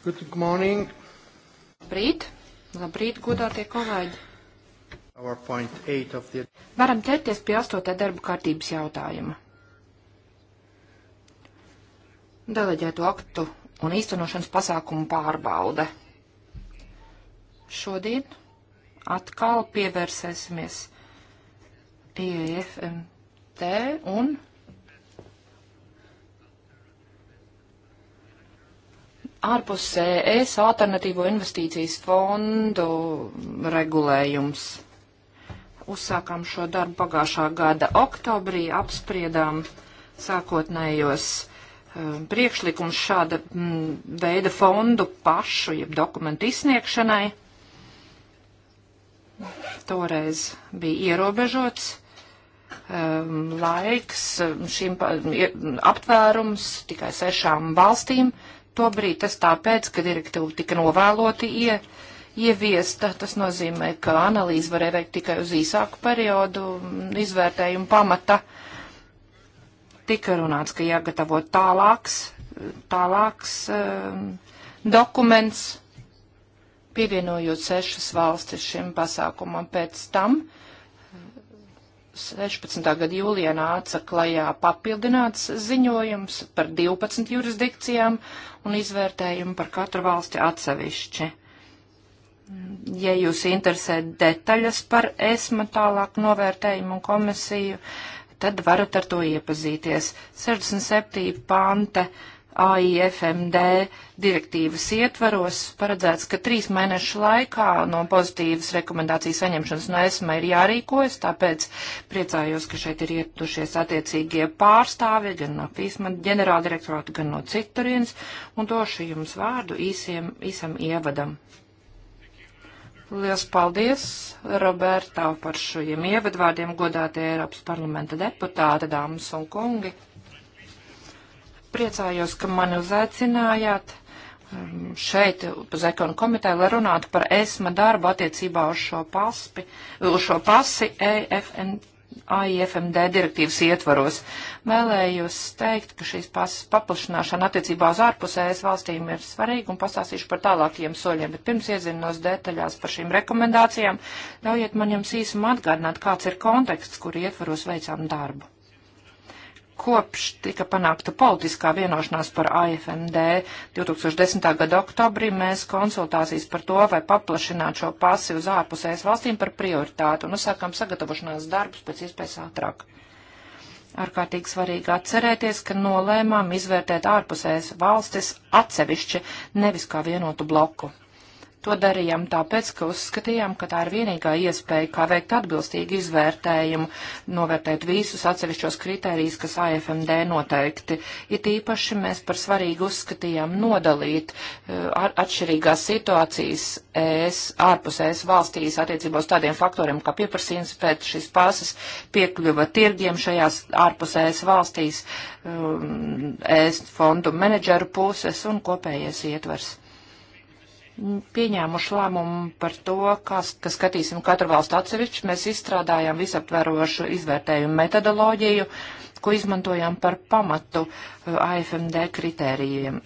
Good morning. Labrīt. Labrīt, godātie kolēģi. The... Varam ķerties pie astotā darba kārtības jautājuma. Deleģēto aktu un īstenošanas pasākumu pārbaude. Šodien atkal pievērsēsimies IEFMT un ārpus ES alternatīvo investīcijas fondu regulējums. Uzsākām šo darbu pagājušā gada oktobrī, apspriedām sākotnējos um, priekšlikums šāda m, mm, veida fondu pašu, jeb dokumentu izsniegšanai. Toreiz bija ierobežots um, laiks, eh, šīm aptvērums tikai sešām valstīm tobrīd tas tāpēc, ka direktīva tika novēloti ie, ieviesta. Tas nozīmē, ka analīze varēja veikt tikai uz īsāku periodu izvērtējumu pamata. Tika runāts, ka jāgatavo tālāks, tālāks um, dokuments, pievienojot sešas valstis šim pasākumam pēc tam 16. gada jūlijā nāca klajā papildināts ziņojums par 12 jurisdikcijām un izvērtējumu par katru valsti atsevišķi. Ja jūs interesē detaļas par ESMA tālāku novērtējumu un komisiju, tad varat ar to iepazīties. 67. pante AIFMD direktīvas ietvaros paredzēts, ka trīs mēnešu laikā no pozitīvas rekomendācijas saņemšanas no ESMA ir jārīkojas, tāpēc priecājos, ka šeit ir ietušies attiecīgie pārstāvji gan no FISMA ģenerāldirektorāta, gan no citurienes, un došu jums vārdu īsiem, īsam ievadam. Lielas paldies, Roberta, par šiem ievadvārdiem godātie Eiropas parlamenta deputāti, dāmas un kungi priecājos, ka mani uzaicinājāt um, šeit uz ekonu komiteju, lai runātu par ESMA darbu attiecībā uz šo, paspi, uz šo pasi EFN, AIFMD direktīvas ietvaros. Vēlējos teikt, ka šīs pasas paplašināšana attiecībā uz ārpus ES valstīm ir svarīga un pastāstīšu par tālākajiem soļiem, bet pirms iezinos detaļās par šīm rekomendācijām, ļaujiet man jums īsumā atgādināt, kāds ir konteksts, kur ietvaros veicām darbu kopš tika panākta politiskā vienošanās par AFMD 2010. gada oktobrī, mēs konsultācijas par to, vai paplašināt šo pasi uz ārpusējas e valstīm par prioritātu un uzsākām sagatavošanās darbus pēc iespējas ātrāk. Ārkārtīgi svarīgi atcerēties, ka nolēmām izvērtēt ārpusējas e valstis atsevišķi, nevis kā vienotu bloku. To darījām tāpēc, ka uzskatījām, ka tā ir vienīgā iespēja, kā veikt atbilstīgu izvērtējumu, novērtēt visus atsevišķos kritērijus, kas AFMD noteikti. It īpaši mēs par svarīgu uzskatījām nodalīt uh, atšķirīgās situācijas ES, ārpus ES valstīs attiecībā uz tādiem faktoriem, kā pieprasījums pēc šīs pasas piekļuva tirgiem šajās ārpus ES valstīs, um, ES fondu menedžeru puses un kopējais ietvers pieņēmuši lēmumu par to, kā, ka skatīsim katru valstu atsevišķi. Mēs izstrādājām visaptverošu izvērtējumu metodoloģiju, ko izmantojām par pamatu uh, AFMD kritērijiem.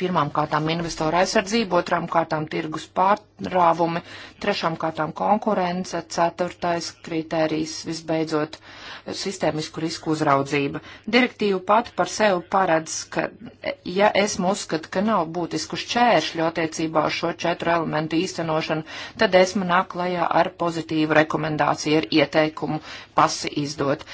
Pirmām kārtām investoru aizsardzība, otrām kārtām tirgus pārrāvumi, trešām kārtām konkurence, ceturtais kritērijs, visbeidzot, sistēmisku risku uzraudzība. Direktīva pati par sevi paredz, ka, ja esmu uzskata, ka nav būtisku šķēršļu attiecībā uz šo četru elementu īstenošanu, tad esmu nāk klajā ar pozitīvu rekomendāciju, ar ieteikumu pasi izdot.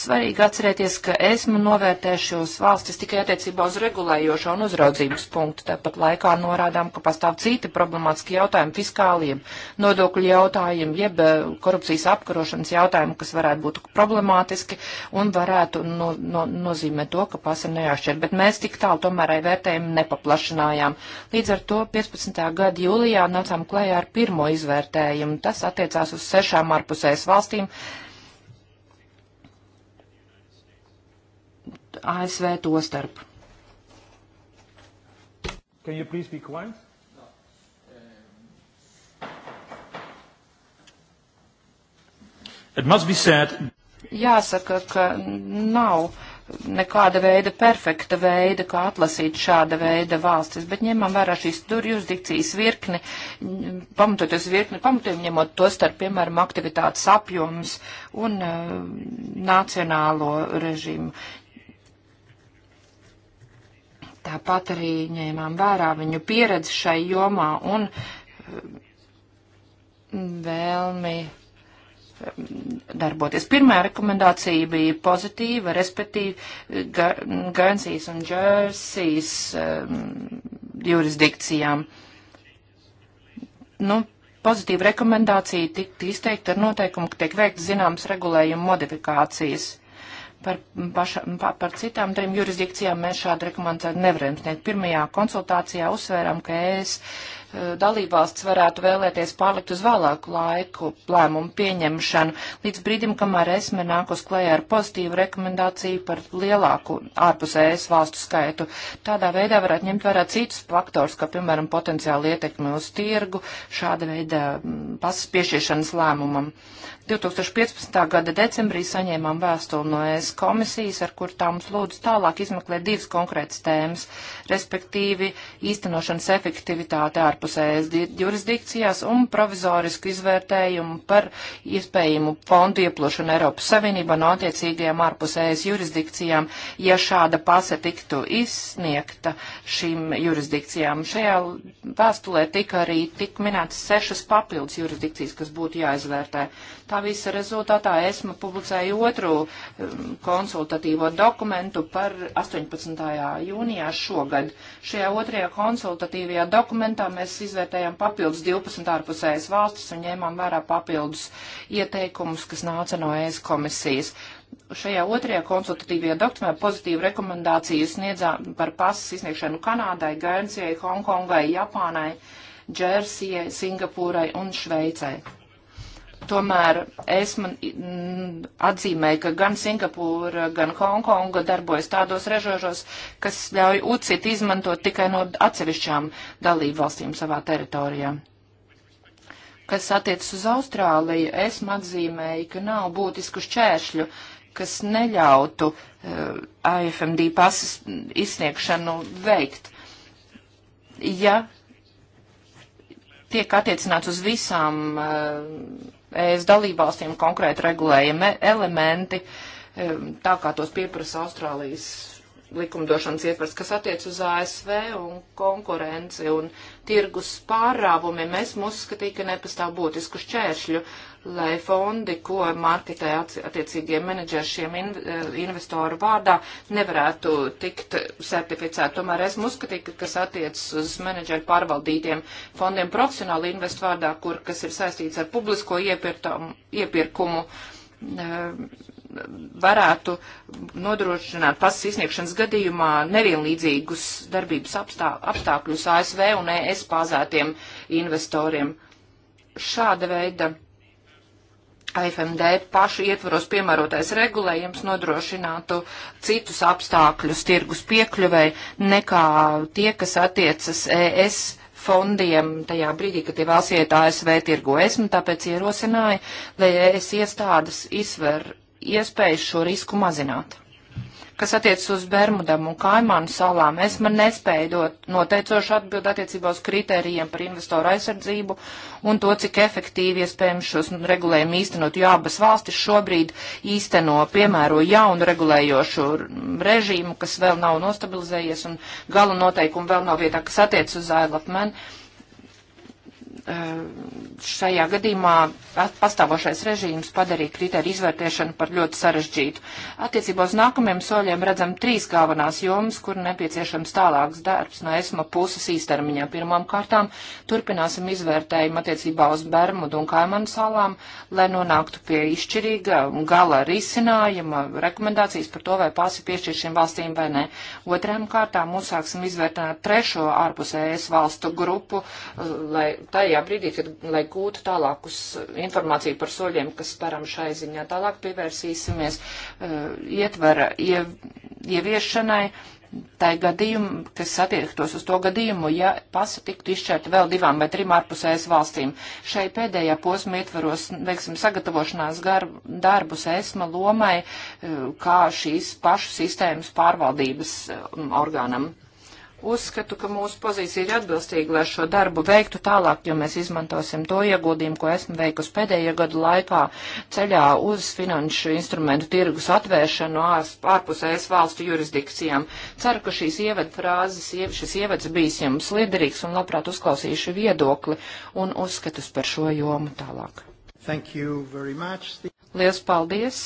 Svarīgi atcerēties, ka esmu novērtējušos valstis tikai attiecībā uz regulējošo un uzraudzības punktu. Tāpat laikā norādām, ka pastāv citi problemātiski jautājumi fiskāliem, nodokļu jautājumi, jeb eh, korupcijas apkarošanas jautājumi, kas varētu būt problemātiski un varētu no, no, nozīmēt to, ka pasa nejāšķir. Bet mēs tik tālu tomēr vērtējumu nepaplašinājām. Līdz ar to 15. gada jūlijā nācām klējā ar pirmo izvērtējumu. Tas attiecās uz sešām ārpusējas valstīm ASV to starp. Can you please be quiet? It must be said. Jāsaka, ka nav nekāda veida perfekta veida, kā atlasīt šāda veida valstis, bet ņemam vērā šīs tur jurisdikcijas virkni, pamatoties virkni, pamatiem ņemot to starp, piemēram, aktivitātes apjoms un uh, nacionālo režīmu. Tāpat arī ņēmām vērā viņu pieredzi šai jomā un um, vēlmi um, darboties. Pirmā rekomendācija bija pozitīva, respektīvi uh, Gansijas un Džersijas um, jurisdikcijām. Nu, pozitīva rekomendācija tika izteikta ar noteikumu, ka tiek veikts zināmas regulējuma modifikācijas Par, paša, pa, par citām trim jurisdikcijām mēs šādu rekomendāciju nevaram sniegt. Pirmajā konsultācijā uzsvērām, ka es Eh, dalībvalsts varētu vēlēties pārlikt uz vēlāku laiku lēmumu pieņemšanu, līdz brīdim, kamēr esme nāk uz klējā ar pozitīvu rekomendāciju par lielāku ārpus ES valstu skaitu. Tādā veidā varētu ņemt vērā citus faktors, kā piemēram potenciāli ietekmi uz tirgu, šāda veida mm, pasas piešiešanas lēmumam. 2015. gada decembrī saņēmām vēstuli no ES komisijas, ar kur tā mums lūdz tālāk izmeklēt divas konkrētas tēmas, respektīvi īstenošanas efektivitāte ārpus ārpus ES jurisdikcijās un provizorisku izvērtējumu par iespējumu fondu ieplošanu Eiropas Savienībā no attiecīgajām ārpus ES jurisdikcijām, ja šāda pase tiktu izsniegta šīm jurisdikcijām. Šajā vēstulē tika arī tik minētas sešas papildus jurisdikcijas, kas būtu jāizvērtē. Tā visa rezultātā esmu publicēju otru um, konsultatīvo dokumentu par 18. jūnijā šogad. Šajā otrajā konsultatīvajā dokumentā mēs izvērtējām papildus 12 ārpusējas valstis un ņēmām vērā papildus ieteikumus, kas nāca no ES komisijas. Šajā otrajā konsultatīvajā dokumentā pozitīvu rekomendāciju sniedzām par pasas izsniegšanu Kanādai, Guernsijai, Hongkongai, Japānai, Džersijai, Singapūrai un Šveicai Tomēr es man mm, atzīmēju, ka gan Singapūra, gan Hongkonga darbojas tādos režožos, kas ļauj UCIT izmantot tikai no atsevišķām dalību valstīm savā teritorijā. Kas attiecas uz Austrāliju, es atzīmēju, ka nav būtisku šķēršļu, kas neļautu uh, eh, AFMD pasas izsniegšanu veikt. Ja tiek attiecināts uz visām uh, ES dalībvalstīm konkrēti regulējami elementi, tā kā tos pieprasa Austrālijas likumdošanas ietvars, kas attiec uz ASV un konkurenci un tirgus pārrāvumiem, es mūs skatīju, ka nepastāv būtisku šķēršļu, lai fondi, ko marketē attiecīgie menedžeri šiem in, eh, investoru vārdā, nevarētu tikt certificēti. Tomēr es uzskatīju, ka kas attiecas uz menedžeru pārvaldītiem fondiem profesionāli investu vārdā, kur kas ir saistīts ar publisko iepirkumu, iepirkumu eh, varētu nodrošināt pasas izsniegšanas gadījumā nevienlīdzīgus darbības apstā, apstākļus ASV un ES pāzētiem investoriem. Šāda veida AFMD pašu ietvaros piemērotais regulējums nodrošinātu citus apstākļus tirgus piekļuvēji nekā tie, kas attiecas ES fondiem tajā brīdī, kad tie vēlas iet ASV tirgo. Esmu tāpēc ierosināju, lai es iestādes izver iespējas šo risku mazināt. Kas attiecas uz Bermudam un Kaimānu salām, es man nespēju dot noteicošu atbildi attiecībā uz kritērijiem par investoru aizsardzību un to, cik efektīvi iespējams šos regulējumu īstenot, jo abas valstis šobrīd īsteno, piemēro jaunu regulējošu režīmu, kas vēl nav nostabilizējies un gala noteikumu vēl nav vietā, kas attiecas uz ALFMN. Uh, Eh, šajā gadījumā pastāvošais režīms padarīja kriteriju izvērtēšanu par ļoti sarežģītu. Attiecībā uz nākamajiem soļiem redzam trīs galvenās jomas, kur nepieciešams tālāks darbs no esma puses īstermiņā. Pirmām kārtām turpināsim izvērtējumu attiecībā uz Bermudu un Kaimanu salām, lai nonāktu pie izšķirīga gala risinājuma, rekomendācijas par to, vai pasi piešķir šīm valstīm vai nē. Otrām kārtām uzsāksim izvērtēt trešo ārpus ES valstu grupu, eh, lai tai tajā brīdī, kad, lai gūtu tālākus uh, informāciju par soļiem, kas speram šai ziņā. Tālāk pievērsīsimies uh, ietvara ie, ieviešanai. Tā ir gadījuma, kas attiektos uz to gadījumu, ja pasa tiktu izšķērta vēl divām vai trim ārpusējas valstīm. Šai pēdējā posma ietvaros, veiksim, sagatavošanās garb, darbus esma lomai, uh, kā šīs pašu sistēmas pārvaldības uh, orgānam. Uzskatu, ka mūsu pozīcija ir atbilstīga, lai šo darbu veiktu tālāk, jo mēs izmantosim to ieguldījumu, ko esmu veikusi pēdējo gadu laikā ceļā uz finanšu instrumentu tirgus atvēršanu ārpus ES valstu jurisdikcijām. Ceru, ka šīs ievadfrāzes, šis ievads bijis jums liederīgs un labprāt uzklausīšu viedokli un uzskatus par šo jomu tālāk. Lielas paldies!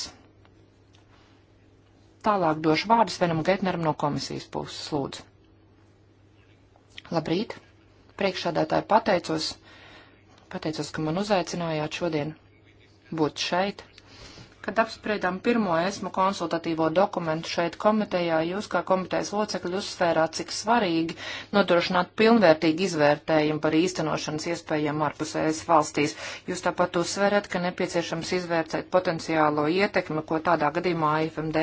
Tālāk došu vārdu Svenam Getneram no komisijas puses, lūdzu. Labrīt! Priekšādātāji pateicos, pateicos, ka man uzaicinājāt šodien būt šeit. Kad apspriedām pirmo esmu konsultatīvo dokumentu šeit komitejā, jūs kā komitejas locekļi uzsvērāt, cik svarīgi nodrošināt pilnvērtīgu izvērtējumu par īstenošanas iespējām ārpus ES valstīs. Jūs tāpat uzsverat, ka nepieciešams izvērtēt potenciālo ietekmi, ko tādā gadījumā IFMD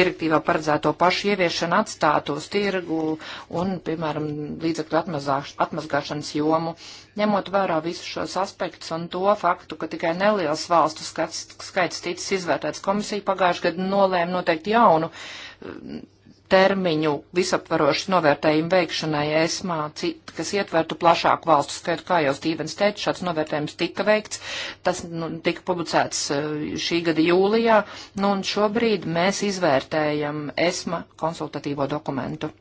direktīvā paredzēto pašu ieviešana atstātu uz tirgu un, piemēram, līdzekļu atmazgāšanas jomu. Ņemot vērā visus šos aspektus un to faktu, ka tikai neliels valstu skats, skaits ticis izvērtēts, komisija pagājušajā gadā nolēma noteikti jaunu mm, termiņu visaptvarošu novērtējumu veikšanai ESMā, kas ietvertu plašāku valstu skaitu, kā jau Stīvens teica, šāds novērtējums tika veikts, tas nu, tika publicēts eh, šī gada jūlijā, nu un šobrīd mēs izvērtējam ESMA konsultatīvo dokumentu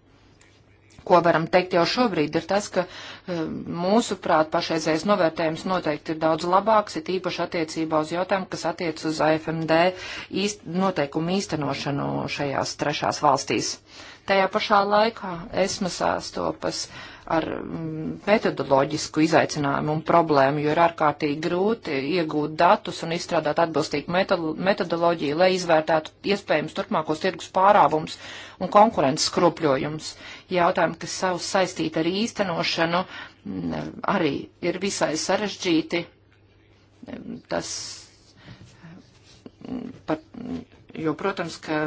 ko varam teikt jau šobrīd, ir tas, ka eh, mūsuprāt pašreizējais novērtējums noteikti ir daudz labāks, ir īpaši attiecībā uz jautājumu, kas attiec uz AFMD īst, noteikumu īstenošanu šajās trešās valstīs. Tajā pašā laikā esmu sastopas ar mm, metodoloģisku izaicinājumu un problēmu, jo ir ārkārtīgi grūti iegūt datus un izstrādāt atbilstīgu metodoloģiju, lai izvērtētu iespējams turpmākos tirgus pārāvums un konkurences skropļojums jautājumi, kas savus saistīti ar īstenošanu, mm, arī ir visai sarežģīti. Tas mm, par, mm, jo, protams, ka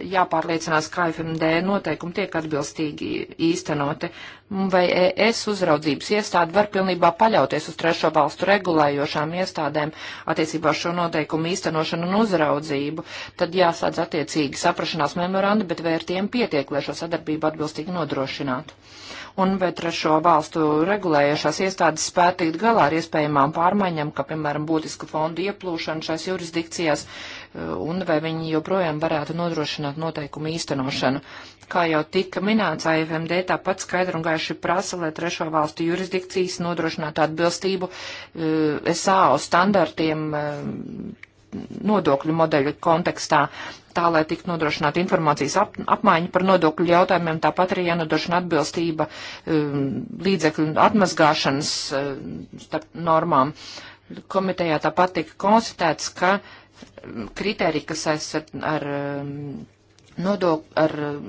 jāpārliecinās, ka AFMD noteikumi tiek atbilstīgi īstenoti, vai ES uzraudzības iestāde var pilnībā paļauties uz trešo valstu regulējošām iestādēm attiecībā ar šo noteikumu īstenošanu un uzraudzību, tad jāsādz attiecīgi saprašanās memorandi, bet vai ar tiem pietiek, lai šo sadarbību atbilstīgi nodrošinātu? Un vai trešo valstu regulējušās iestādes spēja tikt galā ar iespējamām pārmaiņām, kā piemēram būtiska fondu ieplūšana šais jurisdikcijās, Uh, un vai viņi joprojām varētu nodrošināt noteikumu īstenošanu. Kā jau tika minēts, AFMD tāpat skaidri un gaiši prasa, lai trešo valstu jurisdikcijas nodrošinātu atbilstību uh, SAO standartiem uh, nodokļu modeļu kontekstā, tā lai tiktu nodrošināta informācijas ap, apmaiņa par nodokļu jautājumiem, tāpat arī jānodrošina atbilstība um, līdzekļu atmazgāšanas um, normām. Komitejā tāpat tika konstatēts, ka uh, kriteriji, kas aizsardz ar um, nodok, ar um,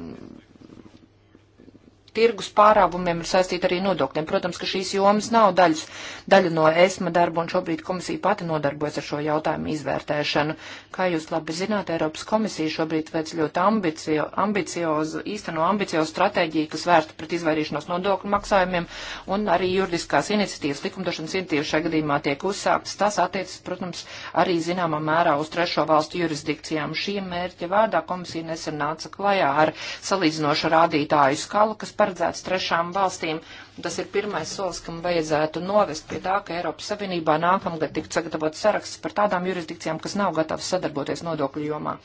tirgus pārābumiem ir saistīta arī nodokļiem. Protams, ka šīs jomas nav daļas, daļa no ESMA darba, un šobrīd komisija pati nodarbojas ar šo jautājumu izvērtēšanu. Kā jūs labi zināt, Eiropas komisija šobrīd veic ļoti ambicio, ambiciozu, īsteno ambiciozu stratēģiju, kas vērsta pret izvairīšanos nodokļu maksājumiem, un arī juridiskās iniciatīvas, likumdošanas iniciatīvas šajā gadījumā tiek uzsāktas. Tas attiecas, protams, arī zināmā mērā uz trešo valstu jurisdikcijām. Šī mērķa vārdā komisija nesen nāca klajā ar salīdzinošu rādītāju skalu, kas paredzēts trešām valstīm. Tas ir pirmais solis, kam vajadzētu novest pie tā, ka Eiropas Savienībā nākamgad tiktu sagatavot saraksts par tādām jurisdikcijām, kas nav gatavas sadarboties nodokļu jomā.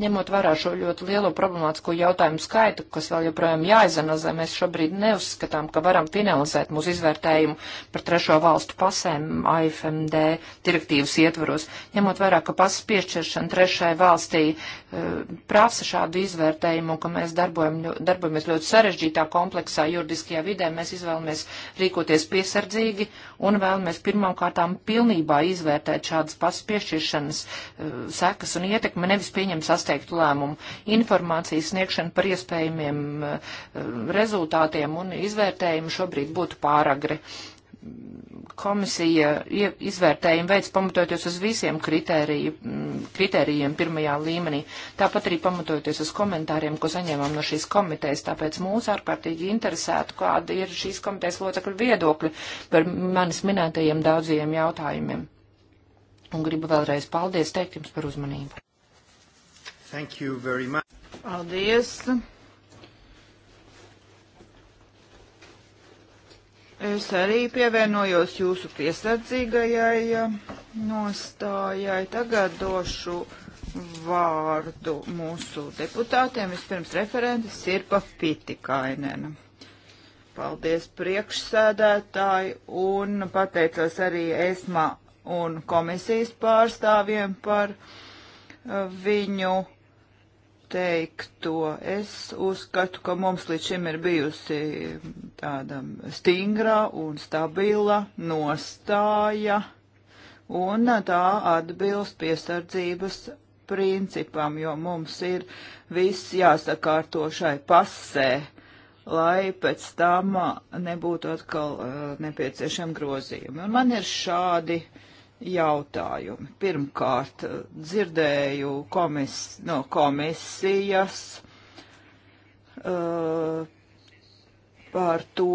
Ņemot vērā šo ļoti lielo problemātisko jautājumu skaitu, kas vēl joprojām jāizanalizē, mēs šobrīd neuzskatām, ka varam finalizēt mūsu izvērtējumu par trešo valstu pasēm AFMD direktīvas ietvaros. Ņemot vērā, ka pasas piešķiršana trešai valstī eh, prasa šādu izvērtējumu, ka mēs darbojam, darbojamies ļoti sarežģītā kompleksā juridiskajā vidē, mēs izvēlamies rīkoties piesardzīgi un vēlamies pirmām kārtām pilnībā izvērtēt šādas paspiešķiršanas uh, eh, sekas un ietekmi, nevis pieņemt sas sasteigtu lēmumu, informācijas sniegšanu par iespējamiem eh, rezultātiem un izvērtējumu šobrīd būtu pāragri komisija izvērtējumu veids pamatojoties uz visiem kritēriju, kritērijiem pirmajā līmenī, tāpat arī pamatojoties uz komentāriem, ko saņēmām no šīs komitejas, tāpēc mūs ārkārtīgi interesētu, kāda ir šīs komitejas locekļu viedokļi par manis minētajiem daudziem jautājumiem. Un gribu vēlreiz paldies teikt jums par uzmanību. Thank you very much. Paldies. Es arī pievienojos jūsu piesardzīgajai eh, nostājai. Tagad došu vārdu mūsu deputātiem. Vispirms referentes Sirpa Pitikainena. Paldies priekšsēdētāji un pateicos arī ESMA un komisijas pārstāvjiem par eh, viņu teikto. Es uzskatu, ka mums līdz šim ir bijusi tāda stingra un stabila nostāja, un tā atbilst piesardzības principam, jo mums ir viss jāsakārto šai pasē, lai pēc tam nebūtu atkal uh, nepieciešami grozījumi. Un man ir šādi uh, jautājumi. Pirmkārt, dzirdēju komis, no komisijas uh, par to,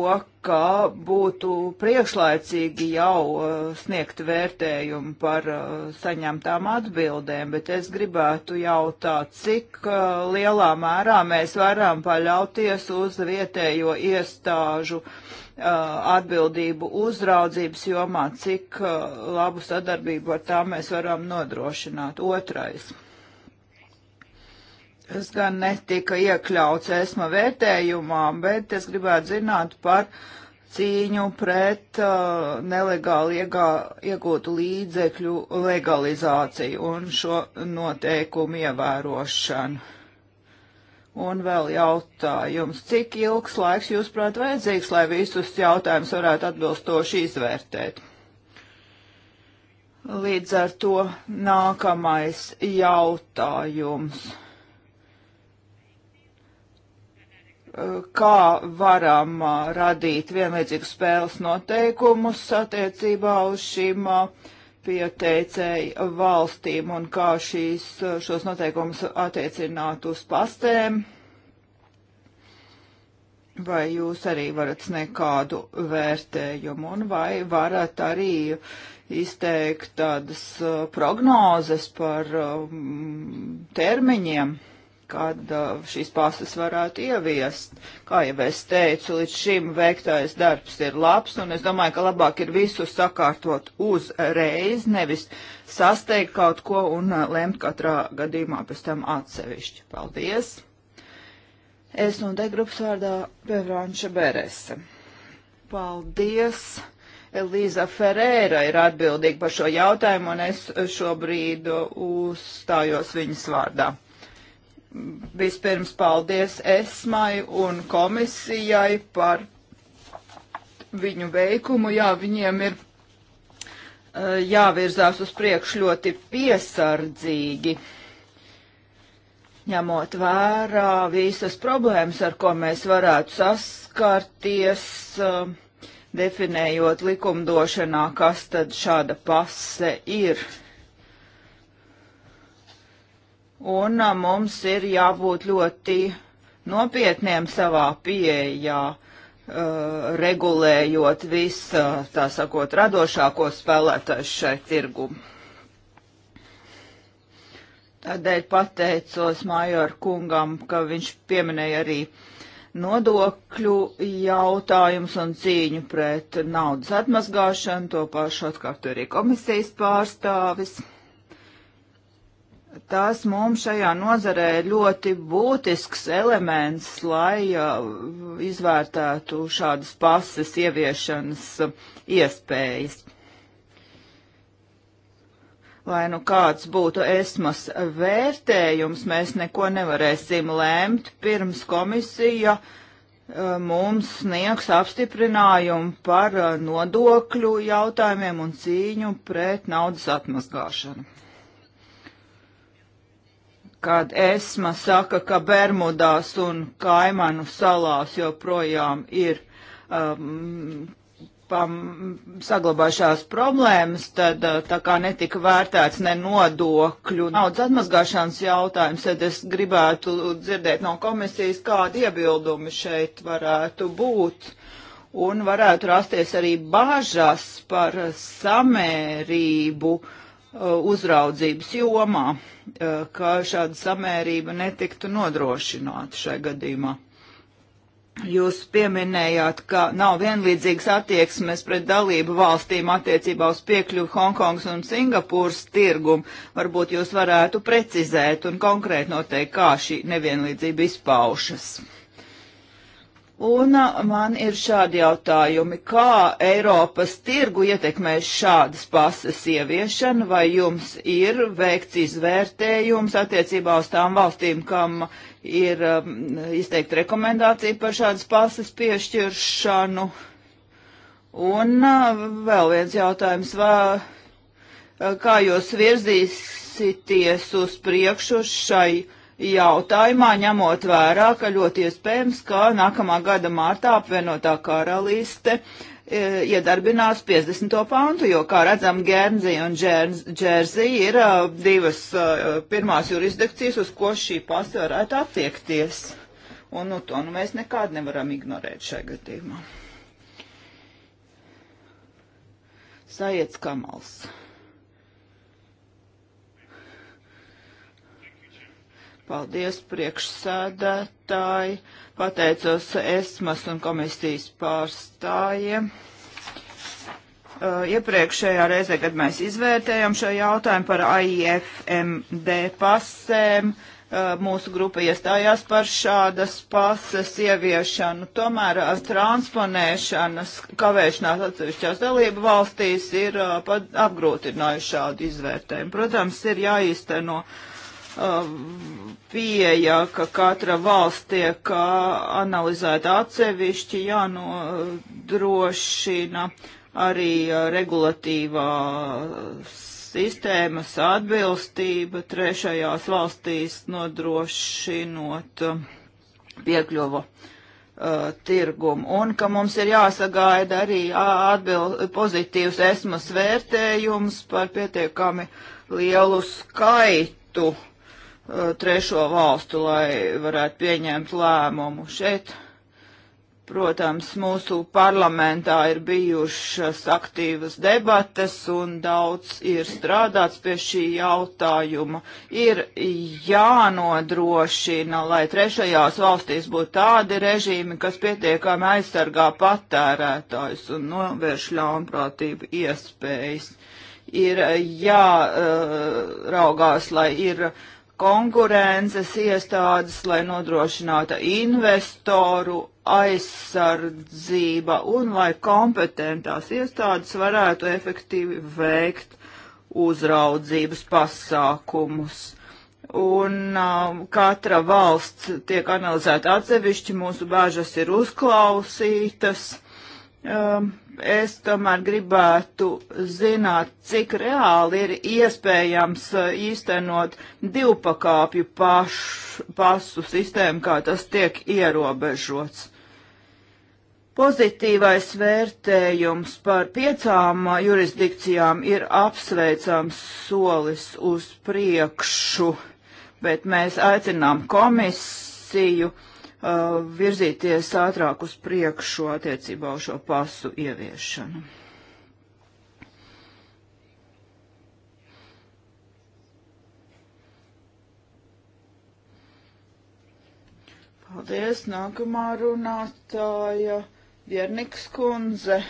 ka būtu priekšlaicīgi jau uh, sniegt vērtējumu par uh, saņemtām atbildēm, bet es gribētu jautāt, cik uh, lielā mērā mēs varam paļauties uz vietējo iestāžu uh, Uh, atbildību uzraudzības jomā, cik uh, labu sadarbību ar tām mēs varam nodrošināt. Otrais. Tas gan netika iekļauts esma vērtējumā, bet es gribētu zināt par cīņu pret uh, nelegāli iegā, iegūtu līdzekļu legalizāciju un šo noteikumu ievērošanu. Un vēl jautājums, cik ilgs laiks jūs prāt vajadzīgs, lai visus jautājumus varētu atbilstoši izvērtēt? Līdz ar to nākamais jautājums. Kā varam radīt vienlīdzīgus spēles noteikumus attiecībā uz šīm uh, pieteicēju valstīm un kā šīs, šos noteikumus attiecināt uz pastēm. Vai jūs arī varat sniegt kādu vērtējumu un vai varat arī izteikt tādas uh, prognozes par uh, termiņiem, kad uh, šīs pasas varētu ieviest? Kā jau es teicu, līdz šim veiktais darbs ir labs un es domāju, ka labāk ir visu sakārtot uzreiz, nevis sasteigt kaut ko un uh, lemt katrā gadījumā pēc tam atsevišķi. Paldies! Es un te grupas vārdā Pevranša Berese. Paldies! Elīza Ferēra ir atbildīga par šo jautājumu, un es šobrīd uzstājos viņas vārdā. Vispirms paldies Esmai un komisijai par viņu veikumu. Jā, viņiem ir eh, jāvirzās uz priekšu ļoti piesardzīgi. Uh, ņemot vērā visas problēmas, ar ko mēs varētu saskarties, uh, definējot likumdošanā, kas tad šāda pase ir. Un uh, mums ir jābūt ļoti nopietniem savā pieejā, uh, regulējot visu, tā sakot, radošāko spēlētāju šai tirgumu. Tādēļ pateicos Major kungam, ka viņš pieminēja arī nodokļu jautājums un cīņu pret naudas atmazgāšanu, to pašu atkārt arī komisijas pārstāvis. Tas mums šajā nozarē ir ļoti būtisks elements, lai uh, izvērtētu šādas pases ieviešanas uh, iespējas lai nu kāds būtu esmas vērtējums, mēs neko nevarēsim lēmt pirms komisija uh, mums sniegs apstiprinājumu par uh, nodokļu jautājumiem un cīņu pret naudas atmazgāšanu. Kad esma saka, ka Bermudās un Kaimanu salās joprojām ir um, saglabājušās problēmas, tad uh, tā kā netika vērtēts ne nodokļu naudas atmazgāšanas jautājums, tad es gribētu dzirdēt no komisijas, kādi iebildumi šeit varētu būt. Un varētu rasties arī bažas par samērību uh, uzraudzības jomā, uh, ka šāda samērība netiktu nodrošināta šajā gadījumā. Jūs pieminējāt, ka nav vienlīdzīgas attieksmes pret dalību valstīm attiecībā uz piekļuvu Hongkongas un Singapūras tirgumu. Varbūt jūs varētu precizēt un konkrēti noteikt, kā šī nevienlīdzība izpaušas. Un man ir šādi jautājumi, kā Eiropas tirgu ietekmēs šādas pasas ieviešana, vai jums ir veikts izvērtējums attiecībā uz tām valstīm, kam uh, ir um, izteikta rekomendācija par šādas pases piešķiršanu. Un uh, vēl viens jautājums, vai, uh, kā jūs virzīsities uz priekšu šai jautājumā, ņemot vērā, ka ļoti iespējams, ka nākamā gada mārtā apvienotā karalīste uh, E, iedarbinās 50. pantu, jo, kā redzam, Gernzija un Džērzija ir uh, divas uh, pirmās jurisdikcijas, uz ko šī pasta varētu attiekties. Un nu, to nu, mēs nekādu nevaram ignorēt šajā gadījumā. Sajiet Kamals. Paldies, priekšsēdētāji. Pateicos esmas un komisijas pārstājiem. Uh, iepriekšējā reizē, kad mēs izvērtējam šo jautājumu par AIFMD pasēm, uh, mūsu grupa iestājās par šādas pases ieviešanu. Tomēr uh, transponēšanas kavēšanās atsevišķās dalību valstīs ir uh, apgrūtinājuši šādu izvērtējumu. Protams, ir jāīsteno. No Um, pieeja, ka katra valsts tiek uh, analizēta atsevišķi, jānodrošina arī uh, regulatīvā sistēmas atbilstība trešajās valstīs nodrošinot um, piekļuvu uh, tirgumu, un ka mums ir jāsagaida arī uh, atbil, pozitīvs esmas vērtējums par pietiekami lielu skaitu uh, Uh, trešo valstu, lai varētu pieņemt lēmumu šeit. Protams, mūsu parlamentā ir bijušas aktīvas debates un daudz ir strādāts pie šī jautājuma. Ir jānodrošina, lai trešajās valstīs būtu tādi režīmi, kas pietiekami aizsargā patērētājs un novērš ļaunprātību iespējas. Ir uh, jāraugās, uh, lai ir. Uh, konkurences iestādes, lai nodrošinātu investoru aizsardzība un lai kompetentās iestādes varētu efektīvi veikt uzraudzības pasākumus. Un um, katra valsts tiek analizēta atsevišķi, mūsu bāžas ir uzklausītas. Um, es tomēr gribētu zināt, cik reāli ir iespējams uh, īstenot divpakāpju paš, pasu sistēmu, kā tas tiek ierobežots. Pozitīvais vērtējums par piecām uh, jurisdikcijām ir apsveicams solis uz priekšu, bet mēs aicinām komisiju uh, virzīties ātrāk uz priekšu attiecībā uz šo pasu ieviešanu. Paldies, nākamā runātāja Vierniks kundze.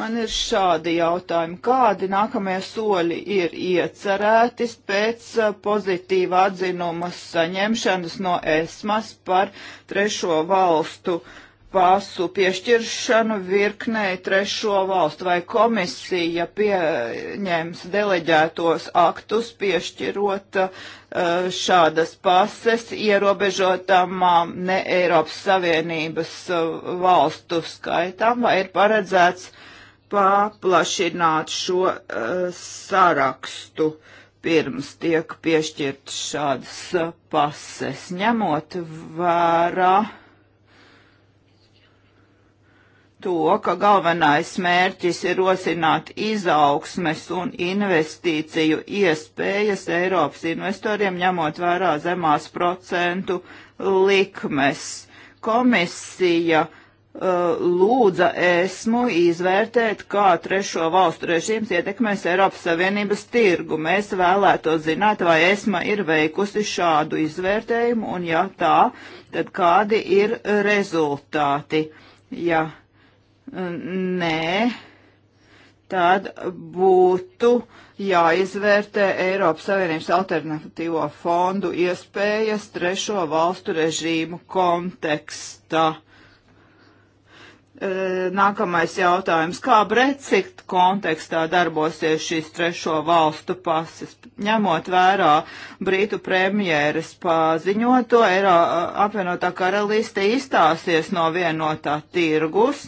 Man ir šādi jautājumi. Kādi nākamie soļi ir iecerēti pēc uh, pozitīva atzinuma saņemšanas no ESMAS par trešo valstu pasu piešķiršanu virknei trešo valstu vai komisija pieņems deleģētos aktus piešķirot uh, šādas pases ierobežotām ne Eiropas Savienības uh, valstu skaitām vai ir paredzēts uh, paplašināt šo uh, sarakstu pirms tiek piešķirts šādas uh, pases, ņemot vērā to, ka galvenais mērķis ir rosināt izaugsmes un investīciju iespējas Eiropas investoriem, ņemot vērā zemās procentu likmes. Komisija uh, Uh, lūdza esmu izvērtēt, kā trešo valstu režīms ietekmēs Eiropas Savienības tirgu. Mēs vēlētos zināt, vai esma ir veikusi šādu izvērtējumu, un ja tā, tad kādi ir rezultāti. Ja nē, tad būtu jāizvērtē Eiropas Savienības alternatīvo fondu iespējas trešo valstu režīmu kontekstā E, nākamais jautājums. Kā Brexit kontekstā darbosies šīs trešo valstu pases? Ņemot vērā Brītu premjeras paziņoto, Eiro e, apvienotā karaliste izstāsies no vienotā tirgus.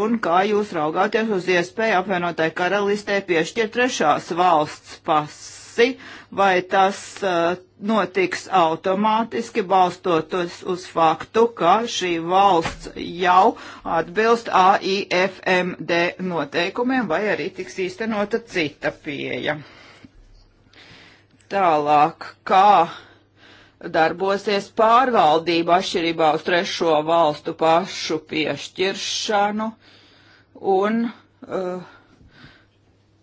Un kā jūs raugāties uz iespēju apvienotai karalistē piešķirt trešās valsts pasi, vai tas uh, notiks automātiski balstoties uz faktu, ka šī valsts jau atbilst AIFMD noteikumiem vai arī tiks īstenota cita pieeja. Tālāk, kā darbosies pārvaldība atšķirībā uz trešo valstu pašu piešķiršanu un uh,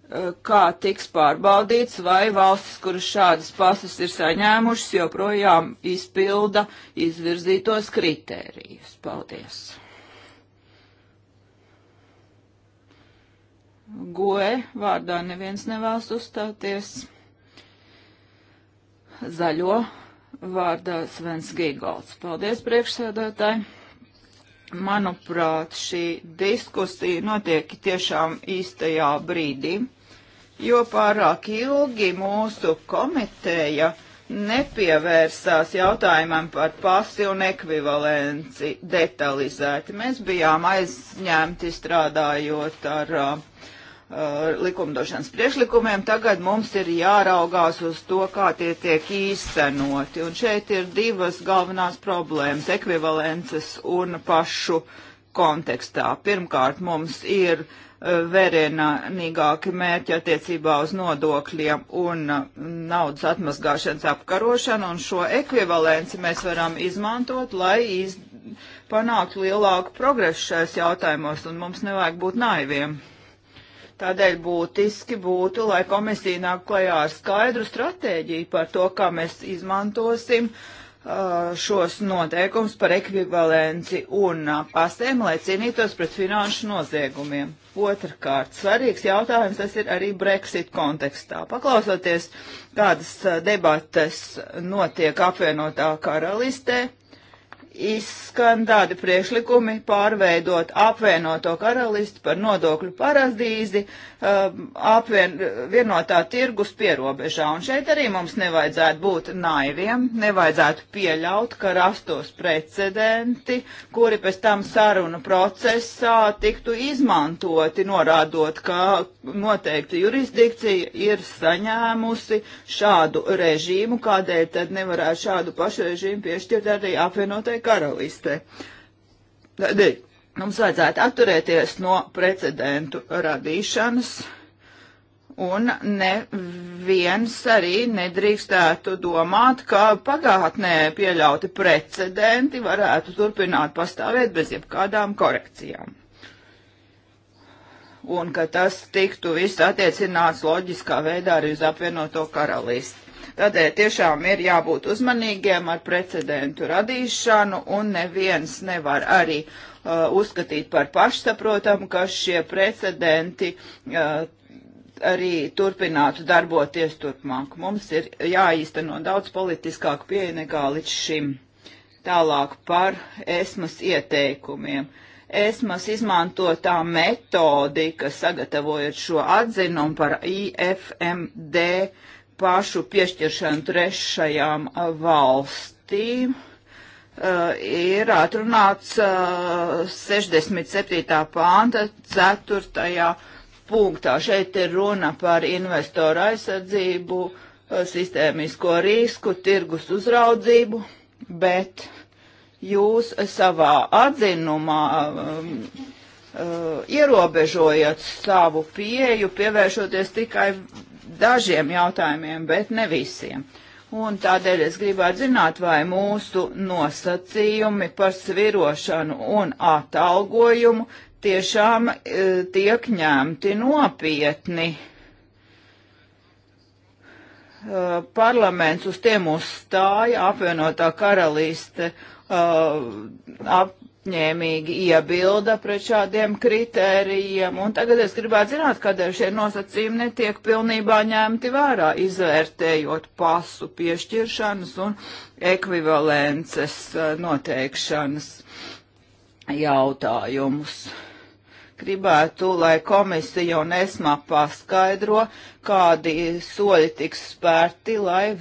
Eh, kā tiks pārbaudīts, vai valstis, kuras šādas pasas ir saņēmušas, joprojām izpilda izvirzītos kritērijus. Paldies! Goe vārdā neviens nevēlas uzstāties. Zaļo vārdā Svens Gīgolds. Paldies, priekšsēdētāji! Manuprāt, šī diskusija notiek tiešām īstajā brīdī jo pārāk ilgi mūsu komiteja nepievērsās jautājumam par pasi un ekvivalenci detalizēti. Mēs bijām aizņemti strādājot ar uh, uh, likumdošanas priešlikumiem, tagad mums ir jāraugās uz to, kā tie tiek īstenoti. Un šeit ir divas galvenās problēmas - ekvivalences un pašu kontekstā. Pirmkārt, mums ir uh, vērienīgāki mērķi attiecībā uz nodokļiem un uh, naudas atmazgāšanas apkarošanu, un šo ekvivalenci mēs varam izmantot, lai iz, panāktu lielāku progresu šajos jautājumos, un mums nevajag būt naiviem. Tādēļ būtiski būtu, lai komisija nāk klajā ar skaidru stratēģiju par to, kā mēs izmantosim uh, Uh, šos noteikumus par ekvivalenci un uh, pasēm, lai cīnītos pret finanšu noziegumiem. Otrakārt, svarīgs jautājums tas ir arī Brexit kontekstā. Paklausoties, kādas uh, debates notiek apvienotā karalistē, izskan tādi priekšlikumi pārveidot apvienoto karalisti par nodokļu paradīzi, um, apvien, vienotā tirgus pierobežā. Un šeit arī mums nevajadzētu būt naiviem, nevajadzētu pieļaut, ka rastos precedenti, kuri pēc tam sarunu procesā tiktu izmantoti, norādot, ka noteikti jurisdikcija ir saņēmusi šādu režīmu, kādēļ tad nevarētu šādu pašu režīmu piešķirt arī apvienotai karalistē. Tādēļ mums vajadzētu atturēties no precedentu radīšanas un neviens arī nedrīkstētu domāt, ka pagātnē pieļauti precedenti varētu turpināt pastāvēt bez jebkādām korekcijām. Un ka tas tiktu viss attiecināts loģiskā veidā arī uz apvienoto karalisti. Tādēļ tiešām ir jābūt uzmanīgiem ar precedentu radīšanu, un neviens nevar arī uh, uzskatīt par pašsaprotamu, ka šie precedenti uh, arī turpinātu darboties turpmāk. Mums ir jāīsteno daudz politiskāk pieeja nekā līdz šim. Tālāk par esmas ieteikumiem. Esmas izmantotā metodika, sagatavojot šo atzinumu par IFMD pašu piešķiršanu trešajām valstīm uh, ir atrunāts uh, 67. pānta 4. punktā. Šeit ir runa par investoru aizsardzību, uh, sistēmisko risku, tirgus uzraudzību, bet jūs savā atzinumā um, uh, ierobežojat savu pieju, pievēršoties tikai dažiem jautājumiem, bet ne visiem. Un tādēļ es gribētu zināt, vai mūsu nosacījumi par svirošanu un atalgojumu tiešām e, tiek ņemti nopietni. Uh, parlaments uz tiem uzstāja, apvienotā karalīste uh, ap, apņēmīgi iebilda pret šādiem kritērijiem, un tagad es gribētu zināt, kādēļ šie nosacījumi netiek pilnībā ņemti vērā, izvērtējot pasu piešķiršanas un ekvivalences eh, noteikšanas jautājumus. Gribētu, lai komisija un esmā paskaidro, kādi soļi tiks spērti, lai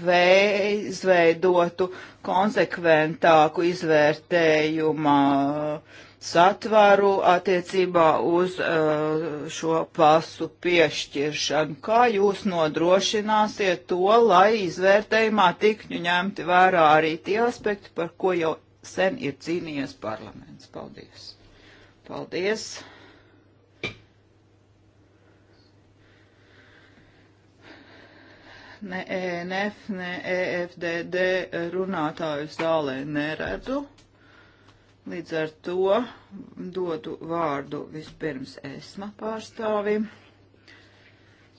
izveidotu konsekventāku izvērtējuma satvaru attiecībā uz uh, šo pasu piešķiršanu. Kā jūs nodrošināsiet to, lai izvērtējumā tikņu ņemti vērā arī tie aspekti, par ko jau sen ir cīnījies parlaments? Paldies! Paldies! ne ENF, ne EFDD runātāju zālē neredzu. Līdz ar to dodu vārdu vispirms ESMA pārstāvim.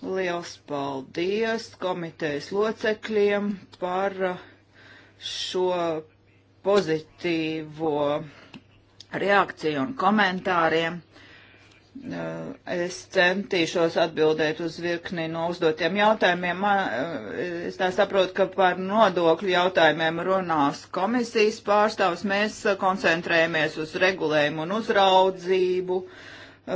Liels paldies komitejas locekļiem par šo pozitīvo reakciju un komentāriem. Eh, es centīšos atbildēt uz virkni no uzdotiem jautājumiem. Man, eh, es tā saprotu, ka par nodokļu jautājumiem runās komisijas pārstāvs. Mēs eh, koncentrējamies uz regulējumu un uzraudzību.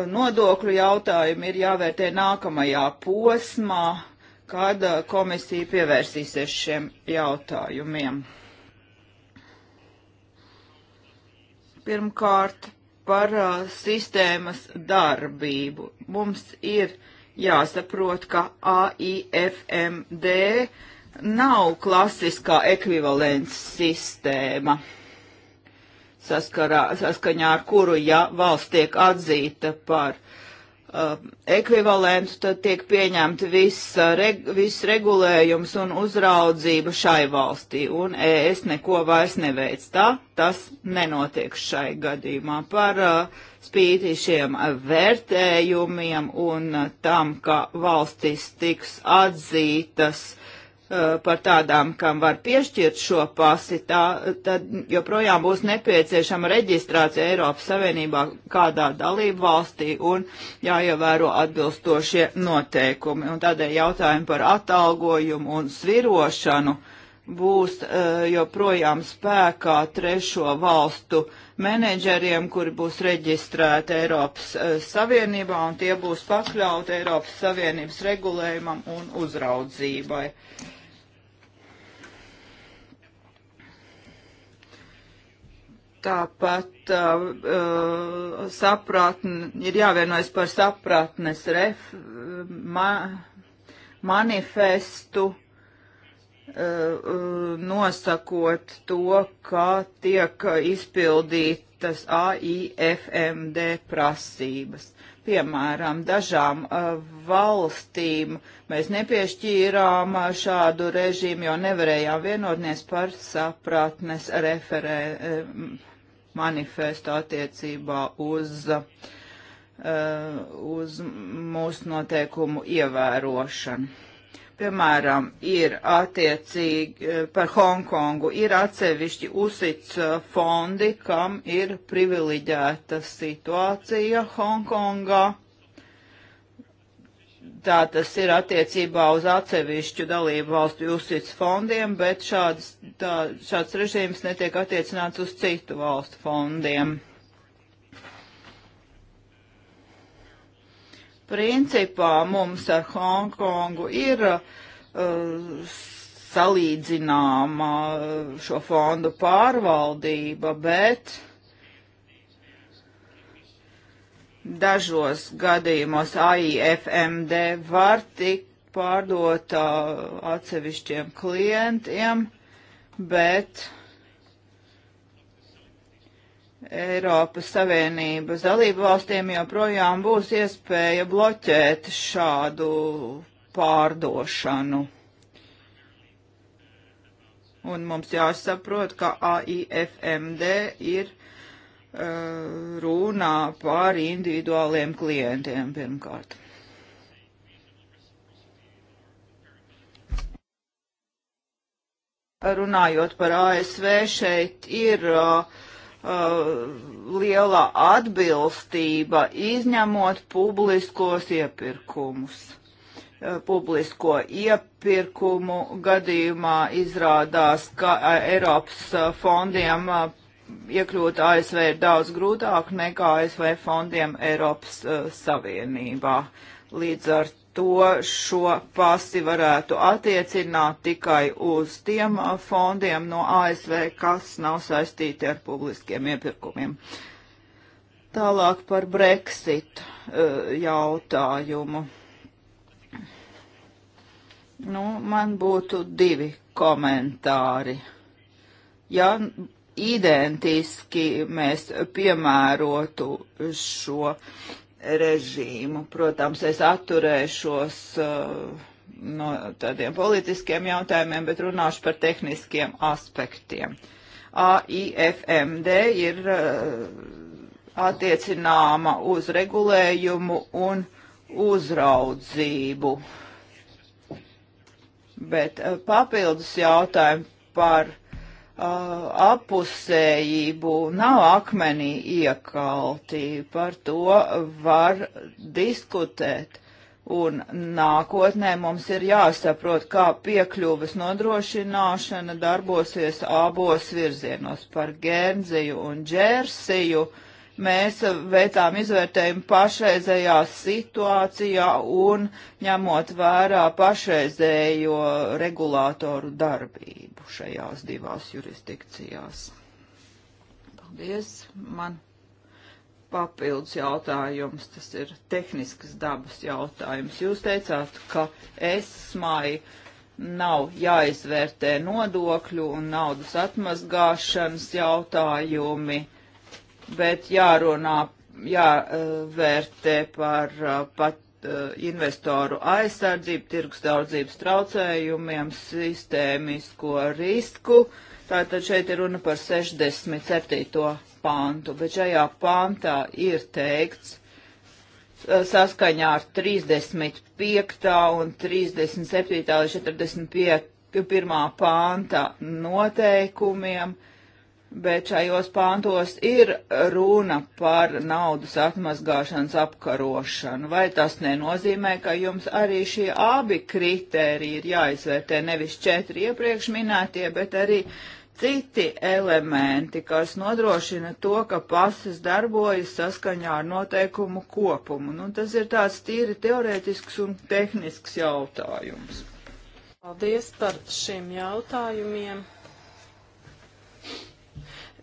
Nodokļu jautājumi ir jāvērtē nākamajā posmā, kad komisija pievērsīsies šiem jautājumiem. Pirmkārt, par uh, sistēmas darbību. Mums ir jāsaprot, ka AIFMD nav klasiskā ekvivalents sistēma, saskarā, saskaņā ar kuru, ja valsts tiek atzīta par uh, Uh, ekvivalentu, tad tiek pieņemti viss, uh, reg, viss regulējums un uzraudzība šai valstī, un ES neko vairs neveic. Tā tas nenotiek šai gadījumā par uh, spīti šiem vērtējumiem un uh, tam, ka valstis tiks atzītas Uh, par tādām, kam var piešķirt šo pasi, tā, tad joprojām būs nepieciešama reģistrācija Eiropas Savienībā kādā dalību valstī un jāievēro atbilstošie noteikumi. Un tādēļ jautājumi par atalgojumu un svirošanu būs uh, joprojām spēkā trešo valstu menedžeriem, kuri būs reģistrēti Eiropas uh, Savienībā un tie būs pakļauti Eiropas Savienības regulējumam un uzraudzībai. Uh, Tāpat uh, uh sapratne, ir jāvienojas par sapratnes ref, ma, manifestu, uh, uh nosakot to, kā tiek izpildītas AIFMD prasības. Piemēram, dažām uh, valstīm mēs nepiešķīrām uh, šādu režīmu, jo nevarējām vienotnies par sapratnes referē. Uh, manifestu attiecībā uz, uh, uz mūsu noteikumu ievērošanu. Piemēram, ir attiecīgi eh, par Hongkongu, ir atsevišķi uzsits eh, fondi, kam ir privileģēta situācija Hongkongā Tā tas ir attiecībā uz atsevišķu dalību valstu jūsits fondiem, bet šāds, tā, šāds režīms netiek attiecināts uz citu valstu fondiem. Principā mums ar Hongkongu ir uh, salīdzināma uh, šo fondu pārvaldība, bet uh, Dažos gadījumos AIFMD var tikt pārdota uh, atsevišķiem klientiem, bet Eiropas Savienības dalību valstīm joprojām būs iespēja bloķēt šādu pārdošanu. Un mums jāsaprot, ka AIFMD ir Eh, runā par individuāliem klientiem pirmkārt. Runājot par ASV, šeit ir uh, liela atbilstība izņemot publiskos iepirkumus eh, publisko iepirkumu gadījumā izrādās, ka Eiropas fondiem iekļūt ASV ir daudz grūtāk nekā ASV fondiem Eiropas uh, Savienībā. Līdz ar to šo pasi varētu attiecināt tikai uz tiem eh, fondiem no ASV, kas nav saistīti ar publiskiem iepirkumiem. Tālāk par Brexit uh, jautājumu. Nu, man būtu divi komentāri. Ja identiski mēs piemērotu šo režīmu. Protams, es atturēšos uh, no tādiem politiskiem jautājumiem, bet runāšu par tehniskiem aspektiem. AIFMD ir uh, attiecināma uz regulējumu un uzraudzību. Bet uh, papildus jautājumu par Uh, apusējību nav akmenī iekalti, par to var diskutēt. Un nākotnē mums ir jāsaprot, kā piekļuves nodrošināšana darbosies abos virzienos par Genziju un Džersiju. Uh, mēs veicām izvērtējumu pašreizējā situācijā un ņemot vērā pašreizējo regulātoru darbību šajās divās jurisdikcijās. Paldies. Man papildus jautājums, tas ir tehniskas dabas jautājums. Jūs teicāt, ka esmai nav jāizvērtē nodokļu un naudas atmazgāšanas jautājumi bet jārunā, jāvērtē par uh, pat uh, investoru aizsardzību, tirgus daudzības traucējumiem, sistēmisko risku. Tātad šeit ir runa par 67. pāntu, bet šajā pāntā ir teikts uh, saskaņā ar 35. un 37. līdz 41. pānta noteikumiem bet šajos pāntos ir runa par naudas atmazgāšanas apkarošanu. Vai tas nenozīmē, ka jums arī šie abi kriteriji ir jāizvērtē nevis četri iepriekš minētie, bet arī citi elementi, kas nodrošina to, ka pases darbojas saskaņā ar noteikumu kopumu? Nu, tas ir tāds tīri teorētisks un tehnisks jautājums. Paldies par šiem jautājumiem.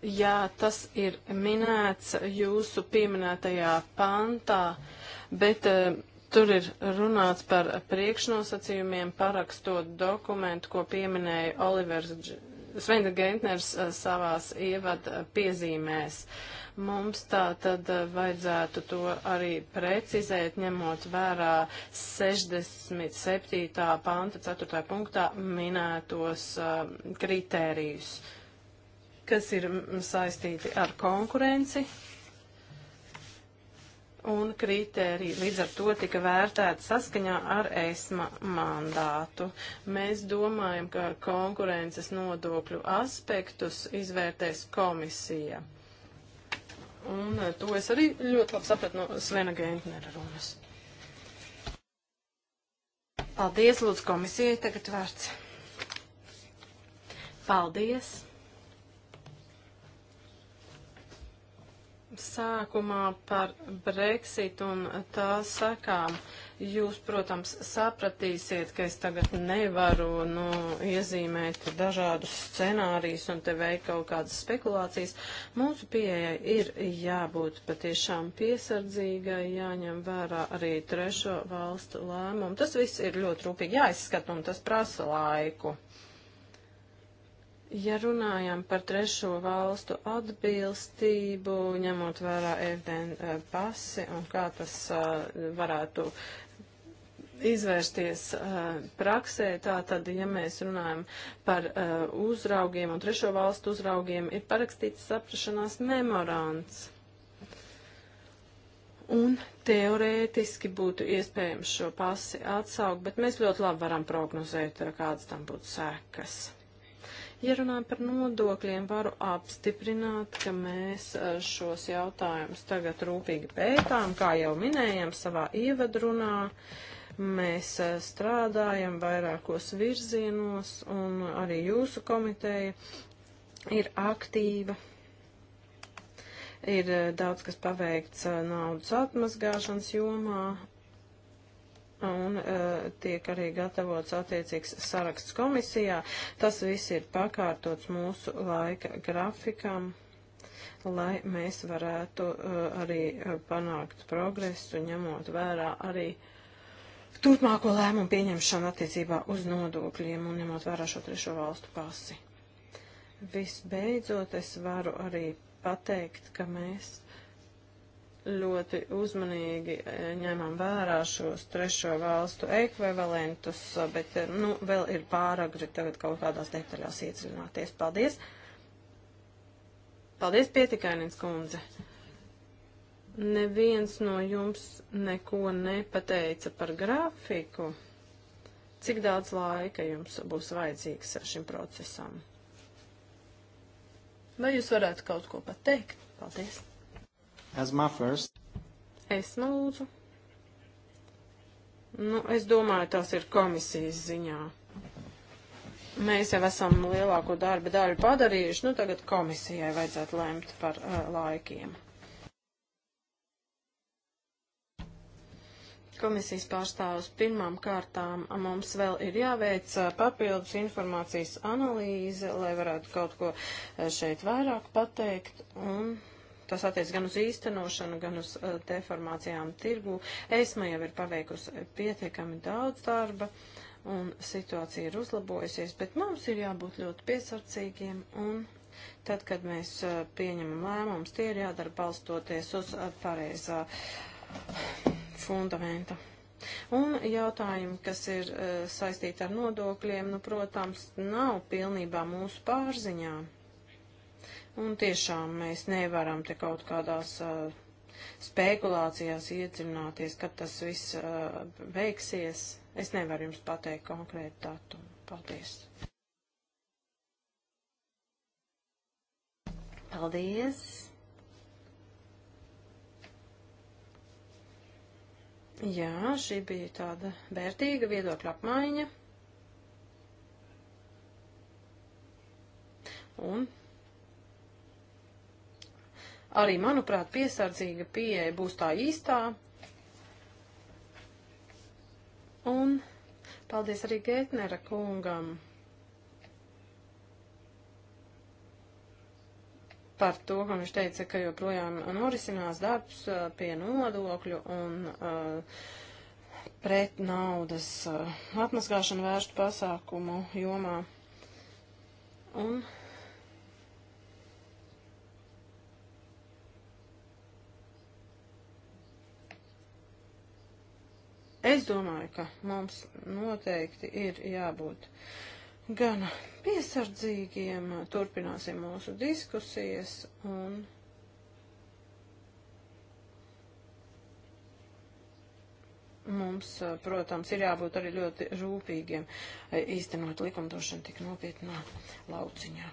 Jā, tas ir minēts jūsu pieminētajā pantā, bet uh, tur ir runāts par priekšnosacījumiem parakstot dokumentu, ko pieminēja Olivers Dž Svenda Gentners uh, savās ievada eh, piezīmēs. Mums tā tad uh, vajadzētu to arī precizēt, ņemot vērā 67. panta 4. punktā minētos kritērijus. Uh, kas ir saistīti ar konkurenci un kritēriji. Līdz ar to tika vērtēta saskaņā ar ESMA mandātu. Mēs domājam, ka konkurences nodokļu aspektus izvērtēs komisija. Un eh, to es arī ļoti labi sapratu no Svena Gentnera runas. Paldies, lūdzu, komisijai tagad vārds. Paldies! sākumā par Brexit un tā sakām. Jūs, protams, sapratīsiet, ka es tagad nevaru nu, iezīmēt dažādus scenārijus un te veikt kaut kādas spekulācijas. Mūsu pieejai ir jābūt patiešām piesardzīgai, jāņem vērā arī trešo valstu lēmumu. Tas viss ir ļoti rūpīgi jāizskata un tas prasa laiku. Ja runājam par trešo valstu atbilstību, ņemot vērā FDN eh, pasi un kā tas eh, varētu izvērsties uh, praksē, tā tad, ja mēs runājam par uh, uzraugiem un trešo valstu uzraugiem, ir parakstīts saprašanās memorāns. Un teorētiski būtu iespējams šo pasi atsaukt, bet mēs ļoti labi varam prognozēt, kādas tam būtu sekas. Ja runājam par nodokļiem, varu apstiprināt, ka mēs e, šos jautājumus tagad rūpīgi pētām, kā jau minējām savā ievadrunā. Mēs e, strādājam vairākos virzienos, un arī jūsu komiteja ir aktīva ir e, daudz kas paveikts naudas atmazgāšanas jomā, un uh, tiek arī gatavots attiecīgs saraksts komisijā. Tas viss ir pakārtots mūsu laika grafikam, lai mēs varētu uh, arī panākt progresu, ņemot vērā arī turpmāko lēmumu pieņemšanu attiecībā uz nodokļiem un ņemot vērā šo trešo valstu pasi. Visbeidzot, es varu arī pateikt, ka mēs ļoti uzmanīgi e, ņemam vērā šos trešo valstu ekvivalentus, e, bet e, nu, vēl ir pāragri tagad kaut kādās detaļās iedziļināties. Paldies! Paldies, pietikainins kundze! Neviens no jums neko nepateica par grafiku. Cik daudz laika jums būs vajadzīgs šim procesam? Vai jūs varētu kaut ko pateikt? Paldies! Esmā first. Esmā nu, lūdzu. Nu, es domāju, tas ir komisijas ziņā. Mēs jau esam lielāko darba daļu padarījuši, nu tagad komisijai vajadzētu lemt par uh, laikiem. Komisijas pārstāvus pirmām kārtām mums vēl ir jāveic uh, papildus informācijas analīze, lai varētu kaut ko uh, šeit vairāk pateikt. Un Tas attiec gan uz īstenošanu, gan uz uh, deformācijām tirgu. ESMA jau ir paveikusi pietiekami daudz darba un situācija ir uzlabojusies, bet mums ir jābūt ļoti piesardzīgiem un tad, kad mēs uh, pieņemam lēmumus, tie ir jādara balstoties uz uh, pareizā fundamenta. Un jautājumi, kas ir uh, saistīti ar nodokļiem, nu, protams, nav pilnībā mūsu pārziņām. Un tiešām mēs nevaram te kaut kādās uh, spekulācijās iedzināties, kad tas viss uh, veiksies. Es nevaru jums pateikt konkrētu datumu. Paldies! Paldies! Jā, šī bija tāda vērtīga viedokļa apmaiņa. Un Arī, manuprāt, piesardzīga pieeja būs tā īstā. Un paldies arī Gētnera kungam par to, ka viņš teica, ka joprojām norisinās darbs uh, pie nodokļu un uh, pret naudas uh, atmaskāšanu vērstu pasākumu jomā. Un Es domāju, ka mums noteikti ir jābūt gan piesardzīgiem, turpināsim mūsu diskusijas un mums, protams, ir jābūt arī ļoti rūpīgiem īstenot likumdošanu tik nopietnā lauciņā.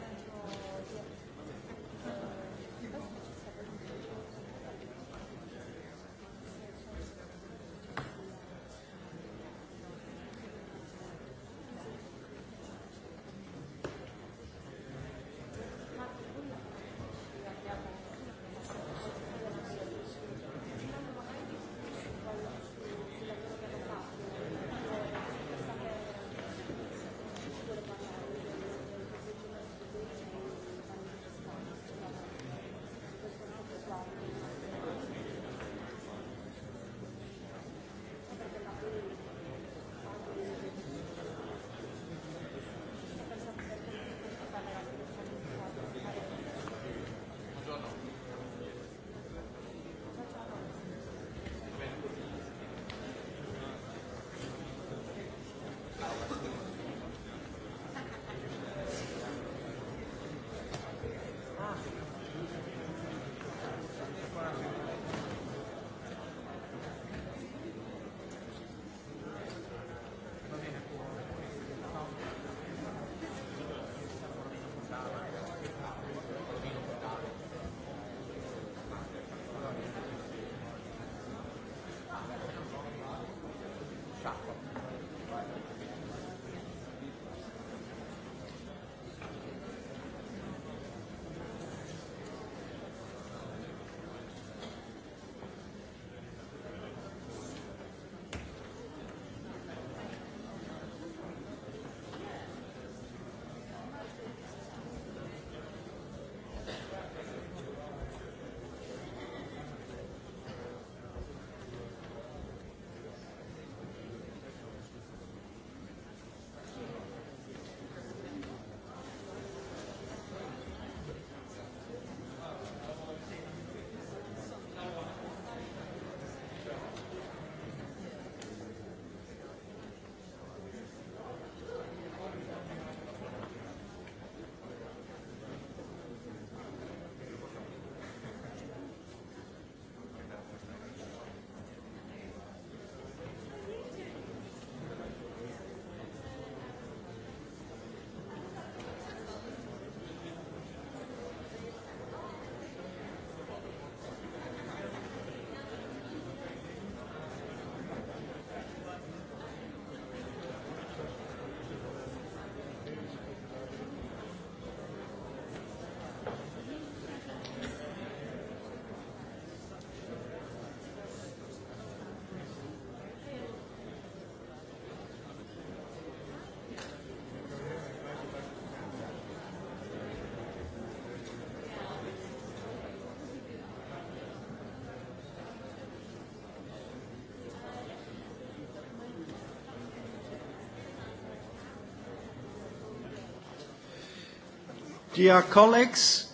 Dear colleagues,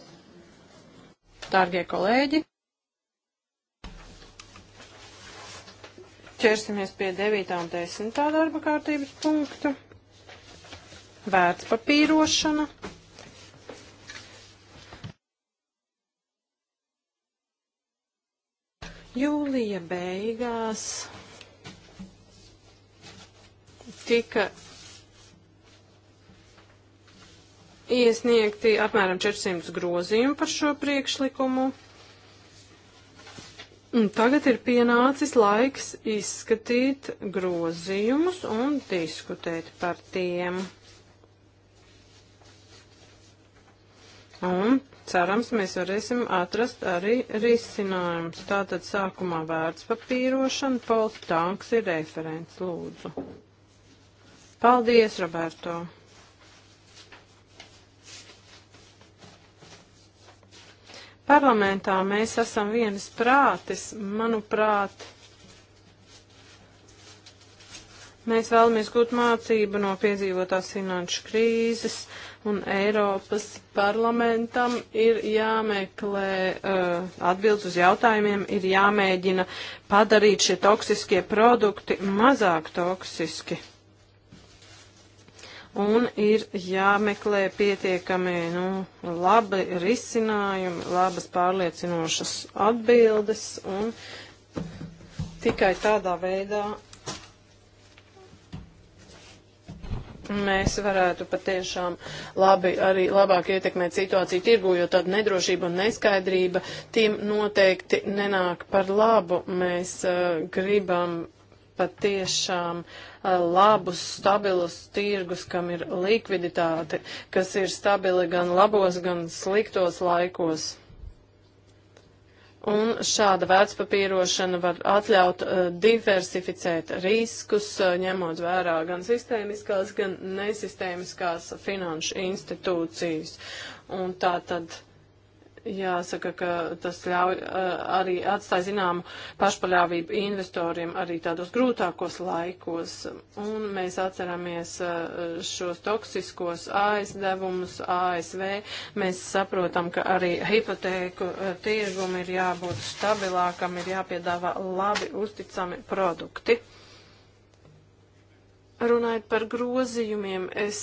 Dārgie kolēģi, ķersimies pie 9. un 10. darba kārtības punkta. Vērts papīrošana. Jūlija beigās tika iesniegti apmēram 400 grozījumi par šo priekšlikumu. Un tagad ir pienācis laiks izskatīt grozījumus un diskutēt par tiem. Un cerams, mēs varēsim atrast arī risinājumus. Tātad sākumā vērts papīrošana, Pols Tanks ir referents, lūdzu. Paldies, Roberto! Parlamentā mēs esam vienas prātes, manuprāt, Mēs vēlamies gūt mācību no piedzīvotās finanšu krīzes, un Eiropas parlamentam ir jāmeklē uh, atbildes uz jautājumiem, ir jāmēģina padarīt šie toksiskie produkti mazāk toksiski un ir jāmeklē pietiekami nu, labi risinājumi, labas pārliecinošas atbildes, un tikai tādā veidā mēs varētu patiešām labi arī labāk ietekmēt situāciju tirgu, jo tad nedrošība un neskaidrība tiem noteikti nenāk par labu. Mēs uh, gribam patiešām eh, labus, stabilus tirgus, kam ir likviditāte, kas ir stabili gan labos, gan sliktos laikos. Un šāda vērtspapīrošana var atļaut uh, diversificēt riskus, uh, ņemot vērā gan sistēmiskās, gan nesistēmiskās finanšu institūcijas. Un tā tad Jāsaka, ka tas ļauj eh, arī atstāj zināmu pašpaļāvību investoriem arī tādos grūtākos laikos. Un mēs atceramies eh, šos toksiskos aizdevumus ASV. Mēs saprotam, ka arī hipotēku eh, tirgumu ir jābūt stabilākam, ir jāpiedāvā labi uzticami produkti. Runājot par grozījumiem, es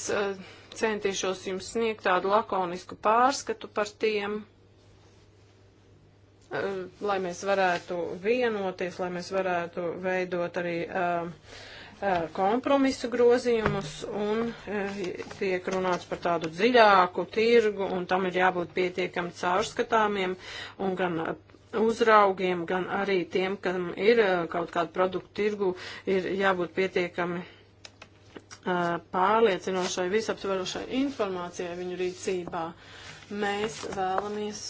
centīšos jums sniegt tādu lakonisku pārskatu par tiem lai mēs varētu vienoties, lai mēs varētu veidot arī kompromisu grozījumus un tiek runāts par tādu dziļāku tirgu un tam ir jābūt pietiekami caurskatāmiem un gan uzraugiem, gan arī tiem, kam ir kaut kāda produktu tirgu, ir jābūt pietiekami pārliecinošai, visaptverošai informācijai viņu rīcībā. Mēs vēlamies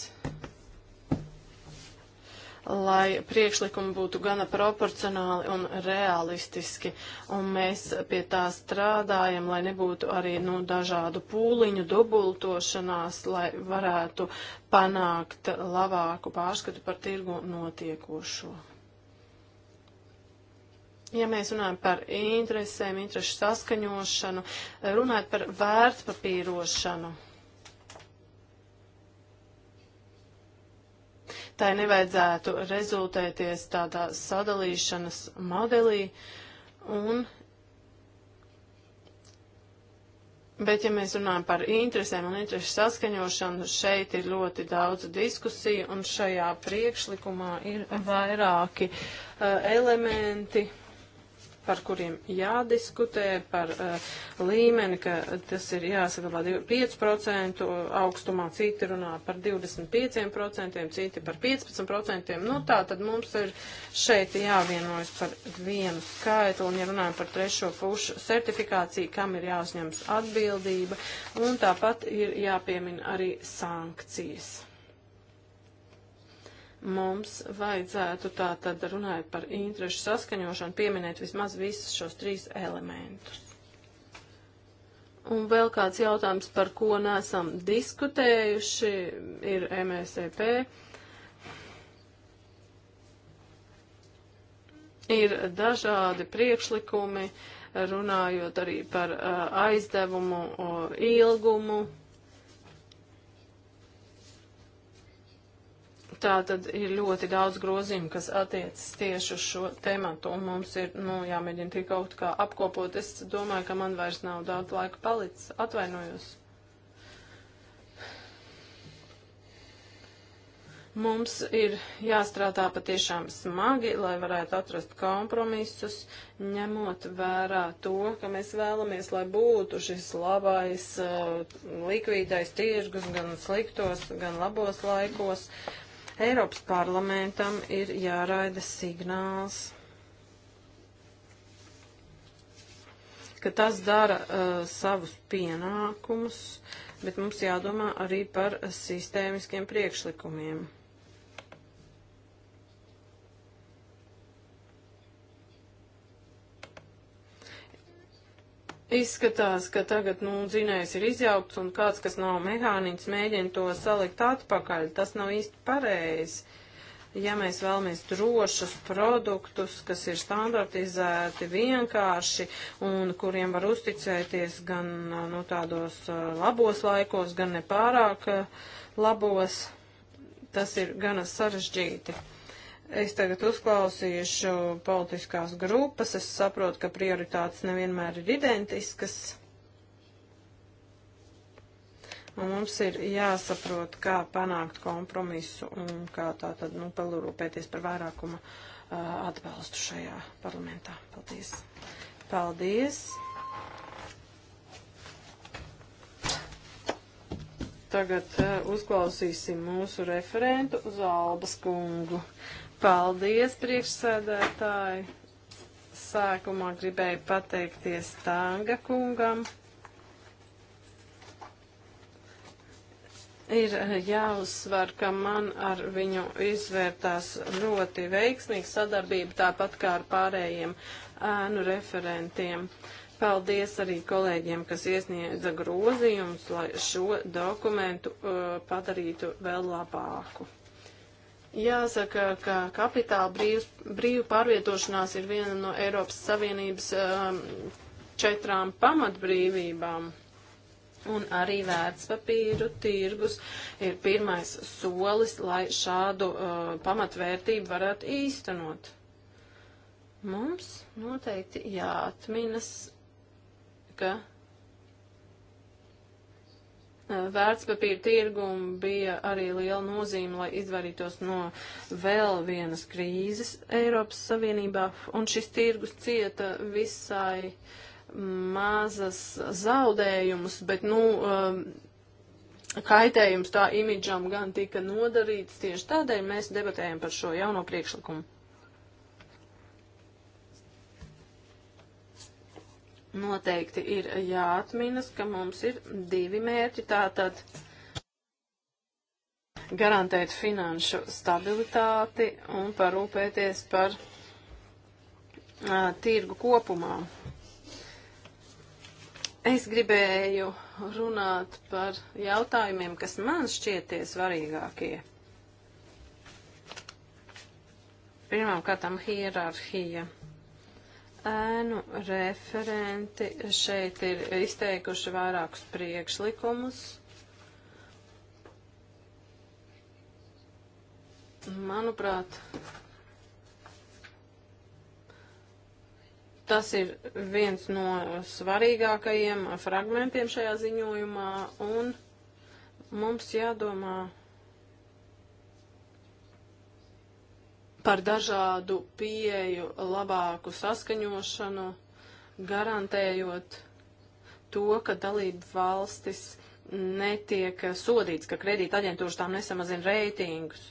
lai priekšlikumi būtu gana proporcionāli un realistiski. Un mēs pie tā strādājam, lai nebūtu arī nu, dažādu pūliņu dubultošanās, lai varētu panākt labāku pārskatu par tirgu notiekošo. Ja mēs runājam par interesēm, interešu saskaņošanu, runājot par vērtpapīrošanu tai nevajadzētu rezultēties tādā sadalīšanas modelī. Un, bet, ja mēs runājam par interesēm un interesu saskaņošanu, šeit ir ļoti daudz diskusiju un šajā priekšlikumā ir vairāki uh, elementi. Uh, par kuriem jādiskutē, par uh, līmeni, ka tas ir jāsaglabā 5% augstumā, citi runā par 25%, citi par 15%. Nu, tā tad mums ir šeit jāvienojas par vienu skaitu, un ja runājam par trešo pušu certifikāciju, kam ir jāuzņems atbildība, un tāpat ir jāpiemina arī sankcijas mums vajadzētu tā tad runājot par interešu saskaņošanu, pieminēt vismaz visus šos trīs elementus. Un vēl kāds jautājums, par ko nesam diskutējuši, ir MSEP. Ir dažādi priekšlikumi, runājot arī par uh, aizdevumu uh, ilgumu Tā tad ir ļoti daudz grozījumu, kas attiecas tieši uz šo tematu, un mums ir, nu, jāmēģina tik kaut kā apkopot. Es domāju, ka man vairs nav daudz laika palicis. Atvainojos. Mums ir jāstrādā patiešām smagi, lai varētu atrast kompromisus, ņemot vērā to, ka mēs vēlamies, lai būtu šis labais, eh, likvīdais tirgus gan sliktos, gan labos laikos. Uh, Eiropas parlamentam ir jāraida signāls, ka tas dara uh, savus pienākumus, bet mums jādomā arī par uh, sistēmiskiem priekšlikumiem. Izskatās, ka tagad, nu, dzinējs ir izjaukts un kāds, kas nav mehāniķis, mēģina to salikt atpakaļ. Tas nav īsti pareizi. Ja mēs vēlamies drošus produktus, kas ir standartizēti, vienkārši un kuriem var uzticēties gan, nu, tādos labos laikos, gan nepārāk labos, tas ir gana sarežģīti. Es tagad uzklausīšu politiskās grupas. Es saprotu, ka prioritātes nevienmēr ir identiskas. Un mums ir jāsaprot, kā panākt kompromisu un kā tā tad, nu, palūpēties par vairākuma uh, atbalstu šajā parlamentā. Paldies. Paldies. Tagad uh, uzklausīsim mūsu referentu Zalbas kungu. Uh, Paldies, priekšsēdētāji! Sākumā gribēju pateikties Tānga kungam. Ir jāuzsver, ka man ar viņu izvērtās ļoti veiksmīga sadarbība, tāpat kā ar pārējiem ēnu referentiem. Paldies arī kolēģiem, kas iesniedza grozījumus, lai šo dokumentu uh, padarītu vēl labāku. Jāsaka, ka kapitāla brīv, brīva pārvietošanās ir viena no Eiropas Savienības um, četrām pamatbrīvībām. Un arī vērtspapīru tirgus ir pirmais solis, lai šādu uh, pamatvērtību varētu īstenot. Mums noteikti jāatminas, ka vērtspapīra tirgumu bija arī liela nozīme, lai izvairītos no vēl vienas krīzes Eiropas Savienībā, un šis tirgus cieta visai mazas zaudējumus, bet, nu, um, kaitējums tā imidžam gan tika nodarīts, tieši tādēļ mēs debatējam par šo jauno priekšlikumu. noteikti ir jāatminas, ka mums ir divi mērķi. Tātad garantēt finanšu stabilitāti un parūpēties par a, tirgu kopumā. Es gribēju runāt par jautājumiem, kas man šķietie svarīgākie. Pirmkārt, hierarhija ēnu referenti šeit ir izteikuši vairākus priekšlikumus. Manuprāt, tas ir viens no svarīgākajiem fragmentiem šajā ziņojumā, un mums jādomā par dažādu pieeju, labāku saskaņošanu, garantējot to, ka dalību valstis netiek sodīts, ka kredīta aģentūras tām nesamazina reitingus.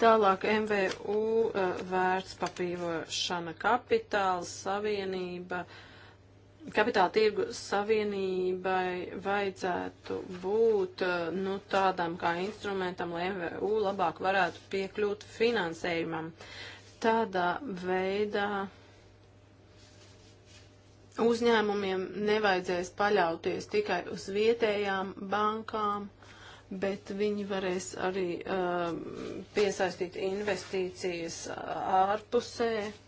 Tālāk MVU eh, vērtspapīrošana kapitāls, savienība. Uh, kapitāla tirgu savienībai vajadzētu būt eh, nu, tādam kā instrumentam, lai MVU labāk varētu piekļūt finansējumam. Tādā veidā uzņēmumiem nevajadzēs paļauties tikai uz vietējām bankām, bet viņi varēs arī uh, piesaistīt investīcijas eh, ārpusē. Uh,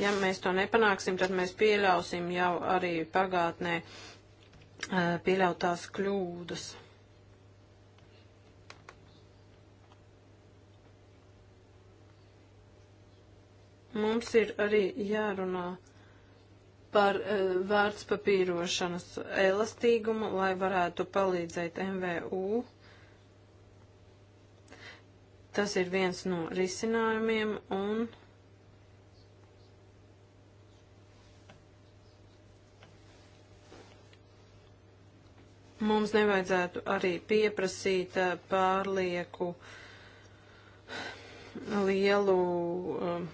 Ja mēs to nepanāksim, tad mēs pieļausim jau arī pagātnē pieļautās kļūdas. Mums ir arī jārunā par uh, vārdspapīrošanas elastīgumu, lai varētu palīdzēt MVU. Tas ir viens no risinājumiem un. Mums nevajadzētu arī pieprasīt eh, pārlieku lielu um,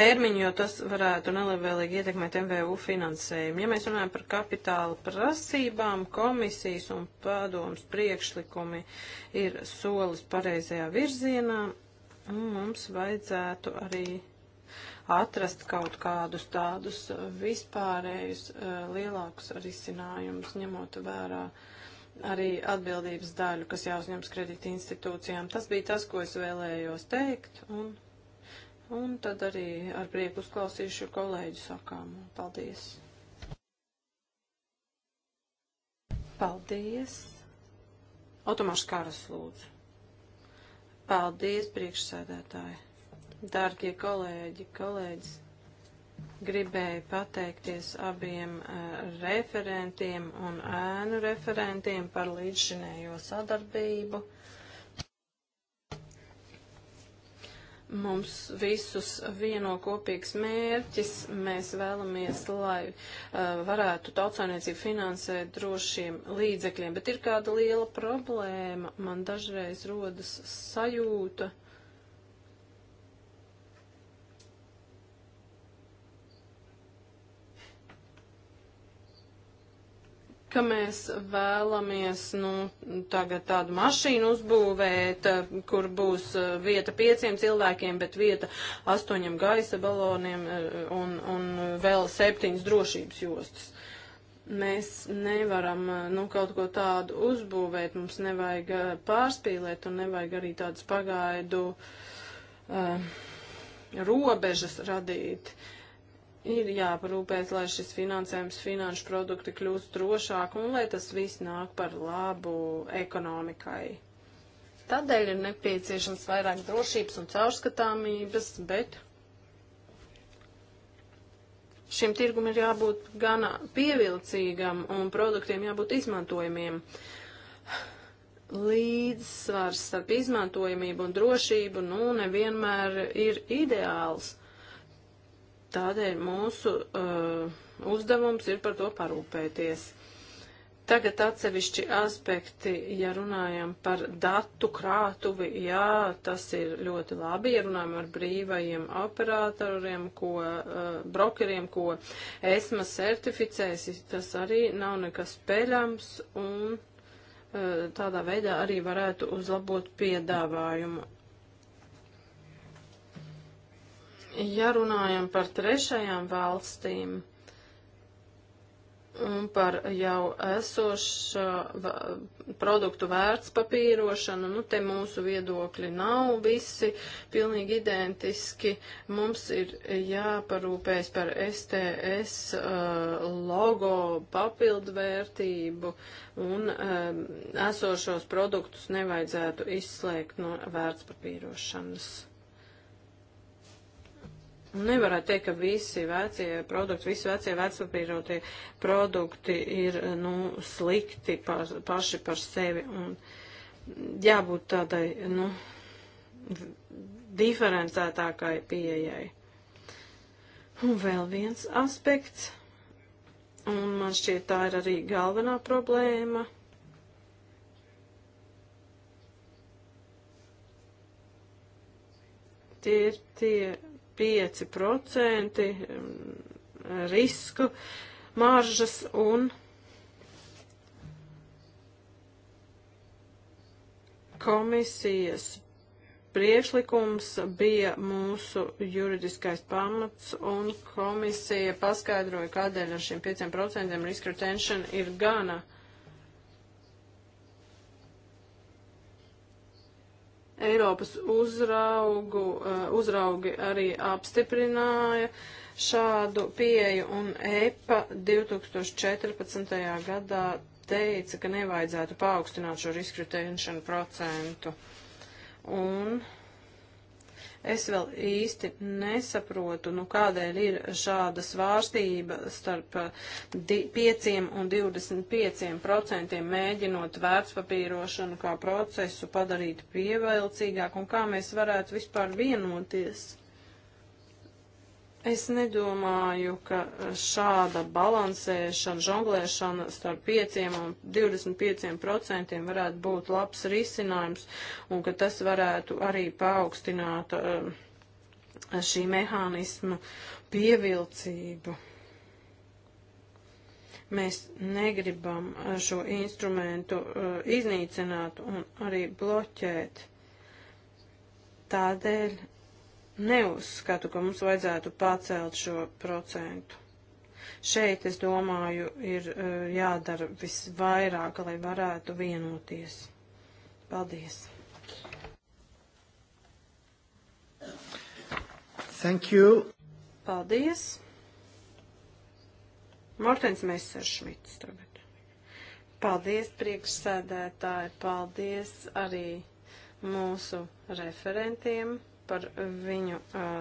termiņu, jo tas varētu nelabvēlīgi ietekmēt MVU finansējumu. Ja mēs runājam par kapitāla prasībām, komisijas un padomas priekšlikumi ir solis pareizajā virzienā, un mums vajadzētu arī atrast kaut kādus tādus eh, vispārējus eh, lielākus risinājumus, ņemot vērā arī atbildības daļu, kas jāuzņems kredīti institūcijām. Tas bija tas, ko es vēlējos teikt, un, un tad arī ar prieku uzklausīšu kolēģu sakām. Paldies! Paldies! Automāšs Kāras lūdzu. Paldies, priekšsēdētāji! Dārgie kolēģi, kolēģis, gribēju pateikties abiem uh, referentiem un ēnu referentiem par līdzšinējo sadarbību. Mums visus vieno kopīgs mērķis. Mēs vēlamies, lai uh, varētu tautsāniecību finansēt drošiem līdzekļiem, bet ir kāda liela problēma. Man dažreiz rodas sajūta, uh, ka mēs vēlamies nu, tagad tādu mašīnu uzbūvēt, eh, kur būs eh, vieta pieciem cilvēkiem, bet vieta astoņiem gaisa baloniem eh, un, un vēl septiņas drošības jostas. Mēs nevaram nu, kaut ko tādu uzbūvēt, mums nevajag pārspīlēt un nevajag arī tādas pagaidu uh, robežas radīt. Uh, ir jāparūpēs, lai šis finansējums, finanšu produkti kļūst drošāk un lai tas viss nāk par labu ekonomikai. Tādēļ ir nepieciešams vairāk drošības un caurskatāmības, bet šim tirgum ir jābūt gana pievilcīgam un produktiem jābūt izmantojamiem. Līdzsvars starp izmantojamību un drošību nu nevienmēr ir ideāls. Tādēļ mūsu uh, uzdevums ir par to parūpēties. Tagad atsevišķi aspekti, ja runājam par datu krātuvi, jā, tas ir ļoti labi, ja runājam ar brīvajiem operatoriem, ko, uh, brokeriem, ko ESMA certificēs, tas arī nav nekas peļams un uh, tādā veidā arī varētu uzlabot piedāvājumu. Ja runājam par trešajām valstīm un par jau esošu produktu vērtspapīrošanu, nu te mūsu viedokļi nav visi pilnīgi identiski. Mums ir jāparūpējas par STS uh, logo papildvērtību un um, esošos produktus nevajadzētu izslēgt no vērtspapīrošanas. Nevarētu teikt, ka visi vecie produkti, visi vecie vecpapīrotie produkti ir, nu, slikti par, paši par sevi un jābūt tādai, nu, diferencētākai pieejai. Un vēl viens aspekts, un man šķiet tā ir arī galvenā problēma. Tie ir tie 5% mm, risku maržas un komisijas priekšlikums bija mūsu juridiskais pamats, un komisija paskaidroja, kādēļ ar šiem 5% risk retention ir gana. Uh, Eiropas uzraugu, eh, uzraugi arī apstiprināja šādu pieeju un EPA 2014. gadā teica, ka nevajadzētu paaugstināt šo risku retention procentu. Un Es vēl īsti nesaprotu, nu kādēļ ir šāda svārstība starp 5 eh, un 25 procentiem, mēģinot vērtspapīrošanu kā procesu padarīt pievilcīgāku un kā mēs varētu vispār vienoties. Es nedomāju, ka šāda balansēšana, žonglēšana starp 5 un 25 procentiem varētu būt labs risinājums un ka tas varētu arī paaugstināt eh, šī mehānismu pievilcību. Mēs negribam eh, šo instrumentu eh, iznīcināt un arī bloķēt. Tādēļ neuzskatu, ka mums vajadzētu pacelt šo procentu. Šeit, es domāju, ir eh, jādara visvairāk, lai varētu vienoties. Paldies! Thank you. Paldies. Mortens Messeršmits tagad. Paldies, priekšsēdētāji. Paldies arī mūsu referentiem par viņu uh,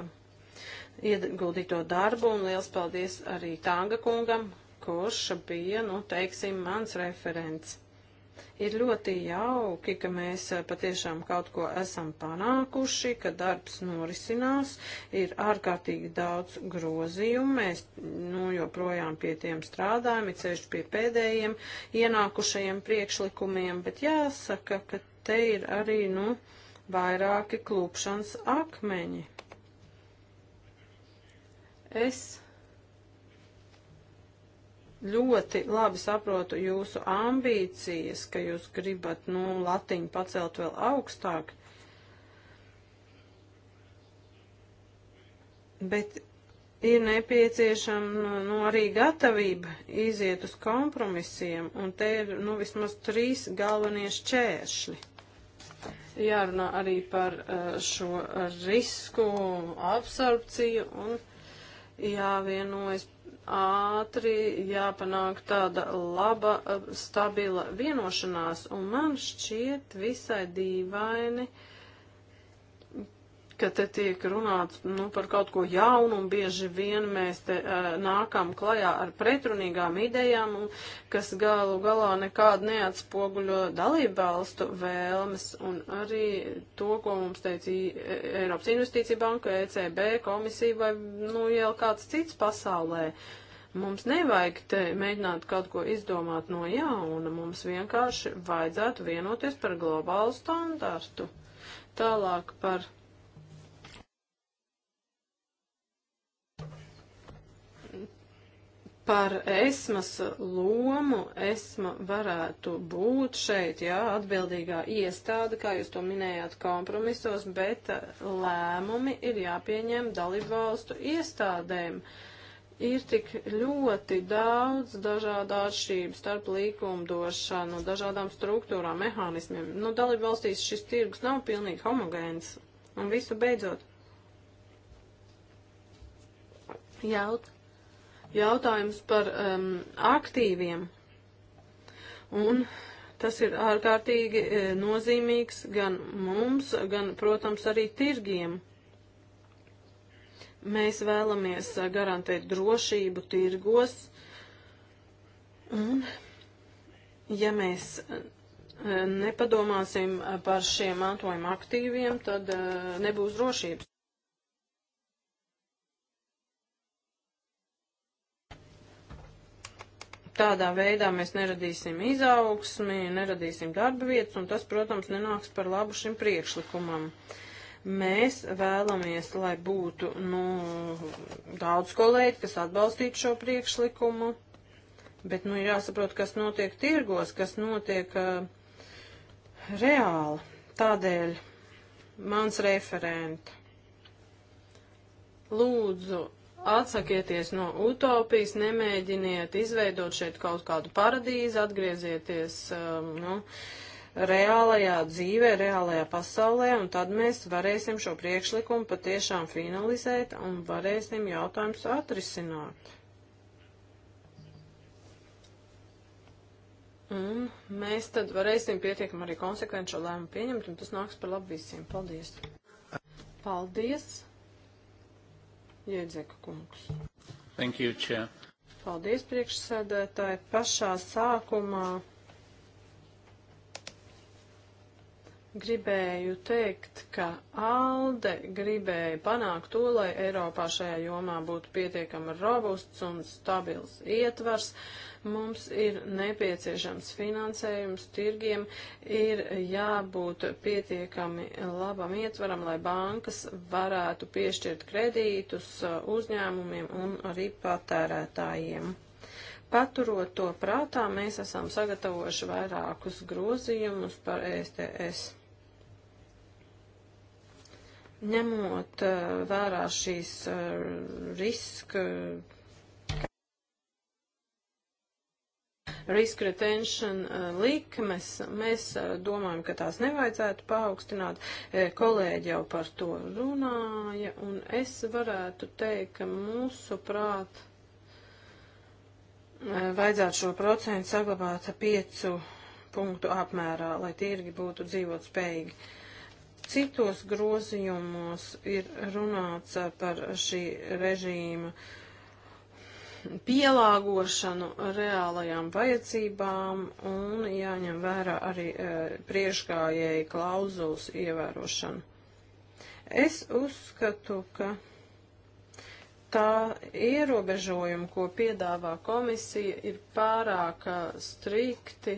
ieguldīto darbu un liels paldies arī Tāga kungam, kurš bija, nu, teiksim, mans referents. Ir ļoti jauki, ka mēs patiešām kaut ko esam panākuši, ka darbs norisinās, ir ārkārtīgi daudz grozījumu, mēs nu, joprojām pie tiem strādājam, ir ceļš pie pēdējiem ienākušajiem priekšlikumiem, bet jāsaka, ka te ir arī, nu, uh, vairāki klūpšanas akmeņi. Es ļoti labi saprotu jūsu ambīcijas, ka jūs gribat, nu, latiņu pacelt vēl augstāk, bet ir nepieciešama nu, arī gatavība iziet uz kompromisiem, un te ir nu, vismaz trīs galvenie šķēršļi. Jārunā arī par eh, šo risku absorpciju un jāvienojas ātri, jāpanāk tāda laba, eh, stabila vienošanās. Un man šķiet visai dīvaini. Uh, ka te tiek runāts nu, par kaut ko jaunu, un bieži vien mēs te uh, nākam klajā ar pretrunīgām idejām, un, kas galu galā nekādu neatspoguļo dalībvalstu vēlmes, un arī to, ko mums teica e, Eiropas Investīcija Banka, ECB komisija vai nu, jau kāds cits pasaulē. Mums nevajag te mēģināt kaut ko izdomāt no jauna, mums vienkārši vajadzētu vienoties par globālu standartu. Tālāk par par esmas lomu esma varētu būt šeit, jā, atbildīgā iestāde, kā jūs to minējāt kompromisos, bet eh, lēmumi ir jāpieņem dalībvalstu iestādēm. Ir tik ļoti daudz dažādu atšķību starp līkumdošanu, dažādām struktūrām, mehānismiem. Nu, dalībvalstīs šis tirgus nav pilnīgi homogēns. Un visu beidzot. Jaut jautājums par um, aktīviem. Un tas ir ārkārtīgi e, nozīmīgs gan mums, gan, protams, arī tirgiem. Mēs vēlamies e, garantēt drošību tirgos, un ja mēs e, nepadomāsim par šiem mantojuma aktīviem, tad nebūs drošības. Tādā veidā mēs neradīsim izaugsmi, neradīsim darba vietas, un tas, protams, nenāks par labu šim priekšlikumam. Mēs vēlamies, lai būtu nu, daudz kolēģi, kas atbalstītu šo priekšlikumu, bet nu, jāsaprot, kas notiek tirgos, kas notiek uh, reāli. Tādēļ mans referents lūdzu Atsakieties no utopijas, nemēģiniet izveidot šeit kaut kādu paradīzi, atgriezieties, um, nu, reālajā dzīvē, reālajā pasaulē, un tad mēs varēsim šo priekšlikumu patiešām finalizēt un varēsim jautājumus atrisināt. Un mēs tad varēsim pietiekam arī konsekvenci šo lēmumu pieņemt, un tas nāks par labu visiem. Paldies! Paldies! Jēdzeka kungs. Thank you, Chair. Paldies, priekšsēdētāji. Pašā sākumā gribēju teikt, ka ALDE gribēja panākt to, lai Eiropā šajā jomā būtu pietiekami robusts un stabils ietvars, Mums ir nepieciešams finansējums tirgiem, ir jābūt pietiekami labam ietvaram, lai bankas varētu piešķirt kredītus uh, uzņēmumiem un arī patērētājiem. Paturot to prātā, mēs esam sagatavojuši vairākus grozījumus par ESTS. Ņemot uh, vērā šīs uh, riska riska retention uh, likmes, mēs uh, domājam, ka tās nevajadzētu paaugstināt. E, kolēģi jau par to runāja, un es varētu teikt, ka mūsu prāt e, vajadzētu šo procentu saglabāt piecu punktu apmērā, lai tirgi būtu dzīvot spējīgi. Citos grozījumos ir runāts par šī režīma uh, pielāgošanu reālajām vajadzībām un jāņem vērā arī e, priekšgājēji klauzulas ievērošanu. Es uzskatu, ka tā ierobežojuma, ko piedāvā komisija, ir pārāk e, strikti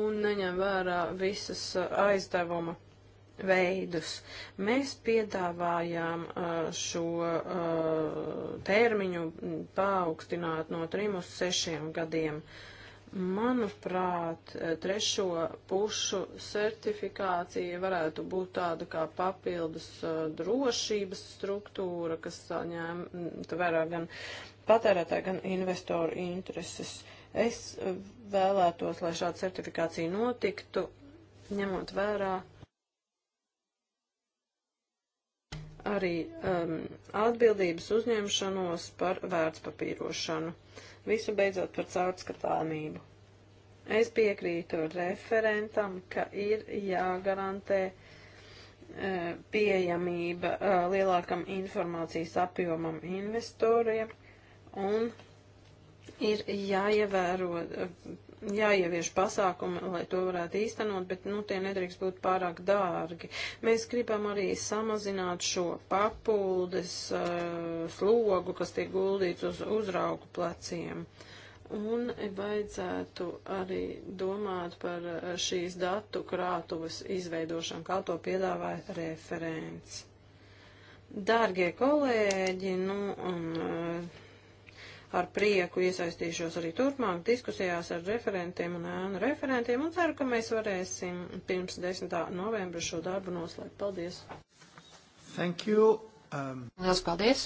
un neņem vērā visas e, aizdevuma veidus. Mēs piedāvājām uh, šo uh, termiņu paaugstināt no trim uz sešiem gadiem. Manuprāt, uh, trešo pušu certifikācija varētu būt tāda kā papildus drošības struktūra, kas ņemtu mm, vērā gan patērētāju, gan investoru intereses. Es vēlētos, lai šāda certifikācija notiktu, ņemot vērā uh, arī um, atbildības uzņemšanos par vērtspapīrošanu. Visu beidzot par caurskatāmību. Es piekrītu referentam, ka ir jāgarantē uh, pieejamība uh, lielākam informācijas apjomam investoriem un ir jāievēro eh, jāievieš pasākumi, lai to varētu īstenot, bet nu, tie nedrīkst būt pārāk dārgi. Mēs gribam arī samazināt šo papuldes uh, slogu, kas tiek guldīts uz uzraugu pleciem. Un vajadzētu arī domāt par eh, šīs datu krātuves izveidošanu, kā to piedāvāja referents. Dārgie kolēģi, nu un. Uh, ar prieku iesaistīšos arī turpmāk diskusijās ar referentiem un ēnu referentiem un ceru, ka mēs varēsim pirms 10. novembra šo darbu noslēgt. Paldies! Thank you! Um... Lielas paldies!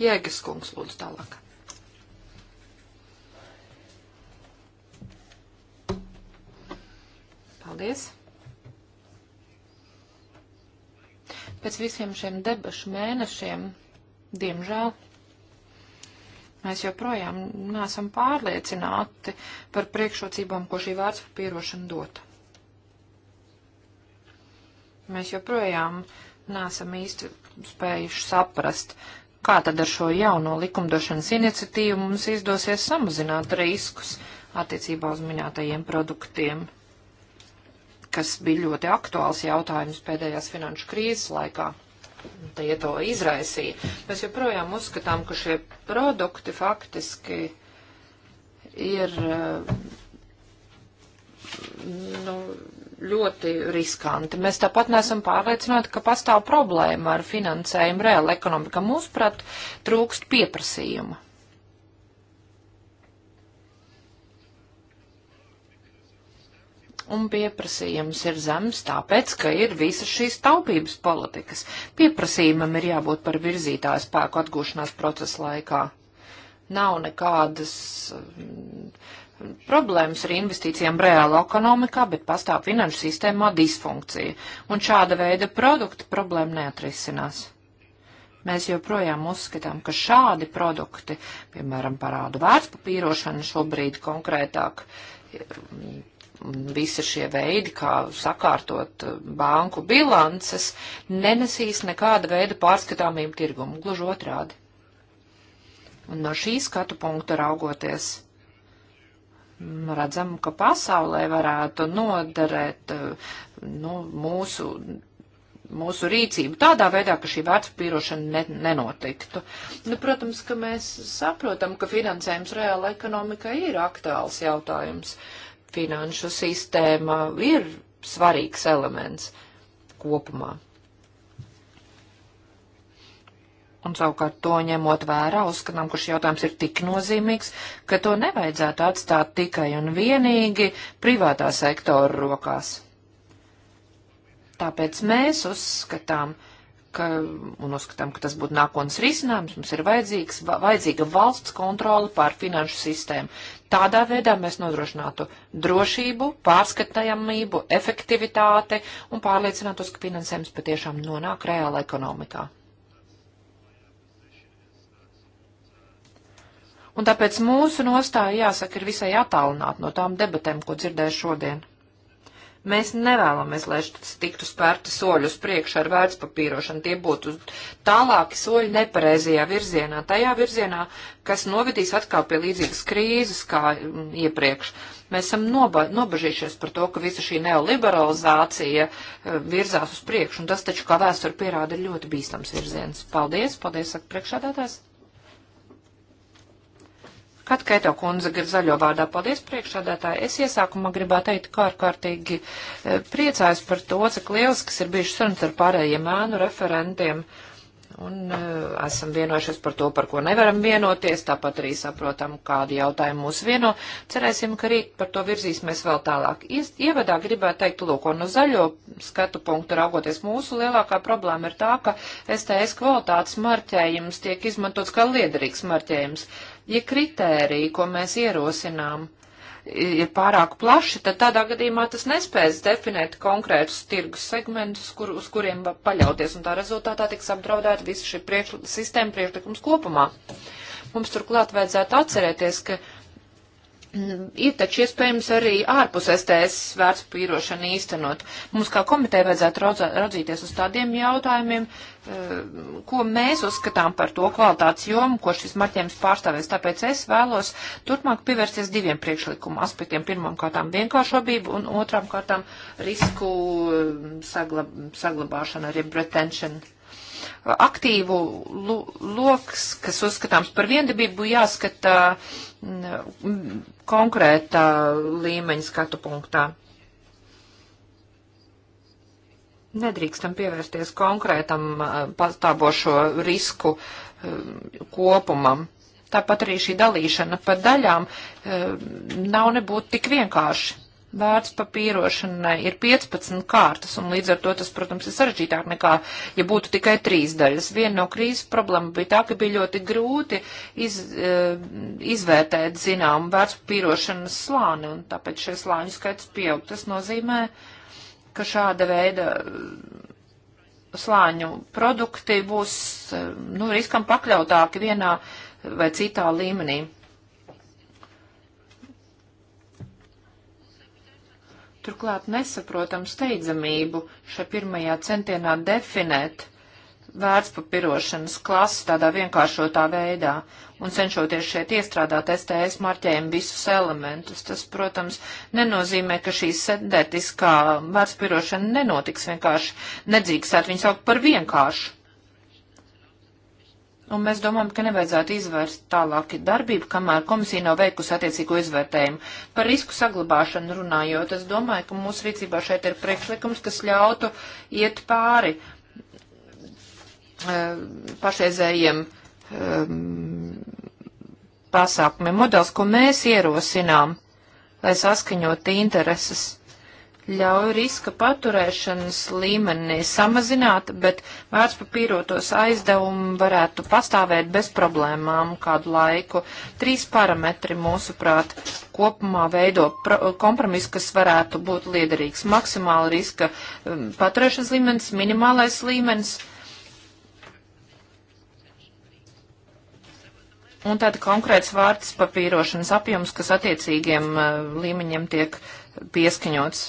Jēgas kungs lūdzu tālāk. Paldies! Pēc visiem šiem debašu mēnešiem, diemžēl, Mēs joprojām neesam pārliecināti par priekšrocībām, ko šī vārdspapīrošana dota. Mēs joprojām neesam īsti spējuši saprast, kā tad ar šo jauno likumdošanas iniciatīvu mums izdosies samazināt riskus attiecībā uz minētajiem produktiem kas bija ļoti aktuāls jautājums pēdējās finanšu krīzes laikā tie to izraisīja. Mēs joprojām uzskatām, ka šie produkti faktiski ir eh, nu, ļoti riskanti. Mēs tāpat neesam pārliecināti, ka pastāv problēma ar finansējumu reāla ekonomika. Mūsuprāt, trūkst pieprasījuma. un pieprasījums ir zems, tāpēc, ka ir visas šīs taupības politikas. Pieprasījumam ir jābūt par virzītāju spēku atgūšanās procesa laikā. Nav nekādas mm, problēmas ar investīcijām reāla ekonomikā, bet pastāv finanšu sistēmā disfunkcija, un šāda veida produkti problēma neatrisinās mēs joprojām uzskatām, ka šādi produkti, piemēram, parādu vērtspapīrošana šobrīd konkrētāk, visi šie veidi, kā sakārtot eh, banku bilances, nenesīs nekāda veida pārskatāmību tirgumu, gluži otrādi. Un no šī skatu punkta raugoties, redzam, ka pasaulē varētu noderēt eh, nu, mūsu, mūsu rīcību tādā veidā, ka šī vērtspīrošana ne, nenotiktu. Nu, protams, ka mēs saprotam, ka finansējums reāla ekonomika ir aktuāls jautājums. Uh, finanšu sistēma ir svarīgs elements kopumā. Un savukārt to ņemot vērā, uzskatām, ka šis jautājums ir tik nozīmīgs, ka to nevajadzētu atstāt tikai un vienīgi privātā sektora rokās. Tāpēc mēs uzskatām, ka, un uzskatām, ka tas būtu nākotnes risinājums, mums ir vajadzīga valsts kontrola pār finanšu sistēmu. Tādā veidā mēs nodrošinātu drošību, pārskatāmību, efektivitāti un pārliecinātos, ka finansējums patiešām nonāk reāla ekonomikā. Un tāpēc mūsu nostāja, jāsaka, ir visai attālināta no tām debatēm, ko dzirdēju šodien. Mēs nevēlamies, lai tiktu spērti soļi uz priekšu ar vērtspapīrošanu. Tie būtu tālāki soļi nepareizajā virzienā, tajā virzienā, kas novedīs atkal pie līdzīgas krīzes kā mm, iepriekš. Mēs esam noba nobažījušies par to, ka visa šī neoliberalizācija eh, virzās uz priekšu, un tas taču, kā vēsture pierāda, ir ļoti bīstams virziens. Paldies, paldies, saka priekšādātājs. Kad Keito kundze ir zaļo vārdā, paldies priekšādātāji. Es iesākumā gribētu teikt, kā ārkārtīgi e, priecājos par to, cik lielisks ir bijuši sarunas ar pārējiem ēnu referentiem. Un uh, esam vienojušies par to, par ko nevaram vienoties, tāpat arī saprotam, kādi jautājumi mūs vieno. Cerēsim, ka rīt par to virzīsimies vēl tālāk. Ies, ievadā gribētu teikt, lūk, un no zaļo skatu punktu raugoties, mūsu lielākā problēma ir tā, ka STS kvalitātes marķējums tiek izmantots kā liederīgs marķējums. Ja kritērija, ko mēs ierosinām, ir pārāk plaši, tad tādā gadījumā tas nespēs definēt konkrētus tirgus segmentus, kur, uz kuriem paļauties, un tā rezultātā tiks apdraudēta visa šī priekš, sistēma priekšlikums kopumā. Mums turklāt vajadzētu atcerēties, ka uh, Ir taču iespējams arī ārpus STS vērts pīrošana īstenot. Mums kā komiteja vajadzētu raudzīties uz tādiem jautājumiem, eh, ko mēs uzskatām par to kvalitātes jomu, ko šis marķējums pārstāvēs. Tāpēc es vēlos turpmāk pievērsties diviem priekšlikuma aspektiem. Pirmām kārtām vienkāršobību un otrām kārtām risku eh, saglab saglabāšanu, arī retention aktīvu loks, kas uzskatāms par viendabību, jāskata mm, konkrētā līmeņa skatu punktā. Nedrīkstam pievērsties konkrētam eh, pastāvošo risku eh, kopumam. Tāpat arī šī dalīšana pa daļām eh, nav nebūt tik vienkārši vērts papīrošanai ir 15 kārtas, un līdz ar to tas, protams, ir sarežģītāk nekā, ja būtu tikai trīs daļas. Viena no krīzes problēma bija tā, ka bija ļoti grūti iz, e, izvērtēt, zinām, vērts papīrošanas slāni, un tāpēc šie slāņu skaits pieaug. Tas nozīmē, ka šāda veida e, slāņu produkti būs, e, nu, riskam pakļautāki vienā vai citā līmenī. Turklāt nesaprotam steidzamību šajā pirmajā centienā definēt vērtspapirošanas klases tādā vienkāršotā veidā un cenšoties šeit iestrādāt STS marķējumu visus elementus. Tas, protams, nenozīmē, ka šī sedētiskā vērtspirošana nenotiks vienkārši nedzīkstēt viņu saukt par vienkāršu. Un mēs domājam, ka nevajadzētu izvērst tālāk darbību, kamēr komisija nav veikusi attiecīgo izvērtējumu. Par risku saglabāšanu runājot, es domāju, ka mūsu rīcībā šeit ir priekšlikums, kas ļautu iet pāri eh, pašreizējiem eh, pasākumiem. Modelis, ko mēs ierosinām, lai saskaņot intereses ļauj riska paturēšanas līmeni samazināt, bet vērtspapīrotos aizdevumi varētu pastāvēt bez problēmām kādu laiku. Trīs parametri, mūsuprāt, kopumā veido kompromisu, kas varētu būt liederīgs. Maksimāla riska um, paturēšanas līmenis, minimālais līmenis. Un tāda konkrēts vārds papīrošanas apjoms, kas attiecīgiem uh, līmeņiem tiek pieskaņots.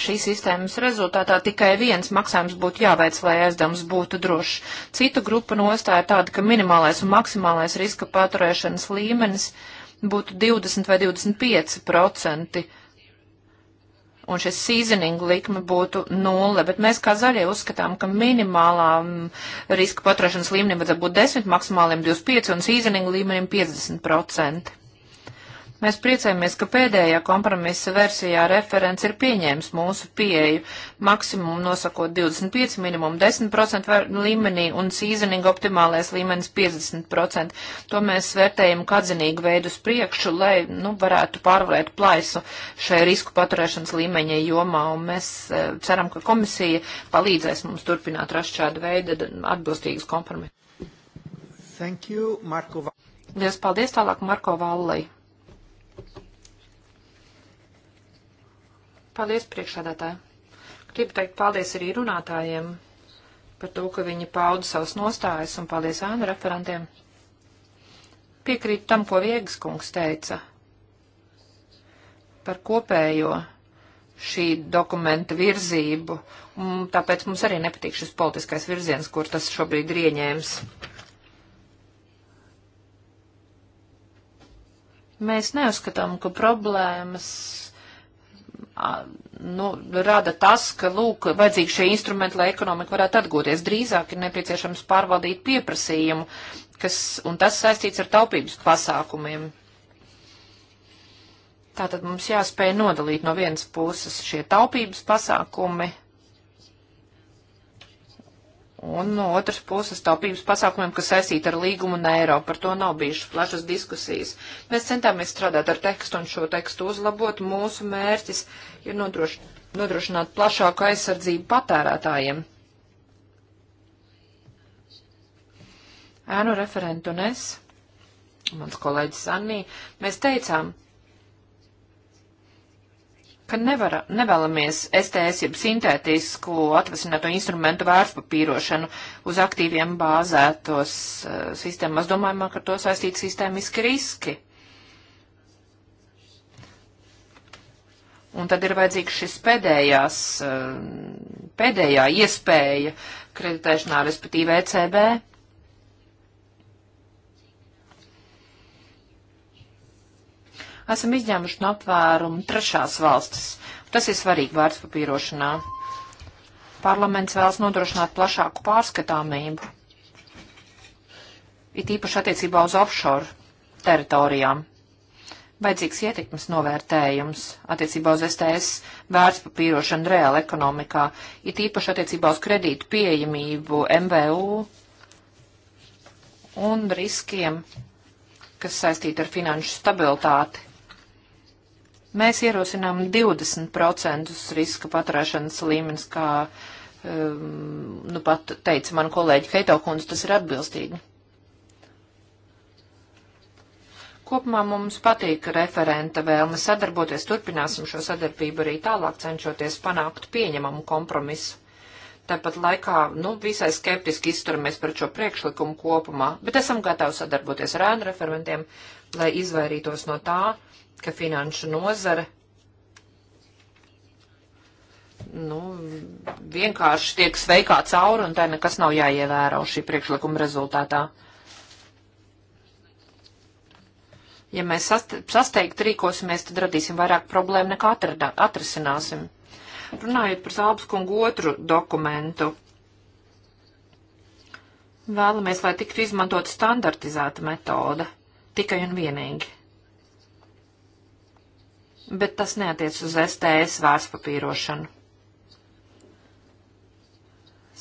šīs sistēmas rezultātā tikai viens maksājums būtu jāveic, lai aizdevums būtu drošs. Citu grupu nostāja tāda, ka minimālais un maksimālais riska paturēšanas līmenis būtu 20 vai 25 procenti. Un šis seasoninga likme būtu nulle, bet mēs kā zaļie uzskatām, ka minimālā riska paturēšanas līmenim vajadzētu būt 10, maksimāliem 25 un seasoninga līmenim 50 procenti. Mēs priecājamies, ka pēdējā kompromisa versijā referents ir pieņēmis mūsu pieeju maksimumu nosakot 25, minimumu 10% līmenī un sīzeninga optimālais līmenis 50%. To mēs vērtējam kā atzinīgu veidu uz priekšu, lai nu, varētu pārvarēt plaisu šai risku paturēšanas līmeņa jomā. Un mēs e, ceram, ka komisija palīdzēs mums turpināt rast šādu veidu atbilstīgas kompromisu. Thank you, Marko. Liels paldies tālāk Marko Vallei. Paldies, priekšādātāji. Gribu teikt paldies arī runātājiem par to, ka viņi pauda savas nostājas un paldies ēnu referentiem. Piekrītu tam, ko Viegas kungs teica par kopējo šī dokumenta virzību. Un tāpēc mums arī nepatīk šis politiskais virziens, kur tas šobrīd ir ieņēmis. Mēs neuzskatām, ka problēmas nu, rada tas, ka, lūk, vajadzīgi šie instrumenti, lai ekonomika varētu atgūties. Drīzāk ir nepieciešams pārvaldīt pieprasījumu, kas, un tas saistīts ar taupības pasākumiem. Tātad mums jāspēj nodalīt no vienas puses šie taupības pasākumi un no otras puses taupības pasākumiem, kas saistīti ar līgumu un eiro. Par to nav bijušas plašas diskusijas. Mēs centāmies strādāt ar tekstu un šo tekstu uzlabot. Mūsu mērķis ir nodroš nodrošināt plašāku aizsardzību patērētājiem. Ēnu referentu un es, mans kolēģis Annī, mēs teicām, ka nevara, nevēlamies STS jeb sintētisku atvasināto instrumentu vērtspapīrošanu uz aktīviem bāzētos uh, eh, sistēmas. Domājam, ka to saistīt sistēmiski riski. Un tad ir vajadzīgs šis pēdējās, uh, pēdējā iespēja kreditēšanā, respektīvi ECB. esam izņēmuši no apvērumu trešās valstis. Tas ir svarīgi vārds papīrošanā. Parlaments vēlas nodrošināt plašāku pārskatāmību, it īpaši attiecībā uz offshore teritorijām. Vajadzīgs ietekmes novērtējums attiecībā uz STS vērtspapīrošanu reāla ekonomikā, it īpaši attiecībā uz kredītu pieejamību MVU un riskiem, kas saistīti ar finanšu stabilitāti. Mēs ierosinām 20% riska paturēšanas līmenis, kā um, nu pat teica man kolēģi Heitokunds, tas ir atbilstīgi. Kopumā mums patīk referenta vēlme sadarboties, turpināsim šo sadarbību arī tālāk, cenšoties panākt pieņemamu kompromisu. Tāpat laikā, nu, visai skeptiski izturamies par šo priekšlikumu kopumā, bet esam gatavi sadarboties ar ēnu referentiem, lai izvairītos no tā, ka finanšu nozare nu, vienkārši tiek sveikā cauri un tai nekas nav jāievēro šī priekšlikuma rezultātā. Ja mēs sasteigt rīkosimies, tad radīsim vairāk problēmu nekā atradā, atrisināsim. Runājot par Zābskungu otru dokumentu, vēlamies, lai tiktu izmantot standartizēta metode tikai un vienīgi bet tas neatiec uz STS vārtspapīrošanu.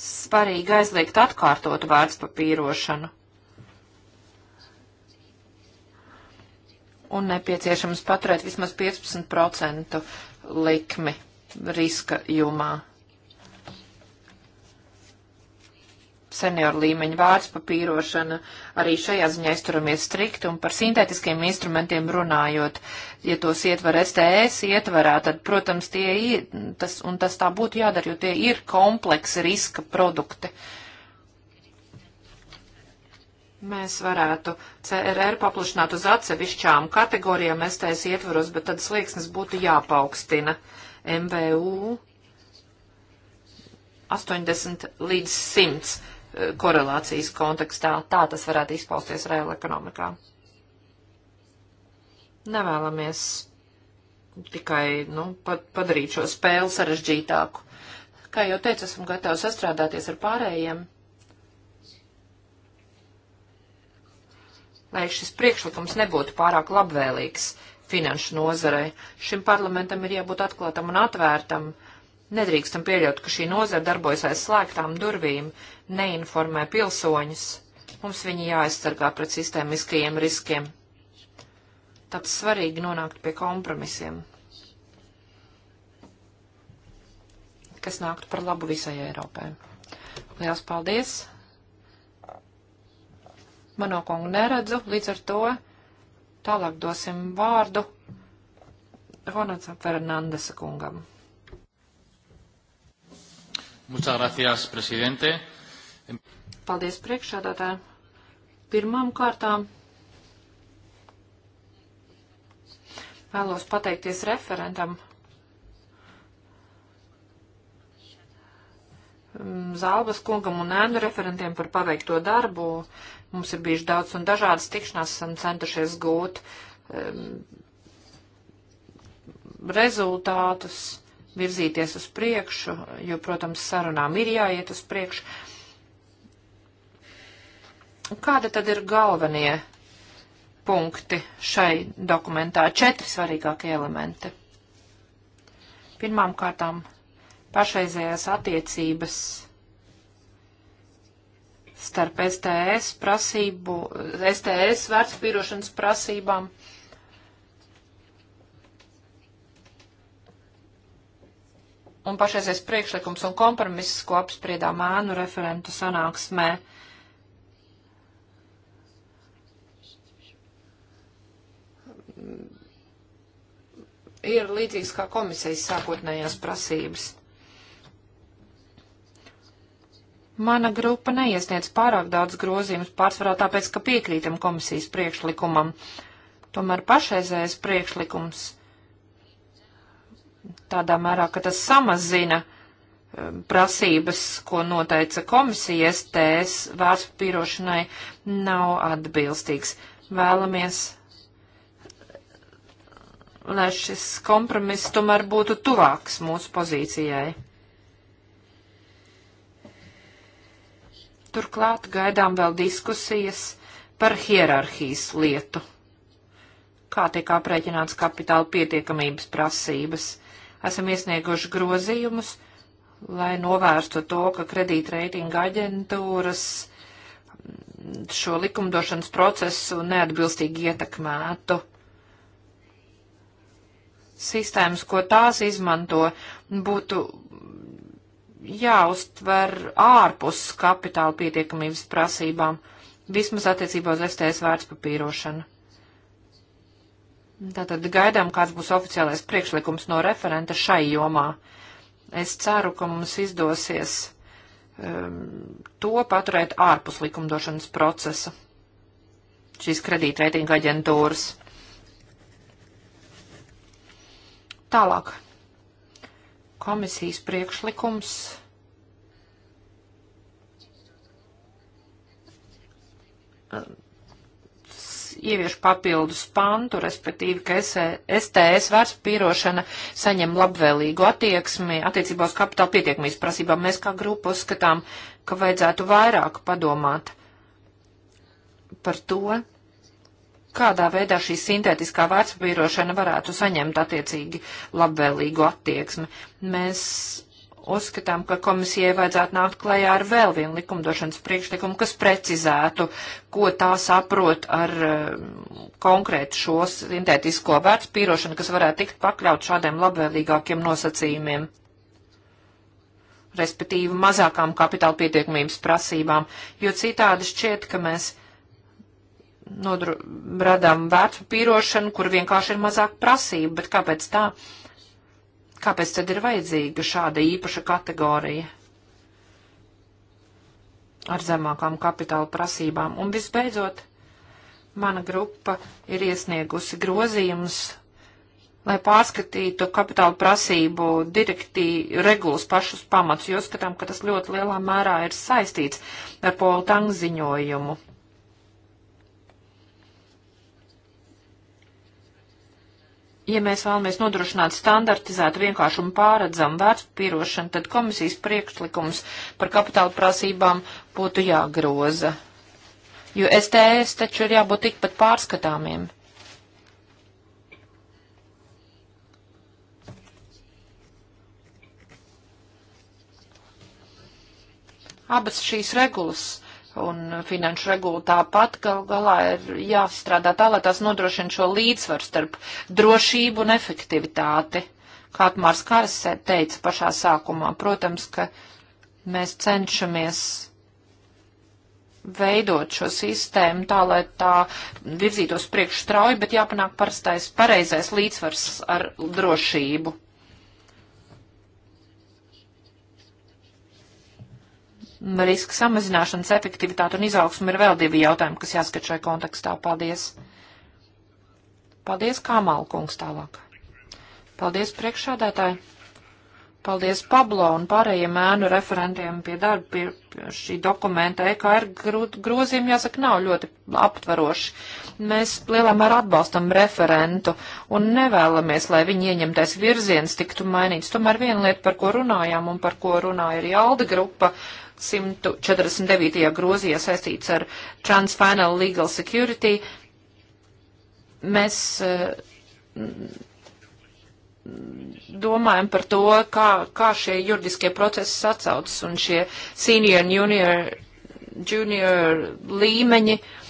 Svarīgi aizliegt atkārtot vārtspapīrošanu. Un nepieciešams paturēt vismaz 15% likmi riska jumā. senioru līmeņa vārds papīrošana. Arī šajā ziņā izturamies strikti un par sintētiskiem instrumentiem runājot. Ja tos ietver STS ietverā, tad, protams, tie ir, tas, un tas tā būtu jādara, jo tie ir kompleksa riska produkti. Mēs varētu CRR paplašināt uz atsevišķām kategorijām STS ietvaros, bet tad slieksnes būtu jāpaukstina. MVU 80 līdz 100 korelācijas kontekstā. Tā tas varētu izpausties reāla ekonomikā. Nevēlamies tikai nu, padarīt šo spēli sarežģītāku. Kā jau teicu, esam gatavi sastrādāties ar pārējiem. Lai šis priekšlikums nebūtu pārāk labvēlīgs finanšu nozarei, šim parlamentam ir jābūt atklātam un atvērtam uh, Nedrīkstam pieļaut, ka šī nozara darbojas aiz slēgtām durvīm, neinformē pilsoņus. Mums viņi jāaizsargā pret sistēmiskajiem riskiem. Tāpēc svarīgi nonākt pie kompromisiem, kas nāktu par labu visai Eiropai. Lielas paldies! Mano kungu neredzu, līdz ar to tālāk dosim vārdu Ronacam Fernandesa kungam. Muchas gracias, presidente. Paldies, priekšādātāji. Pirmām kārtām vēlos pateikties referentam mm, Zālbas kungam un ēnu referentiem par paveikto darbu. Mums ir bijuši daudz un dažādas tikšanās, esam centušies gūt um, rezultātus virzīties uz priekšu, jo, protams, sarunām ir jāiet uz priekšu. Kāda tad ir galvenie punkti šai dokumentā? Četri svarīgākie elementi. Pirmām kārtām pašreizējās attiecības starp STS prasību, STS vērtspīrošanas prasībām un pašreizais priekšlikums un kompromiss, ko apspriedām ēnu referentu sanāksmē. Ir līdzīgs kā komisijas sākotnējās prasības. Mana grupa neiesniedz pārāk daudz grozījumus pārsvarā tāpēc, ka piekrītam komisijas priekšlikumam. Tomēr pašreizējais priekšlikums tādā mērā, ka tas samazina um, prasības, ko noteica komisija STS vārdspīrošanai, nav atbilstīgs. Vēlamies, lai šis kompromiss tomēr būtu tuvāks mūsu pozīcijai. Turklāt gaidām vēl diskusijas par hierarhijas lietu. Kā tiek aprēķināts kapitāla pietiekamības prasības? esam iesnieguši grozījumus, lai novērstu to, ka kredītreitinga aģentūras šo likumdošanas procesu neatbilstīgi ietekmētu. Sistēmas, ko tās izmanto, būtu jāuztver ārpus kapitāla pietiekamības prasībām, vismaz attiecībā uz STS vērtspapīrošanu. Tātad gaidām, kāds būs oficiālais priekšlikums no referenta šai jomā. Es ceru, ka mums izdosies um, to paturēt ārpus likumdošanas procesa, šīs kredītreitinga aģentūras. Tālāk. Komisijas priekšlikums. Um, ievieš papildus pantu, respektīvi, ka STS e, vairs pīrošana saņem labvēlīgu attieksmi attiecībā uz kapitāla pietiekamības prasībām. Mēs kā grupa uzskatām, ka vajadzētu vairāk padomāt par to, kādā veidā šī sintētiskā vērtspapīrošana varētu saņemt attiecīgi labvēlīgu attieksmi. Mēs uzskatām, ka komisijai vajadzētu nākt klajā ar vēl vienu likumdošanas priekšlikumu, kas precizētu, ko tā saprot ar eh, konkrētu šo sintētisko vērtspīrošanu, kas varētu tikt pakļaut šādiem labvēlīgākiem nosacījumiem respektīvi mazākām kapitāla pietiekamības prasībām, jo citādi šķiet, ka mēs nodru, radām vērtspapīrošanu, kur vienkārši ir mazāk prasība, bet kāpēc tā? Uh, Kāpēc tad ir vajadzīga šāda īpaša kategorija ar zemākām kapitāla prasībām? Un visbeidzot, mana grupa ir iesniegusi grozījumus, lai pārskatītu kapitāla prasību direktīvu regulas pašus pamatus, jo skatām, ka tas ļoti lielā mērā ir saistīts ar Pola Tang ziņojumu Ja mēs vēlamies nodrošināt standartizētu, vienkāršu un pāredzamu vērtspīrošanu, tad komisijas priekšlikums par kapitāla prasībām būtu jāgroza. Jo STS taču ir jābūt tikpat pārskatāmiem. Abas šīs regulas un finanšu regula tāpat gal galā ir jāstrādā tā, lai tās nodrošina šo līdzsvaru starp drošību un efektivitāti. Kā Atmārs Kārs teica pašā sākumā, protams, ka mēs cenšamies veidot šo sistēmu tā, lai tā virzītos priekš strauji, bet jāpanāk parastais pareizais līdzsvars ar drošību. riska samazināšanas efektivitāte un izaugsme ir vēl divi jautājumi, kas jāskat šai kontekstā. Paldies! Paldies, Kāmāla kungs tālāk! Paldies, priekšādētāji! Paldies Pablo un pārējiem ēnu referentiem pie darba pie, pie šī dokumenta. EKR grozījumi, jāsaka, nav ļoti aptveroši. Mēs lielā mērā atbalstam referentu un nevēlamies, lai viņa ieņemtais virziens tiktu mainīts. Tomēr viena lieta, par ko runājām un par ko runāja arī Alda grupa, 149. grozījā saistīts ar Transfinal Legal Security. Mēs eh, domājam par to, kā, kā šie juridiskie procesi sacaucas un šie senior un junior, junior līmeņi. Uh,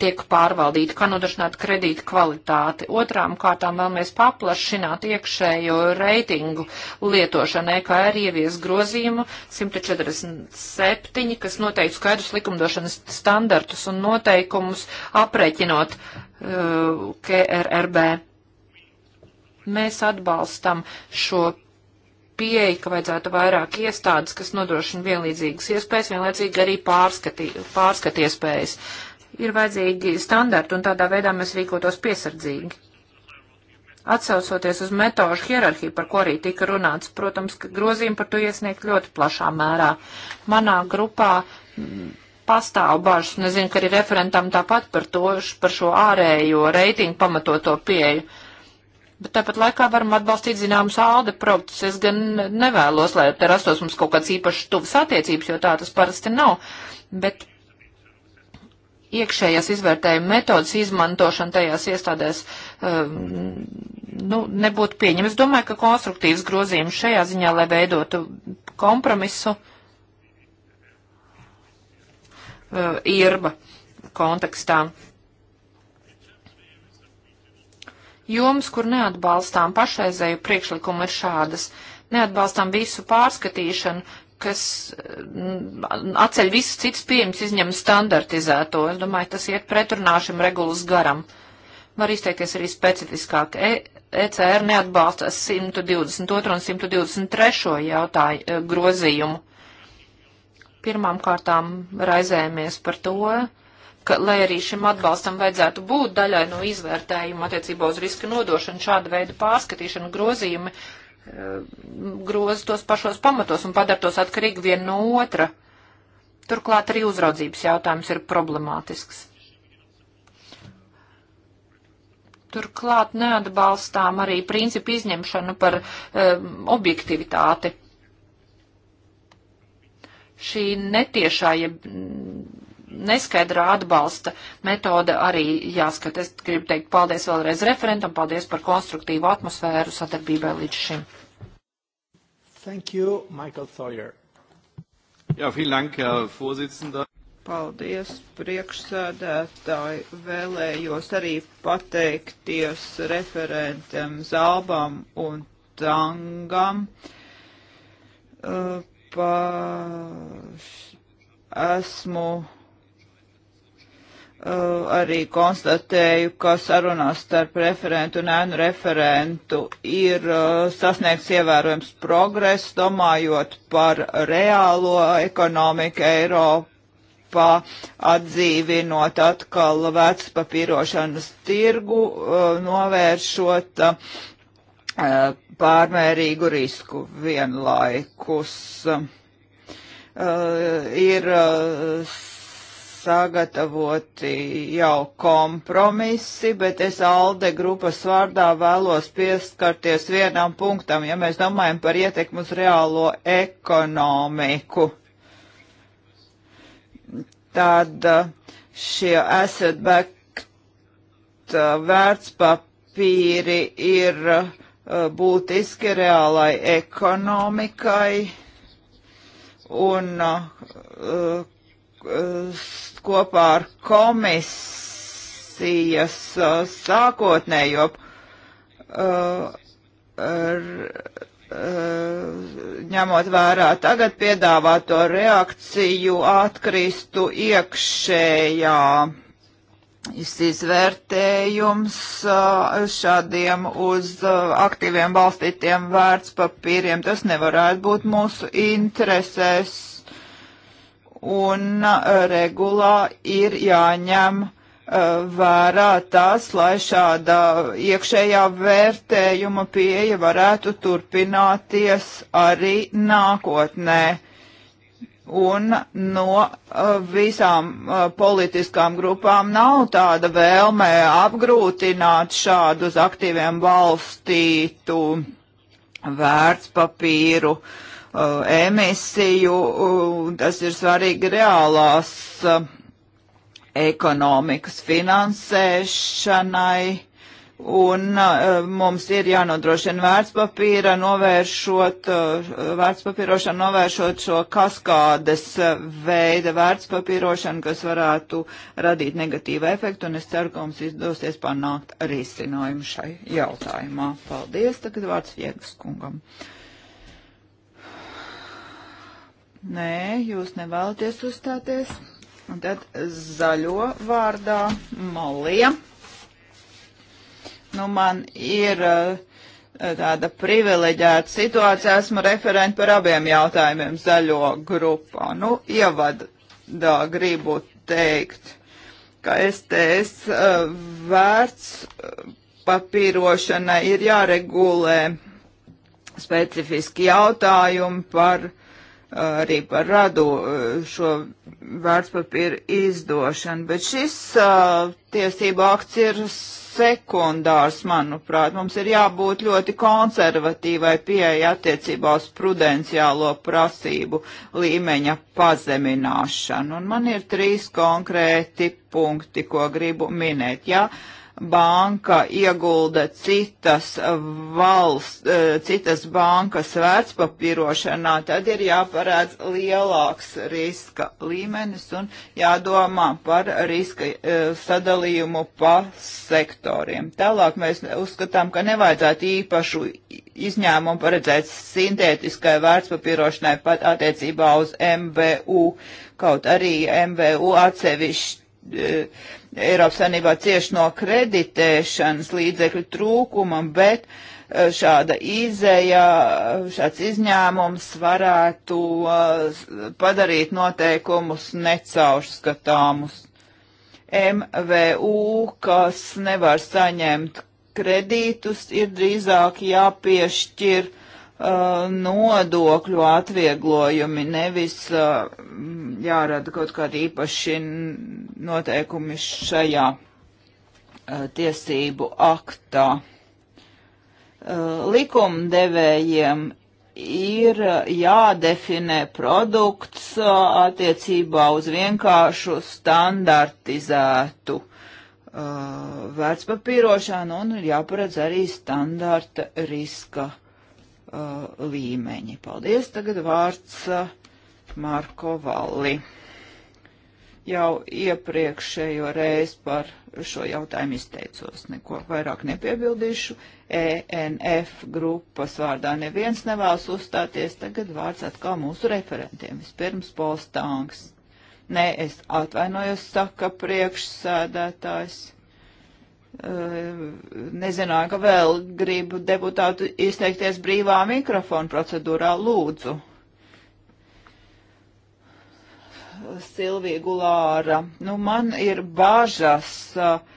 tiek pārvaldīta, kā nodrošināt kredīta kvalitāti. Otrām kārtām vēlamies paplašināt iekšējo reitingu lietošanu. EKR ievies grozījumu 147, kas noteikti skaidrus likumdošanas standartus un noteikumus aprēķinot uh, KRRB. Mēs atbalstam šo pieeja, ka vajadzētu vairāk iestādes, kas nodrošina vienlīdzīgas iespējas, vienlaicīgi arī pārskati, pārskati iespējas. Uh, ir vajadzīgi standarti, un tādā veidā mēs rīkotos piesardzīgi. Atsaucoties uz metožu hierarhiju, par ko arī tika runāts, protams, ka grozījumi par to iesniegt ļoti plašā mērā. Manā grupā mm, pastāv bažas, un es zinu, ka arī referentam tāpat par, to, par šo ārējo reitingu pamatoto pieeju. Bet tāpat laikā varam atbalstīt zināmus ālda produktus. Es gan nevēlos, lai te rastos mums kaut kāds īpašs tuvs attiecības, jo tā tas parasti nav. Bet iekšējās izvērtējuma metodas izmantošana tajās iestādēs um, nu, nebūtu pieņemama. Es domāju, ka konstruktīvs grozījums šajā ziņā, lai veidotu kompromisu, uh, irba kontekstā. Joms, kur neatbalstām pašreizēju priekšlikumu, ir šādas. Neatbalstām visu pārskatīšanu, kas mm, atceļ visas citas pieejas, izņem standartizēto. Es domāju, tas iet pretrunā šim regulas garam. Var izteikties arī specifiskāk. E ECR neatbalsta 122 un 123 jautāju e, grozījumu. Pirmām kārtām raizējamies par to, ka, lai arī šim atbalstam vajadzētu būt daļai no izvērtējuma attiecībā uz riska nodošanu, šāda veida pārskatīšana grozījumi groza tos pašos pamatos un padara tos atkarīgi viena no otra. Turklāt arī uzraudzības jautājums ir problemātisks. Turklāt neatbalstām arī principu izņemšanu par um, objektivitāti. Šī netiešā, ja neskaidrā atbalsta metode arī jāskata. Es gribu teikt paldies vēlreiz referentam, paldies par konstruktīvu atmosfēru sadarbībai līdz šim. Thank you, Michael Sawyer. Jā, vielen Dank, Herr Vorsitzender. Paldies, priekšsēdētāji. Vēlējos arī pateikties referentiem Zalbam un Tangam. Uh, pa, esmu Uh, arī konstatēju, ka sarunās starp referentu un ēnu referentu ir uh, sasniegts ievērojams progress, domājot par reālo ekonomiku Eiropā, atdzīvinot atkal vecpapīrošanas tirgu, uh, novēršot uh, pārmērīgu risku vienlaikus. Uh, ir uh, sagatavoti jau kompromisi, bet es ALDE grupas vārdā vēlos pieskarties vienam punktam, ja mēs domājam par ietekmu uz reālo ekonomiku. Tad uh, šie asset backed uh, vērtspapīri ir uh, būtiski reālai ekonomikai un uh, Eh, kopā ar komisijas eh, sākotnējo eh, ņemot vērā tagad piedāvāto reakciju atkristu iekšējā izvērtējums šādiem uz aktīviem balstītiem vērtspapīriem. Tas nevarētu būt mūsu interesēs un eh, regulā ir jāņem eh, vērā tas, lai šāda iekšējā vērtējuma pieeja varētu turpināties arī nākotnē. Un no eh, visām politiskām grupām nav tāda vēlme apgrūtināt šādus aktīviem balstītu vērtspapīru uh, Uh, emisiju, tas ir svarīgi reālās uh, ekonomikas finansēšanai, un uh, mums ir jānodrošina vērtspapīra novēršot, vērtspapīrošana novēršot šo kaskādes veida vērtspapīrošanu, kas varētu radīt negatīvu efektu, un es ceru, ka mums izdosies panākt risinājumu šai jautājumā. Paldies, tagad vārds Viegas kungam. Uh, Nē, jūs nevēlaties uzstāties. Un tad zaļo vārdā Molija. Nu, man ir eh, tāda privileģēta situācija, esmu referenti par abiem jautājumiem zaļo grupā. Nu, ievadā gribu teikt, ka STS eh, vērts eh, papīrošanai ir jāregulē specifiski jautājumi par arī par radu eh, šo vērtspapīru izdošanu, bet šis uh, eh, tiesība akts ir sekundārs, manuprāt. Mums ir jābūt ļoti konservatīvai pieeja attiecībā uz prudenciālo prasību līmeņa pazemināšanu. Un man ir trīs konkrēti punkti, ko gribu minēt. Jā, ja? banka iegulda citas valsts, eh, citas bankas vērtspapīrošanā, tad ir jāparāds lielāks riska līmenis un jādomā par riska eh, sadalījumu pa sektoriem. Tālāk mēs uzskatām, ka nevajadzētu īpašu izņēmumu paredzēt sintētiskai vērtspapīrošanai pat attiecībā uz MVU, kaut arī MVU atsevišķi Eh, Eiropas Sanībā cieš no kreditēšanas līdzekļu trūkuma, bet eh, šāda izēja, šāds izņēmums varētu eh, padarīt noteikumus necaurskatāmus. MVU, kas nevar saņemt kredītus, ir drīzāk jāpiešķir Uh, nodokļu atvieglojumi, nevis uh, jārada kaut kādi īpaši noteikumi šajā uh, tiesību aktā. Likumdevējiem ir jādefinē produkts attiecībā uz vienkāršu standartizētu vērtspapīrošanu un ir jāparedz arī standarta riska uh, līmeņi. Paldies, tagad vārds uh, Marko Valli. Jau iepriekšējo reizi par šo jautājumu izteicos, neko vairāk nepiebildīšu. ENF grupas vārdā neviens nevēlas uzstāties, tagad vārds atkal mūsu referentiem. Vispirms Pols Tanks. Nē, es atvainojos, saka priekšsēdētājs. Eh, nezināju, ka vēl gribu deputātu izteikties brīvā mikrofona procedūrā. Lūdzu. Silvija Gulāra. Nu, man ir bažas eh,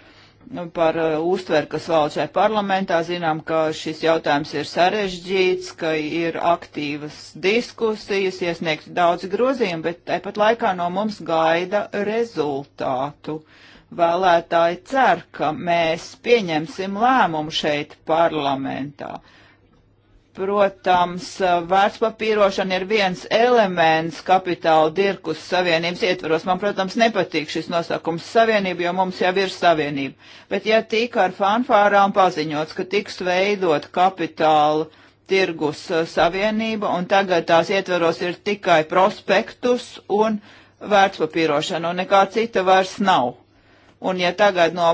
nu, par eh, uztver, kas valda šai parlamentā. Zinām, ka šis jautājums ir sarežģīts, ka ir aktīvas diskusijas, iesniegti daudz grozījumi, bet tāpat laikā no mums gaida rezultātu. Uh, vēlētāji cer, ka mēs pieņemsim lēmumu šeit parlamentā. Protams, vērtspapīrošana ir viens elements kapitāla dirkus savienības ietvaros. Man, protams, nepatīk šis nosakums savienība, jo mums jau ir savienība. Bet ja tika ar fanfārām paziņots, ka tiks veidot kapitāla tirgus savienība, un tagad tās ietvaros ir tikai prospektus un vērtspapīrošana, un nekā cita vairs nav Un ja tagad no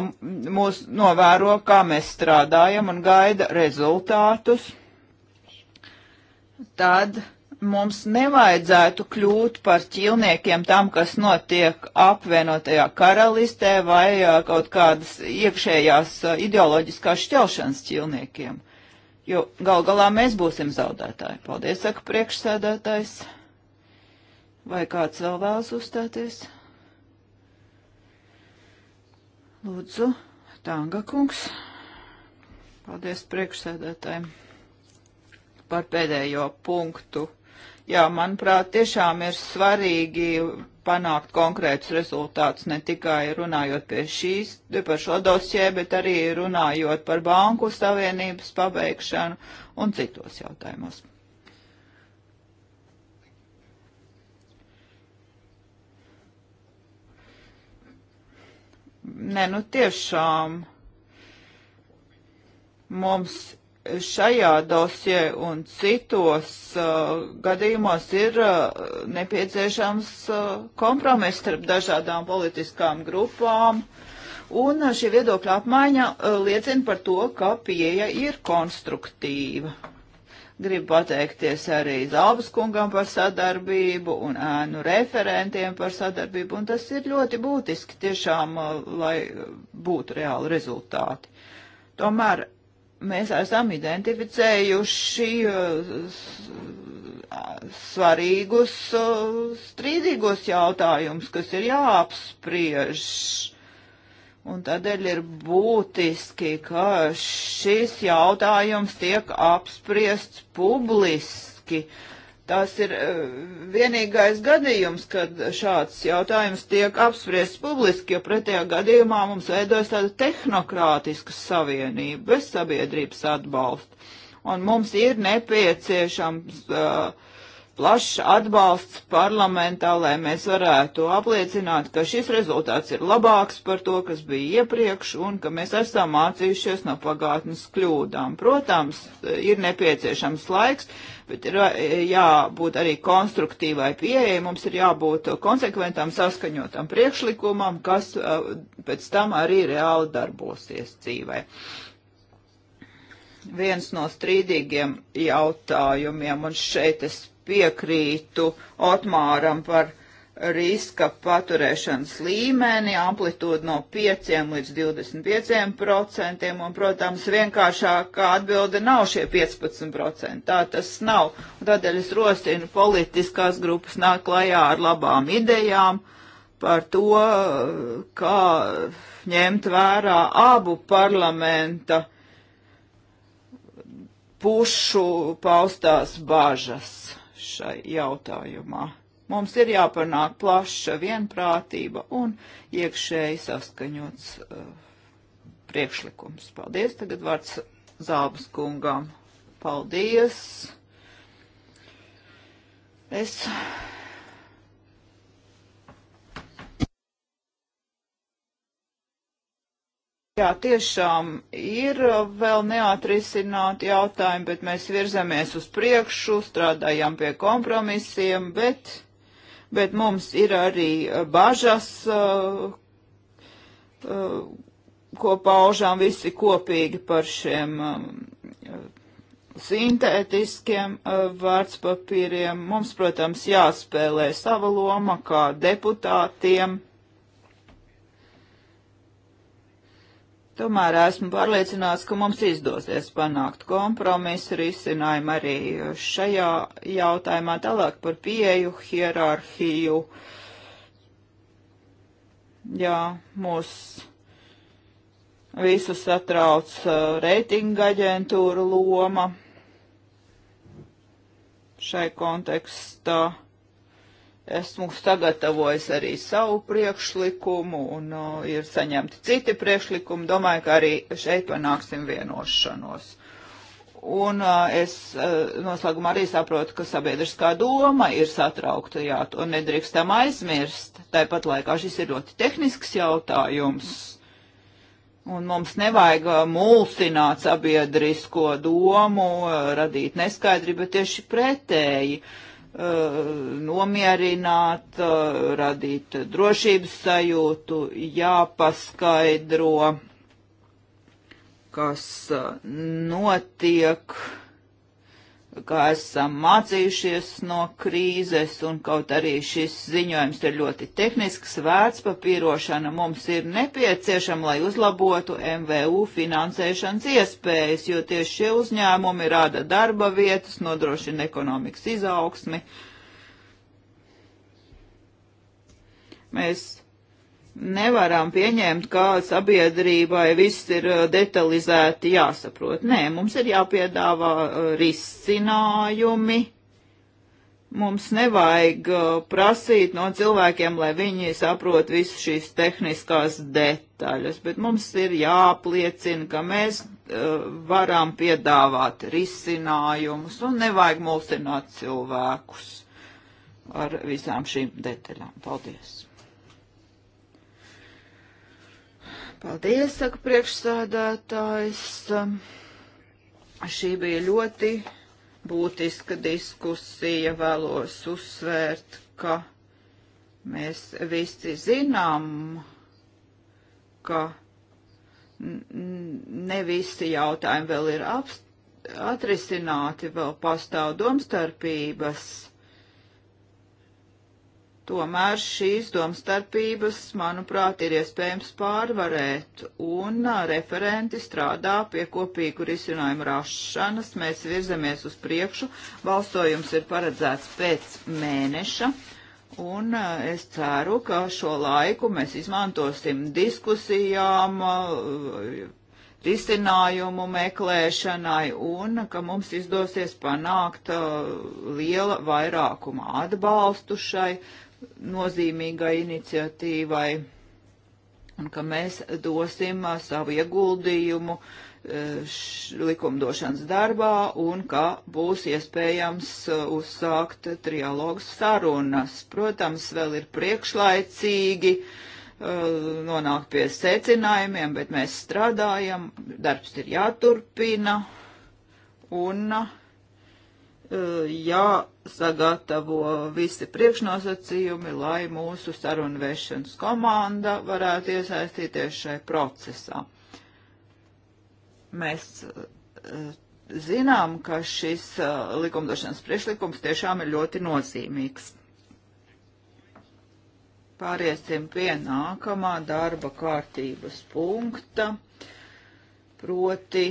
mūs novēro, kā mēs strādājam un gaida rezultātus, tad mums nevajadzētu kļūt par ķilniekiem tam, kas notiek apvienotajā karalistē vai kaut kādas iekšējās ideoloģiskās šķelšanas ķilniekiem. Jo gal galā mēs būsim zaudētāji. Paldies, saka priekšsēdētājs. Vai kāds vēl vēlas uzstāties? Lūdzu, Tānga kungs. Paldies priekšsēdētājiem par pēdējo punktu. Jā, manuprāt, tiešām ir svarīgi panākt konkrētus rezultātus, ne tikai runājot pie šīs, par šo dosie, bet arī runājot par banku savienības pabeigšanu un citos jautājumos. Nē, nu tiešām mums šajā dosie un citos uh, gadījumos ir uh, nepieciešams uh, kompromiss starp dažādām politiskām grupām. Un uh, šī viedokļa apmaiņa uh, liecina par to, ka pieeja ir konstruktīva. Gribu pateikties arī Zalbas kungam par sadarbību un ēnu referentiem par sadarbību, un tas ir ļoti būtiski tiešām, uh, lai būtu reāli rezultāti. Tomēr mēs esam identificējuši uh, svarīgus uh, strīdīgos jautājumus, kas ir jāapspriež Un tādēļ ir būtiski, ka šis jautājums tiek apspriests publiski. Tas ir eh, vienīgais gadījums, kad šāds jautājums tiek apspriests publiski, jo pretējā gadījumā mums veidojas tāda tehnokrātiska savienība bez sabiedrības atbalsta. Un mums ir nepieciešams uh, plašs atbalsts parlamentā, lai mēs varētu apliecināt, ka šis rezultāts ir labāks par to, kas bija iepriekš, un ka mēs esam mācījušies no pagātnes kļūdām. Protams, ir nepieciešams laiks, bet ir eh, jābūt arī konstruktīvai pieejai, mums ir jābūt konsekventam, saskaņotam priekšlikumam, kas eh, pēc tam arī reāli darbosies dzīvē viens no strīdīgiem jautājumiem, un šeit es piekrītu Otmāram par riska paturēšanas līmeni, amplitūdu no 5 līdz 25 procentiem, un, protams, vienkāršākā atbilde nav šie 15 procenti. Tā tas nav. Un tādēļ es rosinu politiskās grupas nāk klajā ar labām idejām par to, kā ņemt vērā abu parlamenta pušu paustās bažas šai jautājumā. Mums ir jāpanāk plaša vienprātība un iekšēji saskaņots uh, priekšlikums. Paldies, tagad vārds Zābas kungām. Paldies! Es Jā, tiešām ir vēl neatrisināti jautājumi, bet mēs virzamies uz priekšu, strādājam pie kompromisiem, bet, bet mums ir arī bažas, eh, eh, ko paužām visi kopīgi par šiem eh, sintētiskiem vārdspapīriem. Mums, protams, jāspēlē sava loma kā deputātiem Tomēr esmu pārliecināts, ka mums izdosies panākt kompromisu risinājumu arī šajā jautājumā tālāk par pieeju hierarhiju. Jā, mūs visus satrauc uh, reitinga aģentūra loma šai kontekstā. Uh, Esmu sagatavojis arī savu priekšlikumu un uh, ir saņemti citi priekšlikumi. Domāju, ka arī šeit panāksim vienošanos. Un uh, es uh, noslēgumā arī saprotu, ka sabiedriskā doma ir satraukta, jā, to nedrīkstam aizmirst. Tāpat laikā šis ir ļoti tehnisks jautājums. Un mums nevajag mulsināt sabiedrisko domu, radīt neskaidrību, bet tieši pretēji. Uh, Eh, nomierināt, eh, radīt drošības sajūtu, jāpaskaidro, kas eh, notiek ka esam mācījušies no krīzes, un kaut arī šis ziņojums ir ļoti tehnisks, vērts papīrošana mums ir nepieciešama, lai uzlabotu MVU finansēšanas iespējas, jo tieši šie uzņēmumi rada darba vietas, nodrošina ekonomikas izaugsmi. Mēs nevaram pieņemt, ka sabiedrībai viss ir uh, detalizēti jāsaprot. Nē, mums ir jāpiedāvā uh, risinājumi. Mums nevajag uh, prasīt no cilvēkiem, lai viņi saprot visas šīs tehniskās detaļas, bet mums ir jāpliecina, ka mēs uh, varam piedāvāt risinājumus un nevajag mulsināt cilvēkus ar visām šīm detaļām. Paldies! Paldies, saka priekšsādātājs. Um, šī bija ļoti būtiska diskusija. Vēlos uzsvērt, ka mēs visi zinām, ka ne visi jautājumi vēl ir apst, atrisināti, vēl pastāv domstarpības Tomēr šīs domstarpības, manuprāt, ir iespējams pārvarēt, un referenti strādā pie kopīgu risinājumu rašanas. Mēs virzamies uz priekšu, balsojums ir paredzēts pēc mēneša, un es ceru, ka šo laiku mēs izmantosim diskusijām, risinājumu meklēšanai un ka mums izdosies panākt uh, liela vairākuma atbalstu šai nozīmīgai iniciatīvai un ka mēs dosim uh, savu ieguldījumu uh, likumdošanas darbā un ka būs iespējams uh, uzsākt trialogu sarunas. Protams, vēl ir priekšlaicīgi nonākt pie secinājumiem, bet mēs strādājam, darbs ir jāturpina un jā. Ja jāsagatavo visi priekšnosacījumi, lai mūsu sarunvešanas komanda varētu iesaistīties šai procesā. Mēs eh, zinām, ka šis eh, likumdošanas priekšlikums tiešām ir ļoti nozīmīgs. Pāriesim pie nākamā darba kārtības punkta, proti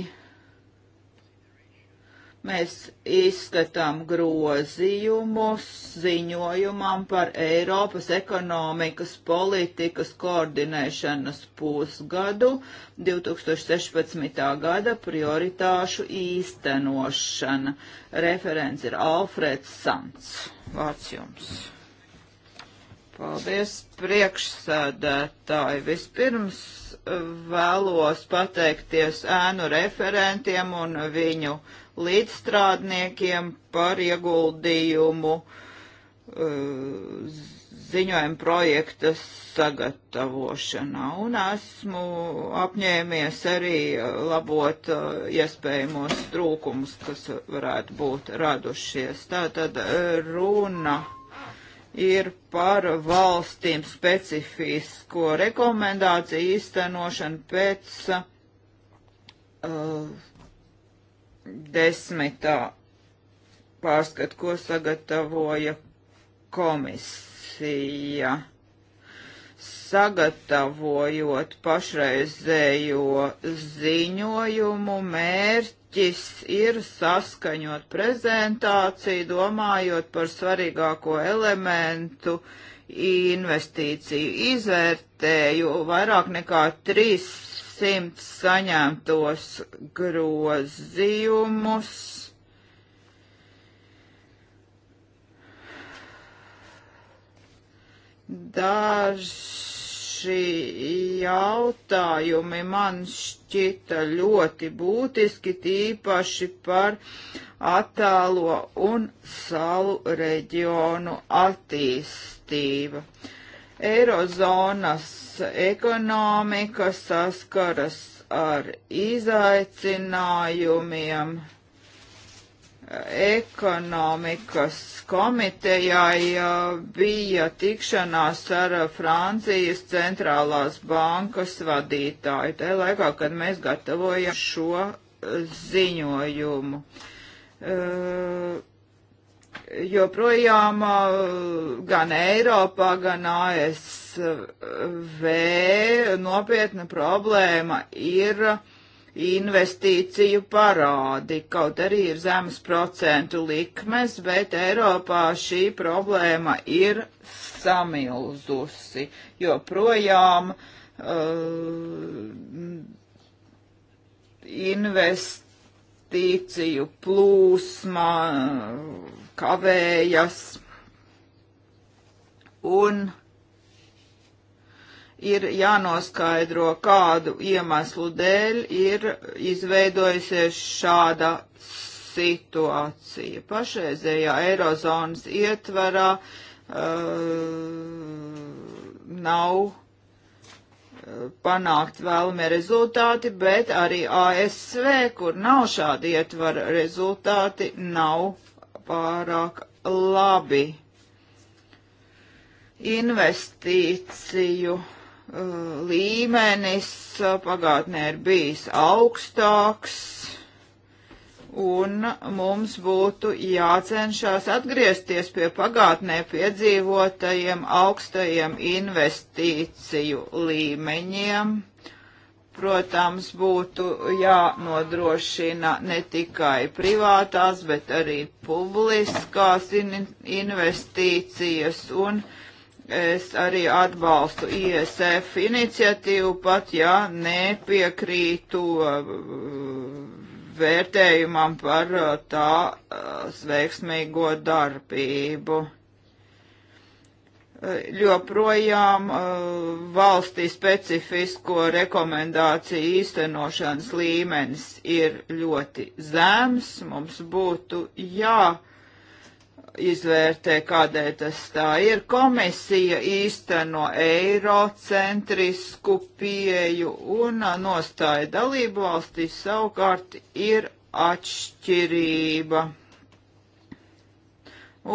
Mēs izskatām grozījumus ziņojumam par Eiropas ekonomikas politikas koordinēšanas pusgadu 2016. gada prioritāšu īstenošana. Referents ir Alfreds Sants. Vārds jums. Paldies, priekšsēdētāji. Vispirms vēlos pateikties ēnu referentiem un viņu līdzstrādniekiem par ieguldījumu uh, ziņojuma projekta sagatavošanā. Un esmu apņēmies arī labot uh, iespējamos trūkumus, kas varētu būt radušies. Tātad eh, runa ir par valstīm specifisko rekomendāciju īstenošanu pēc uh, desmitā pārskat, ko sagatavoja komisija. Sagatavojot pašreizējo ziņojumu, mērķis ir saskaņot prezentāciju, domājot par svarīgāko elementu investīciju izvērtēju vairāk nekā 3 100 saņemtos grozījumus. Daži jautājumi man šķita ļoti būtiski, tīpaši par attālo un salu reģionu attīstību. Eirozonas ekonomika saskaras ar izaicinājumiem. Ekonomikas komitejai uh, bija tikšanās ar uh, Francijas centrālās bankas vadītāju, tajā laikā, kad mēs gatavojam šo uh, ziņojumu. Uh, joprojām gan Eiropā, gan ASV nopietna problēma ir investīciju parādi, kaut arī ir zemes procentu likmes, bet Eiropā šī problēma ir samilzusi, jo projām uh, investīciju plūsma uh, kavējas un ir jānoskaidro, kādu iemeslu dēļ ir izveidojusies šāda situācija. Pašreizējā eirozonas ietvarā uh, nav uh, panākt vēlamie rezultāti, bet arī ASV, kur nav šādi ietvara rezultāti, nav pārāk labi. Investīciju uh, līmenis uh, pagātnē ir bijis augstāks, un mums būtu jācenšas atgriezties pie pagātnē piedzīvotajiem augstajiem investīciju līmeņiem protams, būtu jānodrošina ne tikai privātās, bet arī publiskās in investīcijas un es arī atbalstu ISF iniciatīvu, pat ja nepiekrītu vērtējumam par tā veiksmīgo darbību joprojām uh, valstī specifisko rekomendāciju īstenošanas līmenis ir ļoti zems. Mums būtu jāizvērtē, kādēļ tas tā ir. Komisija īsteno eirocentrisku pieju un uh, nostāja dalību valstī savukārt ir atšķirība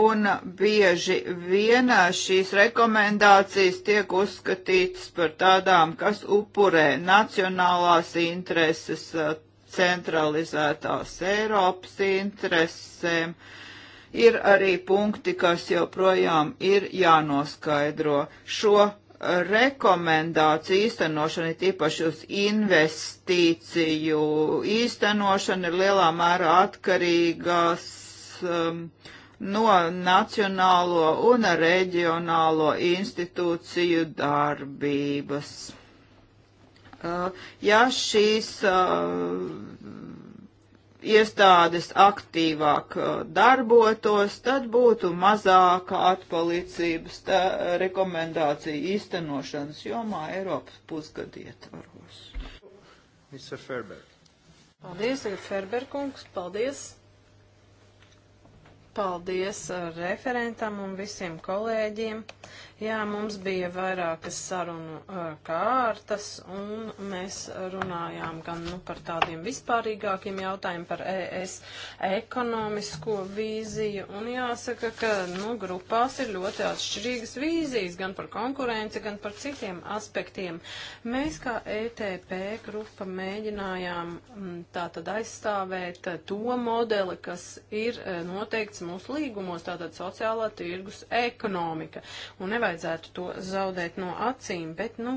un bieži vien šīs rekomendācijas tiek uzskatītas par tādām, kas upurē nacionālās intereses centralizētās Eiropas interesēm. Ir arī punkti, kas joprojām ir jānoskaidro. Šo rekomendāciju īstenošana, tīpaši uz investīciju īstenošana, ir lielā mērā atkarīgas um, no nacionālo un reģionālo institūciju darbības. Uh, ja šīs uh, iestādes aktīvāk uh, darbotos, tad būtu mazāka atpalicības rekomendācija īstenošanas jomā Eiropas pusgadu ietvaros. Mr. Ferber. Paldies, ir Ferberkungs, paldies. Paldies uh, referentam un visiem kolēģiem. Jā, mums bija vairākas sarunu kārtas, un mēs runājām gan nu, par tādiem vispārīgākiem jautājumiem, par ES ekonomisko vīziju, un jāsaka, ka nu, grupās ir ļoti atšķirīgas vīzijas, gan par konkurenci, gan par citiem aspektiem. Mēs kā ETP grupa mēģinājām tātad aizstāvēt to modeli, kas ir noteikts mūsu līgumos, tātad sociālā tirgus ekonomika. Un nevajag nevajadzētu to zaudēt no acīm, bet, nu,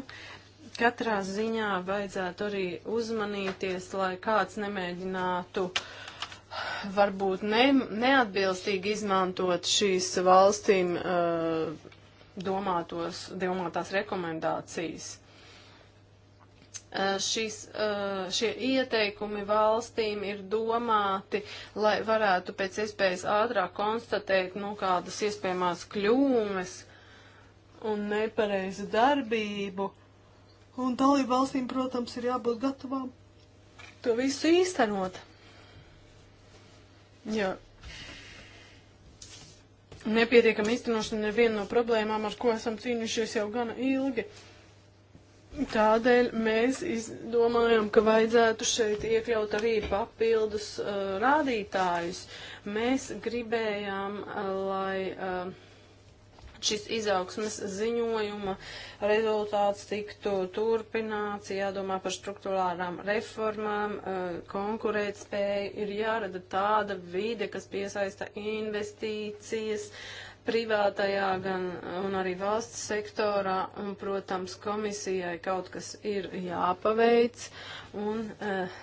katrā ziņā vajadzētu arī uzmanīties, lai kāds nemēģinātu varbūt ne, neatbilstīgi izmantot šīs valstīm uh, domātos, domātās rekomendācijas uh, šis, uh, šie ieteikumi valstīm ir domāti, lai varētu pēc iespējas ātrāk konstatēt, nu, kādas iespējamās kļūmes, uh, un nepareizu darbību. Un dalību valstīm, protams, ir jābūt gatavām to visu īstenot. Jo nepietiekama īstenošana ir viena no problēmām, ar ko esam cīnījušies jau gana ilgi. Tādēļ mēs domājam, ka vajadzētu šeit iekļaut arī papildus uh, rādītājus. Mēs gribējām, uh, lai. Uh, šis izaugsmes ziņojuma rezultāts tiktu turpināts, jādomā par struktūrālām reformām, eh, konkurētspēju, ir jārada tāda vide, kas piesaista investīcijas, privātajā gan un arī valsts sektorā, un, protams, komisijai kaut kas ir jāpaveic, un uh,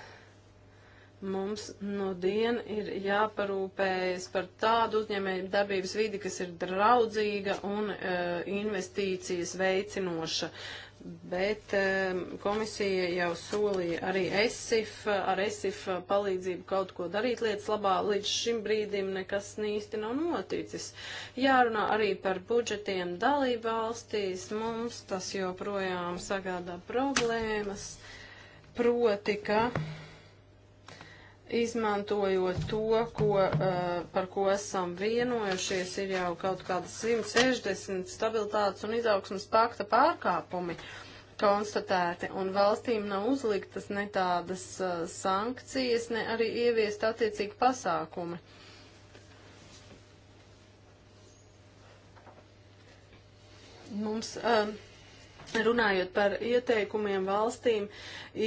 Mums no diena ir jāparūpējas par tādu uzņēmēju darbības vidi, kas ir draudzīga un e, investīcijas veicinoša. Bet e, komisija jau solīja arī ESIF, ar ESIF palīdzību kaut ko darīt lietas labā. Līdz šim brīdim nekas īsti nav noticis. Jārunā arī par budžetiem dalību valstīs. Mums tas joprojām sagādā problēmas. Proti, ka izmantojot to, ko, eh, par ko esam vienojušies, ir jau kaut kāda 160 stabilitātes un izaugsmas pakta pārkāpumi konstatēti, un valstīm nav uzliktas ne tādas eh, sankcijas, ne arī ieviest attiecīgi pasākumi. Mums uh, Runājot par ieteikumiem valstīm,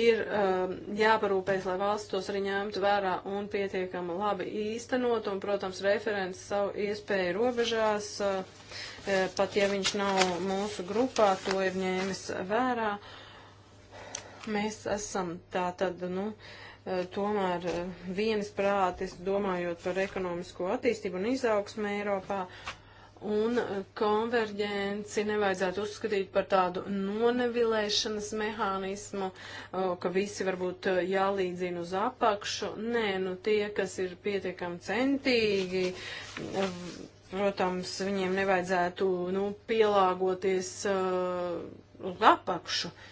ir um, jāparūpēs, lai valsts tos arī ņemtu vērā un pietiekami labi īstenot, un, protams, referents savu iespēju robežās, uh, eh, pat ja viņš nav mūsu grupā, to ir ņēmis vērā. Mēs esam tā tad, nu, uh, tomēr uh, eh, vienas prātis, domājot par ekonomisko attīstību un izaugsmu Eiropā, Un uh, konverģenci nevajadzētu uzskatīt par tādu nonevilēšanas mehānismu, uh, ka visi varbūt uh, jālīdzina uz apakšu. Nē, nu tie, kas ir pietiekami centīgi, um, protams, viņiem nevajadzētu nu, pielāgoties uz apakšu. Uh,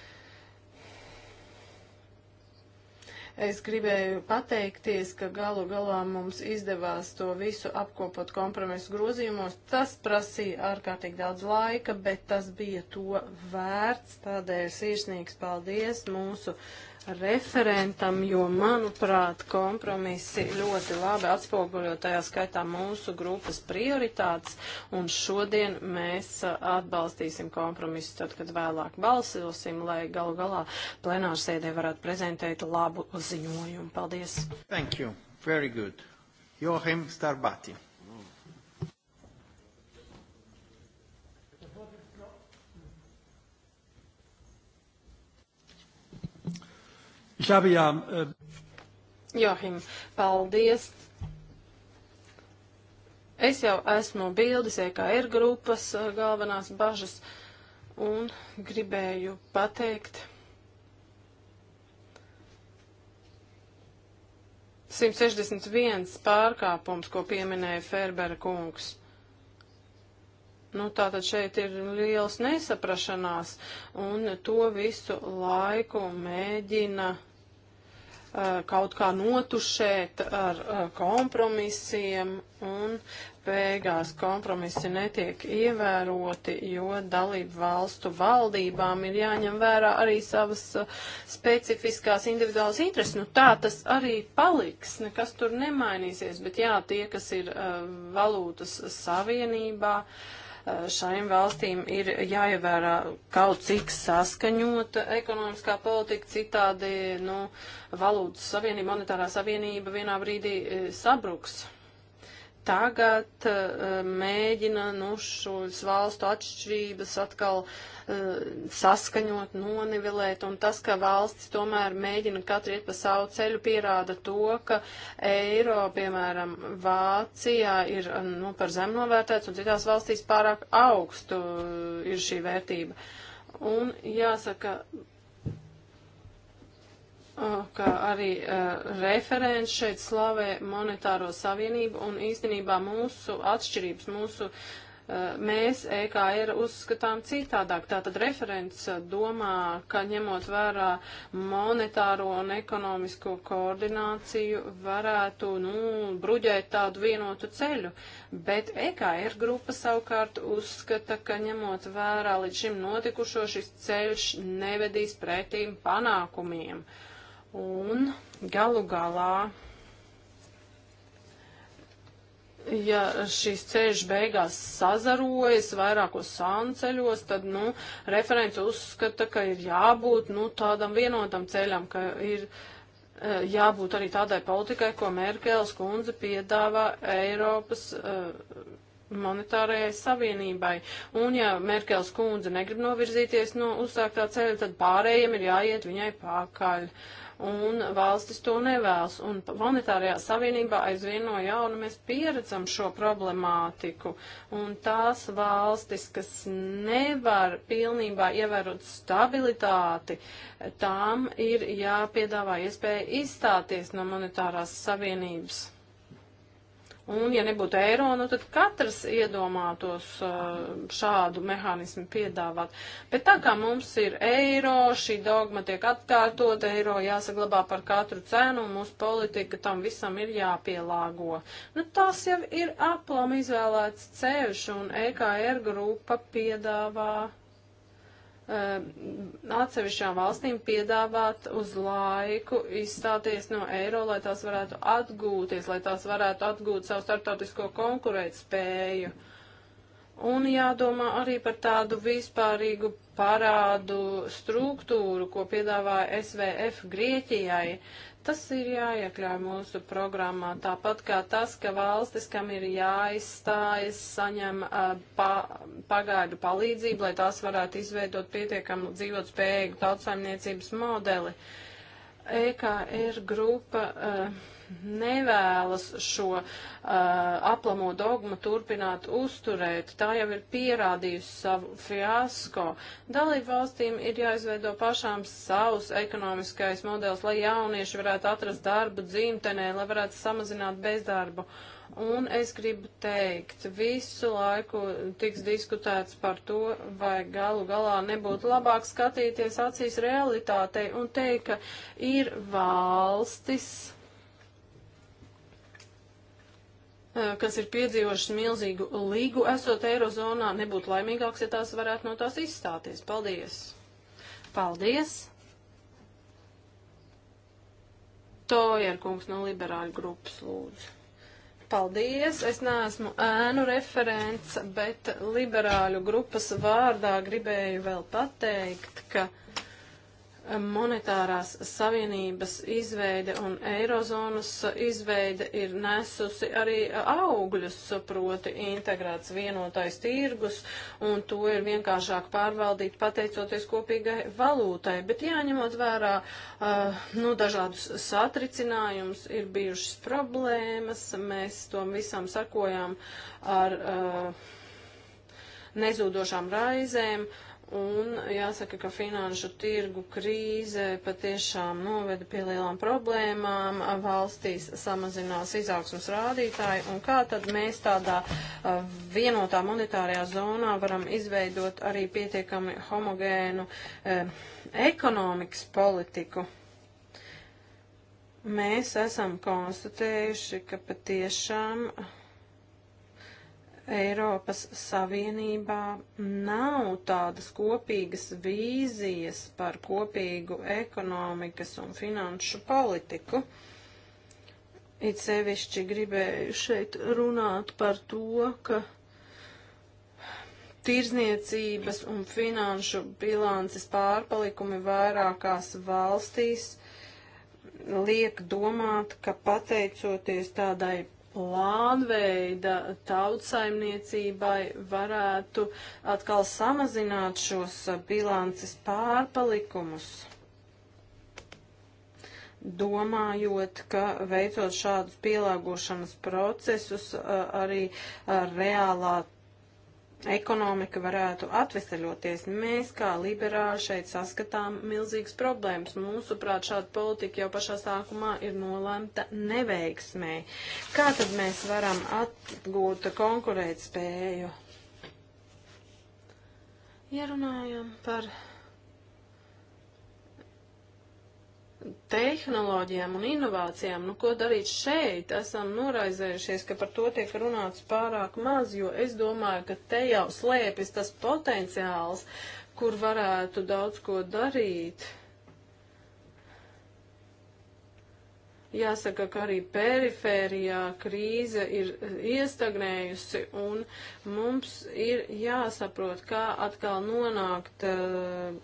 Es gribēju pateikties, ka galu galā mums izdevās to visu apkopot kompromisu grozījumos. Tas prasīja ārkārtīgi daudz laika, bet tas bija to vērts. Tādēļ sirsnīgs paldies mūsu referentam, jo, manuprāt, kompromisi ļoti labi atspoguļo tajā skaitā mūsu grupas prioritātes, un šodien mēs atbalstīsim kompromisus tad, kad vēlāk balsosim, lai galu galā plenārsēdē varētu prezentēt labu ziņojumu. Paldies! Thank you. Very good. Joachim Starbati. Ich habe ja. Äh... Johim, paldies. Es jau esmu bildes EKR grupas eh, galvenās bažas un gribēju pateikt. 161 pārkāpums, ko pieminēja Ferbera kungs. Nu, tātad šeit ir liels nesaprašanās, un to visu laiku mēģina Uh, kaut kā notušēt ar uh, kompromisiem un beigās kompromisi netiek ievēroti, jo dalību valstu valdībām ir jāņem vērā arī savas uh, specifiskās individuālas intereses. Nu, tā tas arī paliks, nekas tur nemainīsies, bet jā, tie, kas ir valūtas savienībā, uh, Eh, šaim valstīm ir jāievērā kaut cik saskaņota ekonomiskā politika, citādi nu, valūtas savienība, monetārā savienība vienā brīdī eh, sabruks tagad uh, mēģina nu, šos valstu atšķirības atkal uh, saskaņot, nonivelēt, un tas, ka valstis tomēr mēģina katru iet pa savu ceļu, pierāda to, ka eiro, piemēram, Vācijā ir eh, nu, par zem novērtēts, un citās valstīs pārāk augstu ir šī vērtība. Un jāsaka, kā arī uh, referents šeit slavē monetāro savienību un īstenībā mūsu atšķirības, mūsu uh, mēs EKR uzskatām citādāk. Tātad referents domā, ka ņemot vērā monetāro un ekonomisko koordināciju varētu, nu, bruģēt tādu vienotu ceļu, bet EKR grupa savukārt uzskata, ka ņemot vērā līdz šim notikušo šis ceļš nevedīs pretīm panākumiem. Uh, Un galu galā, ja šīs ceļš beigās sazarojas vairākos sānceļos, tad, nu, referents uzskata, ka ir jābūt, nu, tādam vienotam ceļam, ka ir e, jābūt arī tādai politikai, ko Merkels kundze piedāvā Eiropas uh, monetārajai savienībai. Un ja Merkels kundze negrib novirzīties no uzsāktā ceļa, tad pārējiem ir jāiet viņai pārkaļ. Uh, un valstis to nevēlas. Un monetārajā savienībā aizvien no jauna mēs pieredzam šo problemātiku, un tās valstis, kas nevar pilnībā ievērot stabilitāti, tām ir jāpiedāvā iespēja izstāties no monetārās savienības. Un, ja nebūtu eiro, nu tad katrs iedomātos uh, šādu mehānismu piedāvāt. Bet tā kā mums ir eiro, šī dogma tiek atkārtot, eiro jāsaglabā par katru cenu, un mūsu politika tam visam ir jāpielāgo. Nu, tas jau ir aplam izvēlēts ceļš, un EKR grupa piedāvā Um, atsevišķām valstīm piedāvāt uz laiku izstāties no eiro, lai tās varētu atgūties, lai tās varētu atgūt savu startautisko konkurētspēju. Un jādomā arī par tādu vispārīgu parādu struktūru, ko piedāvāja SVF Grieķijai. Tas ir jāiekļauj mūsu programmā, tāpat kā tas, ka valstis, kam ir jāizstājas, saņem uh, pa, pagaidu palīdzību, lai tās varētu izveidot pietiekamu dzīvot spējīgu tautsaimniecības modeli. EKR grupa uh, nevēlas šo uh, aplamo dogmu turpināt uzturēt. Tā jau ir pierādījusi savu fiasko. Dalību valstīm ir jāizveido pašām savus ekonomiskais modelis, lai jaunieši varētu atrast darbu dzimtenē, lai varētu samazināt bezdarbu. Un es gribu teikt, visu laiku tiks diskutēts par to, vai galu galā nebūtu labāk skatīties acīs realitātei un teikt, ka ir valstis, Eh, kas ir piedzīvojušas milzīgu līgu esot Eirozonā, nebūtu laimīgāks, ja tās varētu no tās izstāties. Paldies! Paldies! Tojer kungs no liberāļu grupas lūdzu. Paldies! Es neesmu ēnu referents, bet liberāļu grupas vārdā gribēju vēl pateikt, ka monetārās savienības izveide un eirozonas izveide ir nesusi arī augļus, proti integrēts vienotais tirgus, un to ir vienkāršāk pārvaldīt pateicoties kopīgai valūtai. Bet jāņemot vērā uh, nu, dažādus satricinājumus, ir bijušas problēmas, mēs tom visam sakojām ar uh, nezūdošām raizēm. Uh, Un jāsaka, ka finanšu tirgu krīze patiešām noveda pie lielām problēmām, valstīs samazinās izaugsmas rādītāji, un kā tad mēs tādā vienotā monetārajā zonā varam izveidot arī pietiekami homogēnu eh, ekonomikas politiku? Mēs esam konstatējuši, ka patiešām Eiropas Savienībā nav tādas kopīgas vīzijas par kopīgu ekonomikas un finanšu politiku. It sevišķi gribēju šeit runāt par to, ka tirzniecības un finanšu bilances pārpalikumi vairākās valstīs liek domāt, ka pateicoties tādai plānveida tautsaimniecībai varētu atkal samazināt šos uh, bilances pārpalikumus. Domājot, ka veicot šādus pielāgošanas procesus, uh, arī uh, reālā ekonomika varētu atvesaļoties. Mēs kā liberāli šeit saskatām milzīgas problēmas. Mūsuprāt, šāda politika jau pašā sākumā ir nolēmta neveiksmē. Kā tad mēs varam atgūt konkurētspēju? Ja runājam par tehnoloģijām un inovācijām, nu ko darīt šeit, esam noraizējušies, ka par to tiek runāts pārāk maz, jo es domāju, ka te jau slēpjas tas potenciāls, kur varētu daudz ko darīt. Jāsaka, ka arī perifērijā krīze ir iestagnējusi un mums ir jāsaprot, kā atkal nonākt uh,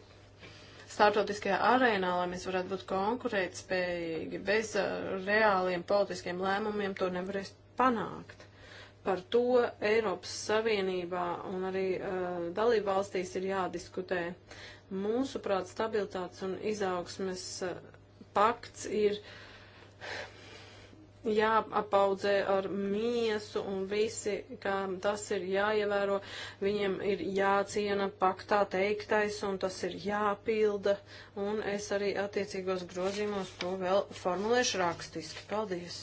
starptautiskajā arēnā, lai mēs varētu būt konkurētspējīgi. Bez uh, reāliem politiskiem lēmumiem to nevarēs panākt. Par to Eiropas Savienībā un arī uh, dalību valstīs ir jādiskutē. Mūsuprāt, stabilitātes un izaugsmes uh, pakts ir jāapaudzē ar miesu un visi, kā tas ir jāievēro, viņiem ir jāciena paktā teiktais un tas ir jāpilda, un es arī attiecīgos grozījumos to vēl formulēšu rakstiski. Paldies!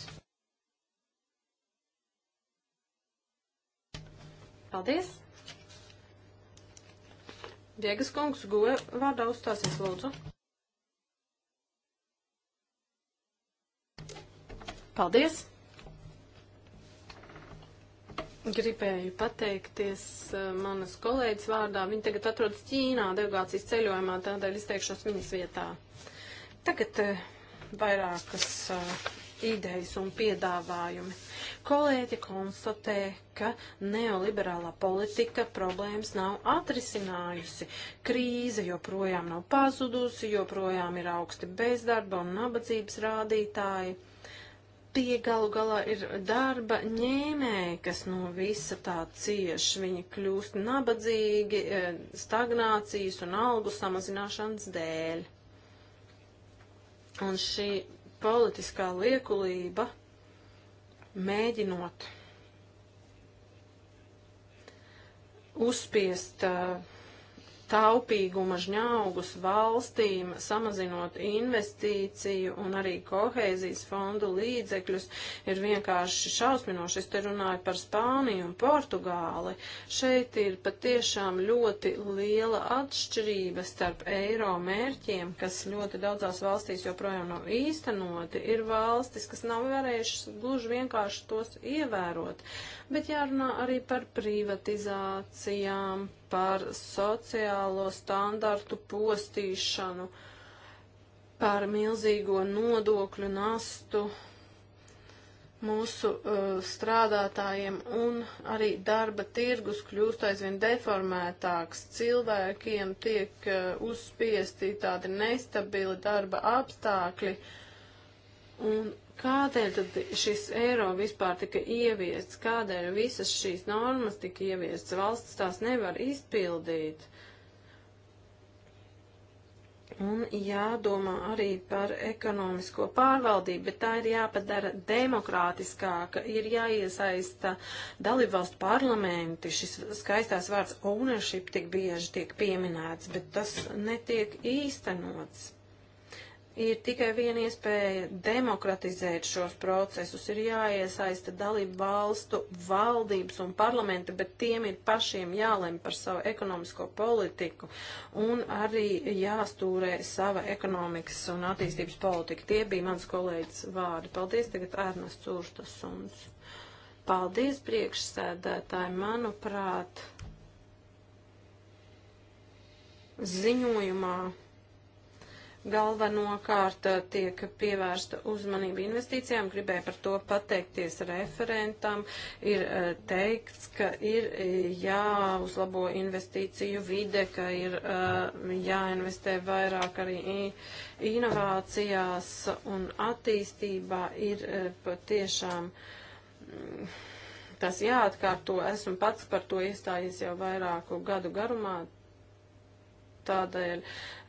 Paldies! Diegas kungs, guve vārdā uzstāsies, lūdzu. Paldies! Gribēju pateikties eh, manas kolēģis vārdā. Viņa tagad atrodas Ķīnā delegācijas ceļojumā, tādēļ izteikšos viņas vietā. Tagad eh, vairākas eh, idejas un piedāvājumi. Kolēģi konstatē, ka neoliberālā politika problēmas nav atrisinājusi. Krīze joprojām nav pazudusi, joprojām ir augsti bezdarba un nabadzības rādītāji pie galu galā ir darba ņēmēji, kas no visa tā cieš. Viņi kļūst nabadzīgi e, stagnācijas un algu samazināšanas dēļ. Un šī politiskā liekulība mēģinot uzspiest uh, taupīguma žņaugus valstīm, samazinot investīciju un arī kohēzijas fondu līdzekļus, ir vienkārši šausminoši. Es te runāju par Spāniju un Portugāli. Šeit ir patiešām ļoti liela atšķirība starp eiro mērķiem, kas ļoti daudzās valstīs joprojām nav īstenoti. Ir valstis, kas nav varējušas gluži vienkārši tos ievērot. Bet jārunā arī par privatizācijām par sociālo standartu postīšanu, par milzīgo nodokļu nastu mūsu uh, strādātājiem un arī darba tirgus kļūst aizvien deformētāks. Cilvēkiem tiek uh, uzspiesti tādi nestabili darba apstākļi. Uh, Un kādēļ tad šis eiro vispār tika ieviests, kādēļ visas šīs normas tika ieviestas, valsts tās nevar izpildīt. Un jādomā arī par ekonomisko pārvaldību, bet tā ir jāpadara demokrātiskāka, ir jāiesaista dalībvalstu parlamenti. Šis skaistās vārds ownership tik bieži tiek pieminēts, bet tas netiek īstenots ir tikai viena iespēja demokratizēt šos procesus, ir jāiesaista dalību valstu valdības un parlamenti, bet tiem ir pašiem jālem par savu ekonomisko politiku un arī jāstūrē sava ekonomikas un attīstības politika. Tie bija mans kolēģis vārdi. Paldies, tagad Ernest Urtas un paldies priekšsēdētāji, manuprāt, ziņojumā galvenokārt uh, tiek pievērsta uzmanība investīcijām. Gribēju par to pateikties referentam. Ir uh, teikts, ka ir uh, jāuzlabo investīciju vide, ka ir jāinvestē vairāk arī inovācijās un attīstībā. Ir patiešām mm, tas jāatkārto. Esmu pats par to iestājies jau vairāku gadu garumā tādēļ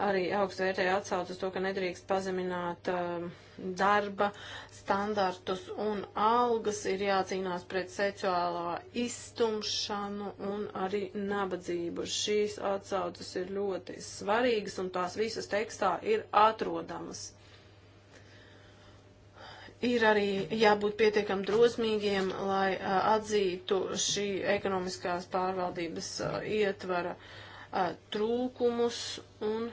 arī augstu vērtēju atsauc uz to, ka nedrīkst pazemināt um, darba standartus un algas, ir jācīnās pret seksuālā iztumšanu un arī nabadzību. Šīs atsaucas ir ļoti svarīgas un tās visas tekstā ir atrodamas. Ir arī jābūt pietiekam drosmīgiem, lai uh, atzītu šī ekonomiskās pārvaldības uh, ietvara uh, uh, trūkumus un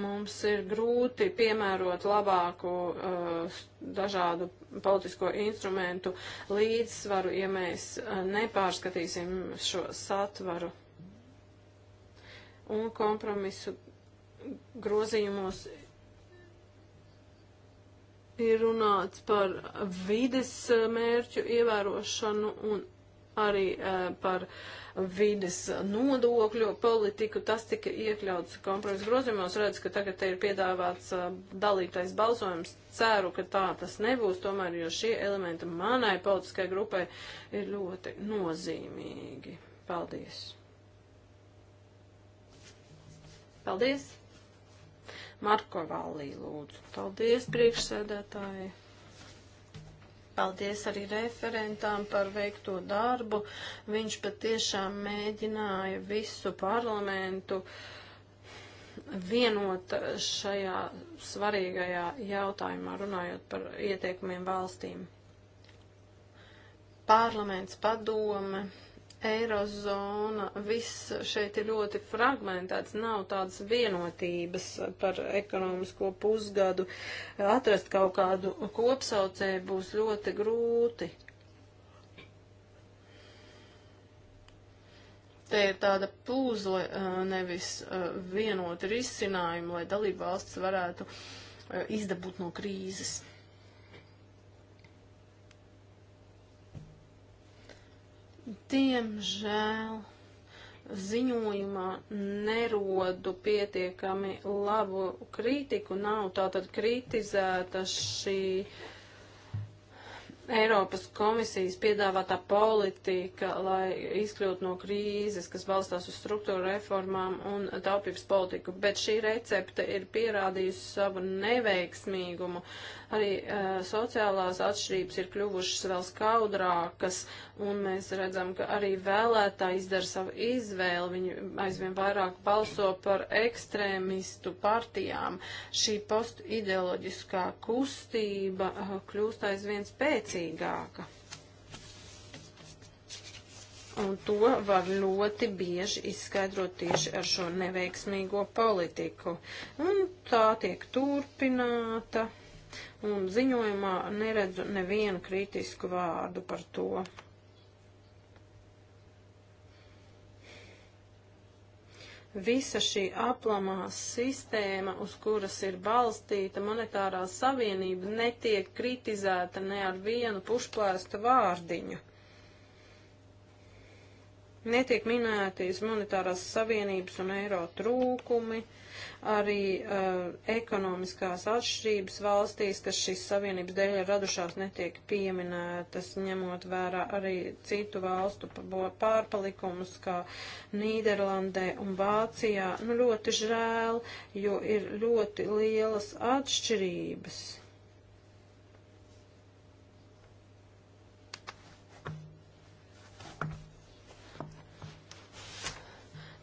mums ir grūti piemērot labāku uh, dažādu politisko instrumentu līdzsvaru, ja mēs uh, nepārskatīsim šo satvaru. Un kompromisu grozījumos ir runāts par vides eh, mērķu ievērošanu un arī eh, par vides nodokļu politiku. Tas tika iekļauts kompromisa grozījumos. Redz, ka tagad te ir piedāvāts eh, dalītais balsojums. Ceru, ka tā tas nebūs tomēr, jo šie elementi manai politiskai grupai ir ļoti nozīmīgi. Paldies! Paldies! Marko Vallī, lūdzu. Paldies, priekšsēdētāji. Paldies arī referentām par veikto darbu. Viņš patiešām mēģināja visu parlamentu vienot šajā svarīgajā jautājumā, runājot par ieteikumiem valstīm. Parlaments padome Eirozona, viss šeit ir ļoti fragmentēts, nav tādas vienotības par ekonomisko pusgadu. Atrast kaut kādu kopsaucēju būs ļoti grūti. Te ir tāda pūzle, nevis vienoti risinājumi, lai dalība valsts varētu izdabūt no krīzes. Diemžēl ziņojumā nerodu pietiekami labu kritiku, nav tātad kritizēta šī Eiropas komisijas piedāvātā politika, lai izkļūtu no krīzes, kas balstās uz struktūra reformām un taupības politiku, bet šī recepte ir pierādījusi savu neveiksmīgumu. Arī uh, sociālās atšķirības ir kļuvušas vēl skaudrākas, un mēs redzam, ka arī vēlētāji izdara savu izvēli, viņi aizvien vairāk balso par ekstrēmistu partijām. Šī postideoloģiskā kustība uh, kļūst aizvien spēcīgāka un to var ļoti bieži izskaidrot tieši ar šo neveiksmīgo politiku. Un tā tiek turpināta un ziņojumā neredzu nevienu kritisku vārdu par to. Visa šī aplamā sistēma, uz kuras ir balstīta monetārā savienība, netiek kritizēta ne ar vienu pušplēstu vārdiņu. Netiek minētīs monetārās savienības un eiro trūkumi, arī uh, ekonomiskās atšķirības valstīs, kas šīs savienības dēļ ir radušās, netiek pieminētas, ņemot vērā arī citu valstu pārpalikumus, kā Nīderlandē un Vācijā. Nu, ļoti žēl, jo ir ļoti lielas atšķirības.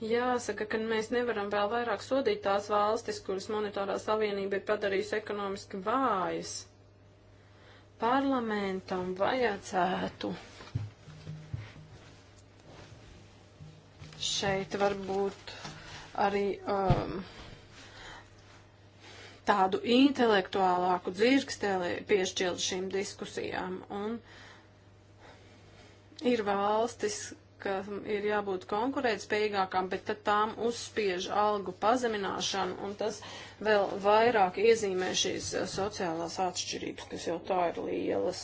Jāsaka, ka mēs nevaram vēl vairāk sodīt tās valstis, kuras monetārā savienība ir padarījusi ekonomiski vājas. Parlamentam vajadzētu šeit varbūt arī um, tādu intelektuālāku dzirksteli piešķilt šīm diskusijām. Un ir valstis, ka ir jābūt konkurētspējīgākām, bet tad tām uzspiež algu pazemināšanu, un tas vēl vairāk iezīmē šīs sociālās atšķirības, kas jau tā ir lielas.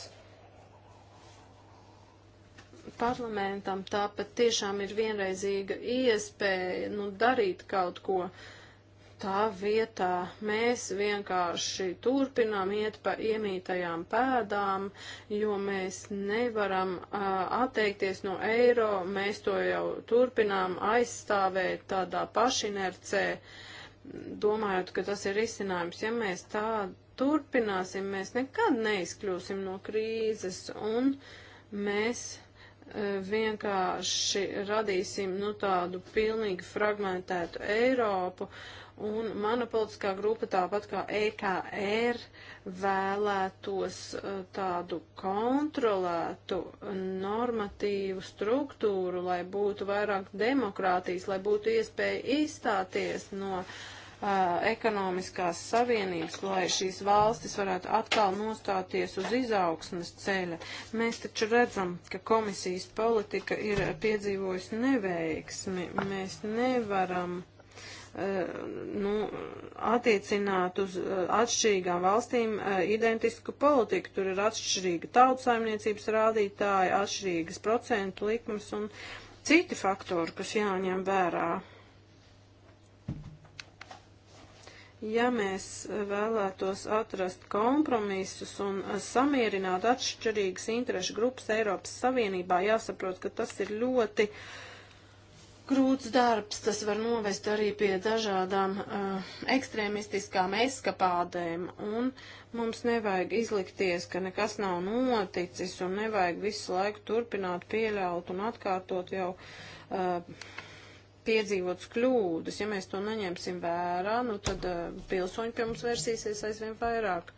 Parlamentam tāpat tiešām ir vienreizīga iespēja nu, darīt kaut ko. Uh, Tā vietā mēs vienkārši turpinām iet pa iemītajām pēdām, jo mēs nevaram uh, atteikties no eiro, mēs to jau turpinām aizstāvēt tādā pašinercē, domājot, ka tas ir risinājums. Ja mēs tā turpināsim, mēs nekad neizkļūsim no krīzes un mēs vienkārši radīsim nu, tādu pilnīgi fragmentētu Eiropu, Un mana politiskā grupa, tāpat kā EKR, vēlētos eh, tādu kontrolētu normatīvu struktūru, lai būtu vairāk demokrātijas, lai būtu iespēja izstāties no uh, ekonomiskās savienības, lai šīs valstis varētu atkal nostāties uz izaugsmes ceļa. Mēs taču redzam, ka komisijas politika ir piedzīvojusi neveiksmi. Mēs nevaram E, nu, attiecināt uz e, atšķirīgām valstīm e, identisku politiku. Tur ir atšķirīga tautsaimniecības rādītāja, atšķirīgas procentu likmes un citi faktori, kas jāņem vērā. Ja mēs vēlētos atrast kompromisus un samierināt atšķirīgas interešu grupas Eiropas Savienībā, jāsaprot, ka tas ir ļoti uh, grūts darbs, tas var novest arī pie dažādām uh, ekstrēmistiskām eskapādēm, un mums nevajag izlikties, ka nekas nav noticis, un nevajag visu laiku turpināt pieļaut un atkārtot jau uh, piedzīvotas kļūdas. Ja mēs to neņemsim vērā, nu tad uh, pilsoņi pie mums versīsies aizvien vairāk.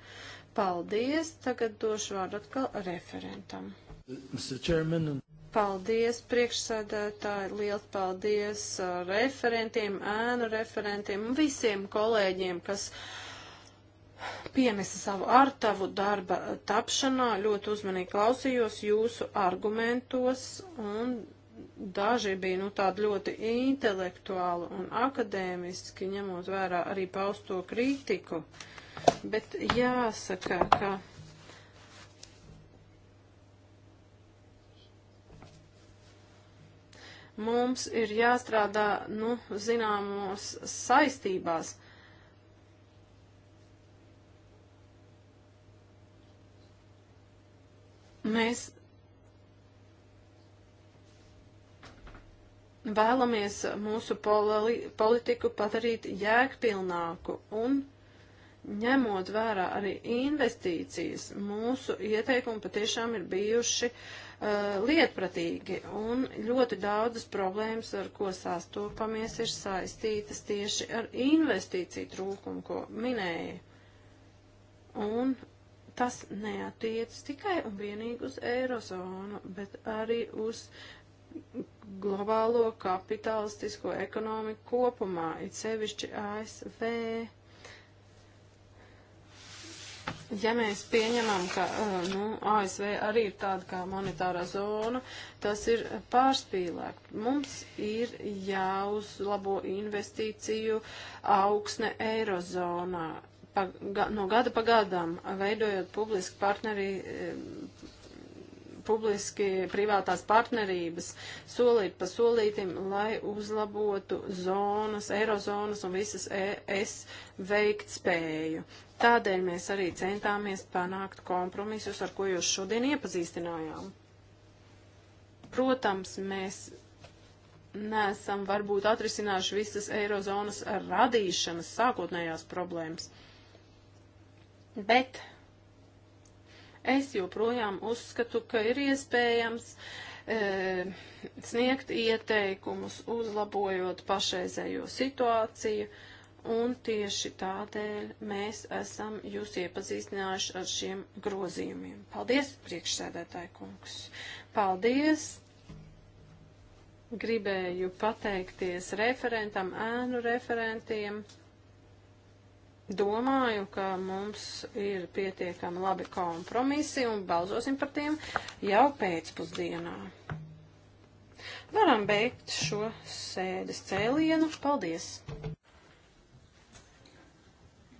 Paldies, tagad došu vārdu atkal referentam. Mr. Chairman, Paldies, priekšsēdētāji, liels paldies uh, referentiem, ēnu referentiem un visiem kolēģiem, kas pienesa savu artavu darba tapšanā. Ļoti uzmanīgi klausījos jūsu argumentos un daži bija nu, tādi ļoti intelektuāli un akadēmiski, ņemot vērā arī pausto kritiku. Bet jāsaka, ka Mums ir jāstrādā, nu, zināmos saistībās. Mēs vēlamies mūsu poli politiku padarīt jēgpilnāku un ņemot vērā arī investīcijas, mūsu ieteikumi patiešām ir bijuši uh, Eh, lietpratīgi, un ļoti daudzas problēmas, ar ko sastopamies, ir saistītas tieši ar investīciju trūkumu, ko minēja. Un tas neatiec tikai un vienīgi uz eirozonu, bet arī uz globālo kapitalistisko ekonomiku kopumā, it sevišķi ASV. Ja mēs pieņemam, ka nu, ASV arī ir tāda kā monetārā zona, tas ir pārspīlāk. Mums ir jāuzlabo investīciju augsne eirozonā. Pa, ga, no gada pa gadam, veidojot publiski partneri, publiski privātās partnerības solīt pa solītim, lai uzlabotu zonas, eirozonas un visas ES veiktspēju. Tādēļ mēs arī centāmies panākt kompromisus, ar ko jūs šodien iepazīstinājām. Protams, mēs neesam varbūt atrisinājuši visas eirozonas radīšanas sākotnējās problēmas, bet es joprojām uzskatu, ka ir iespējams e, sniegt ieteikumus, uzlabojot pašreizējo situāciju. E, un tieši tādēļ mēs esam jūs iepazīstinājuši ar šiem grozījumiem. Paldies, priekšsēdētāji kungs! Paldies! Gribēju pateikties referentam, ēnu referentiem. Domāju, ka mums ir pietiekami labi kompromisi un balzosim par tiem jau pēcpusdienā. Varam beigt šo sēdes cēlienu. Paldies!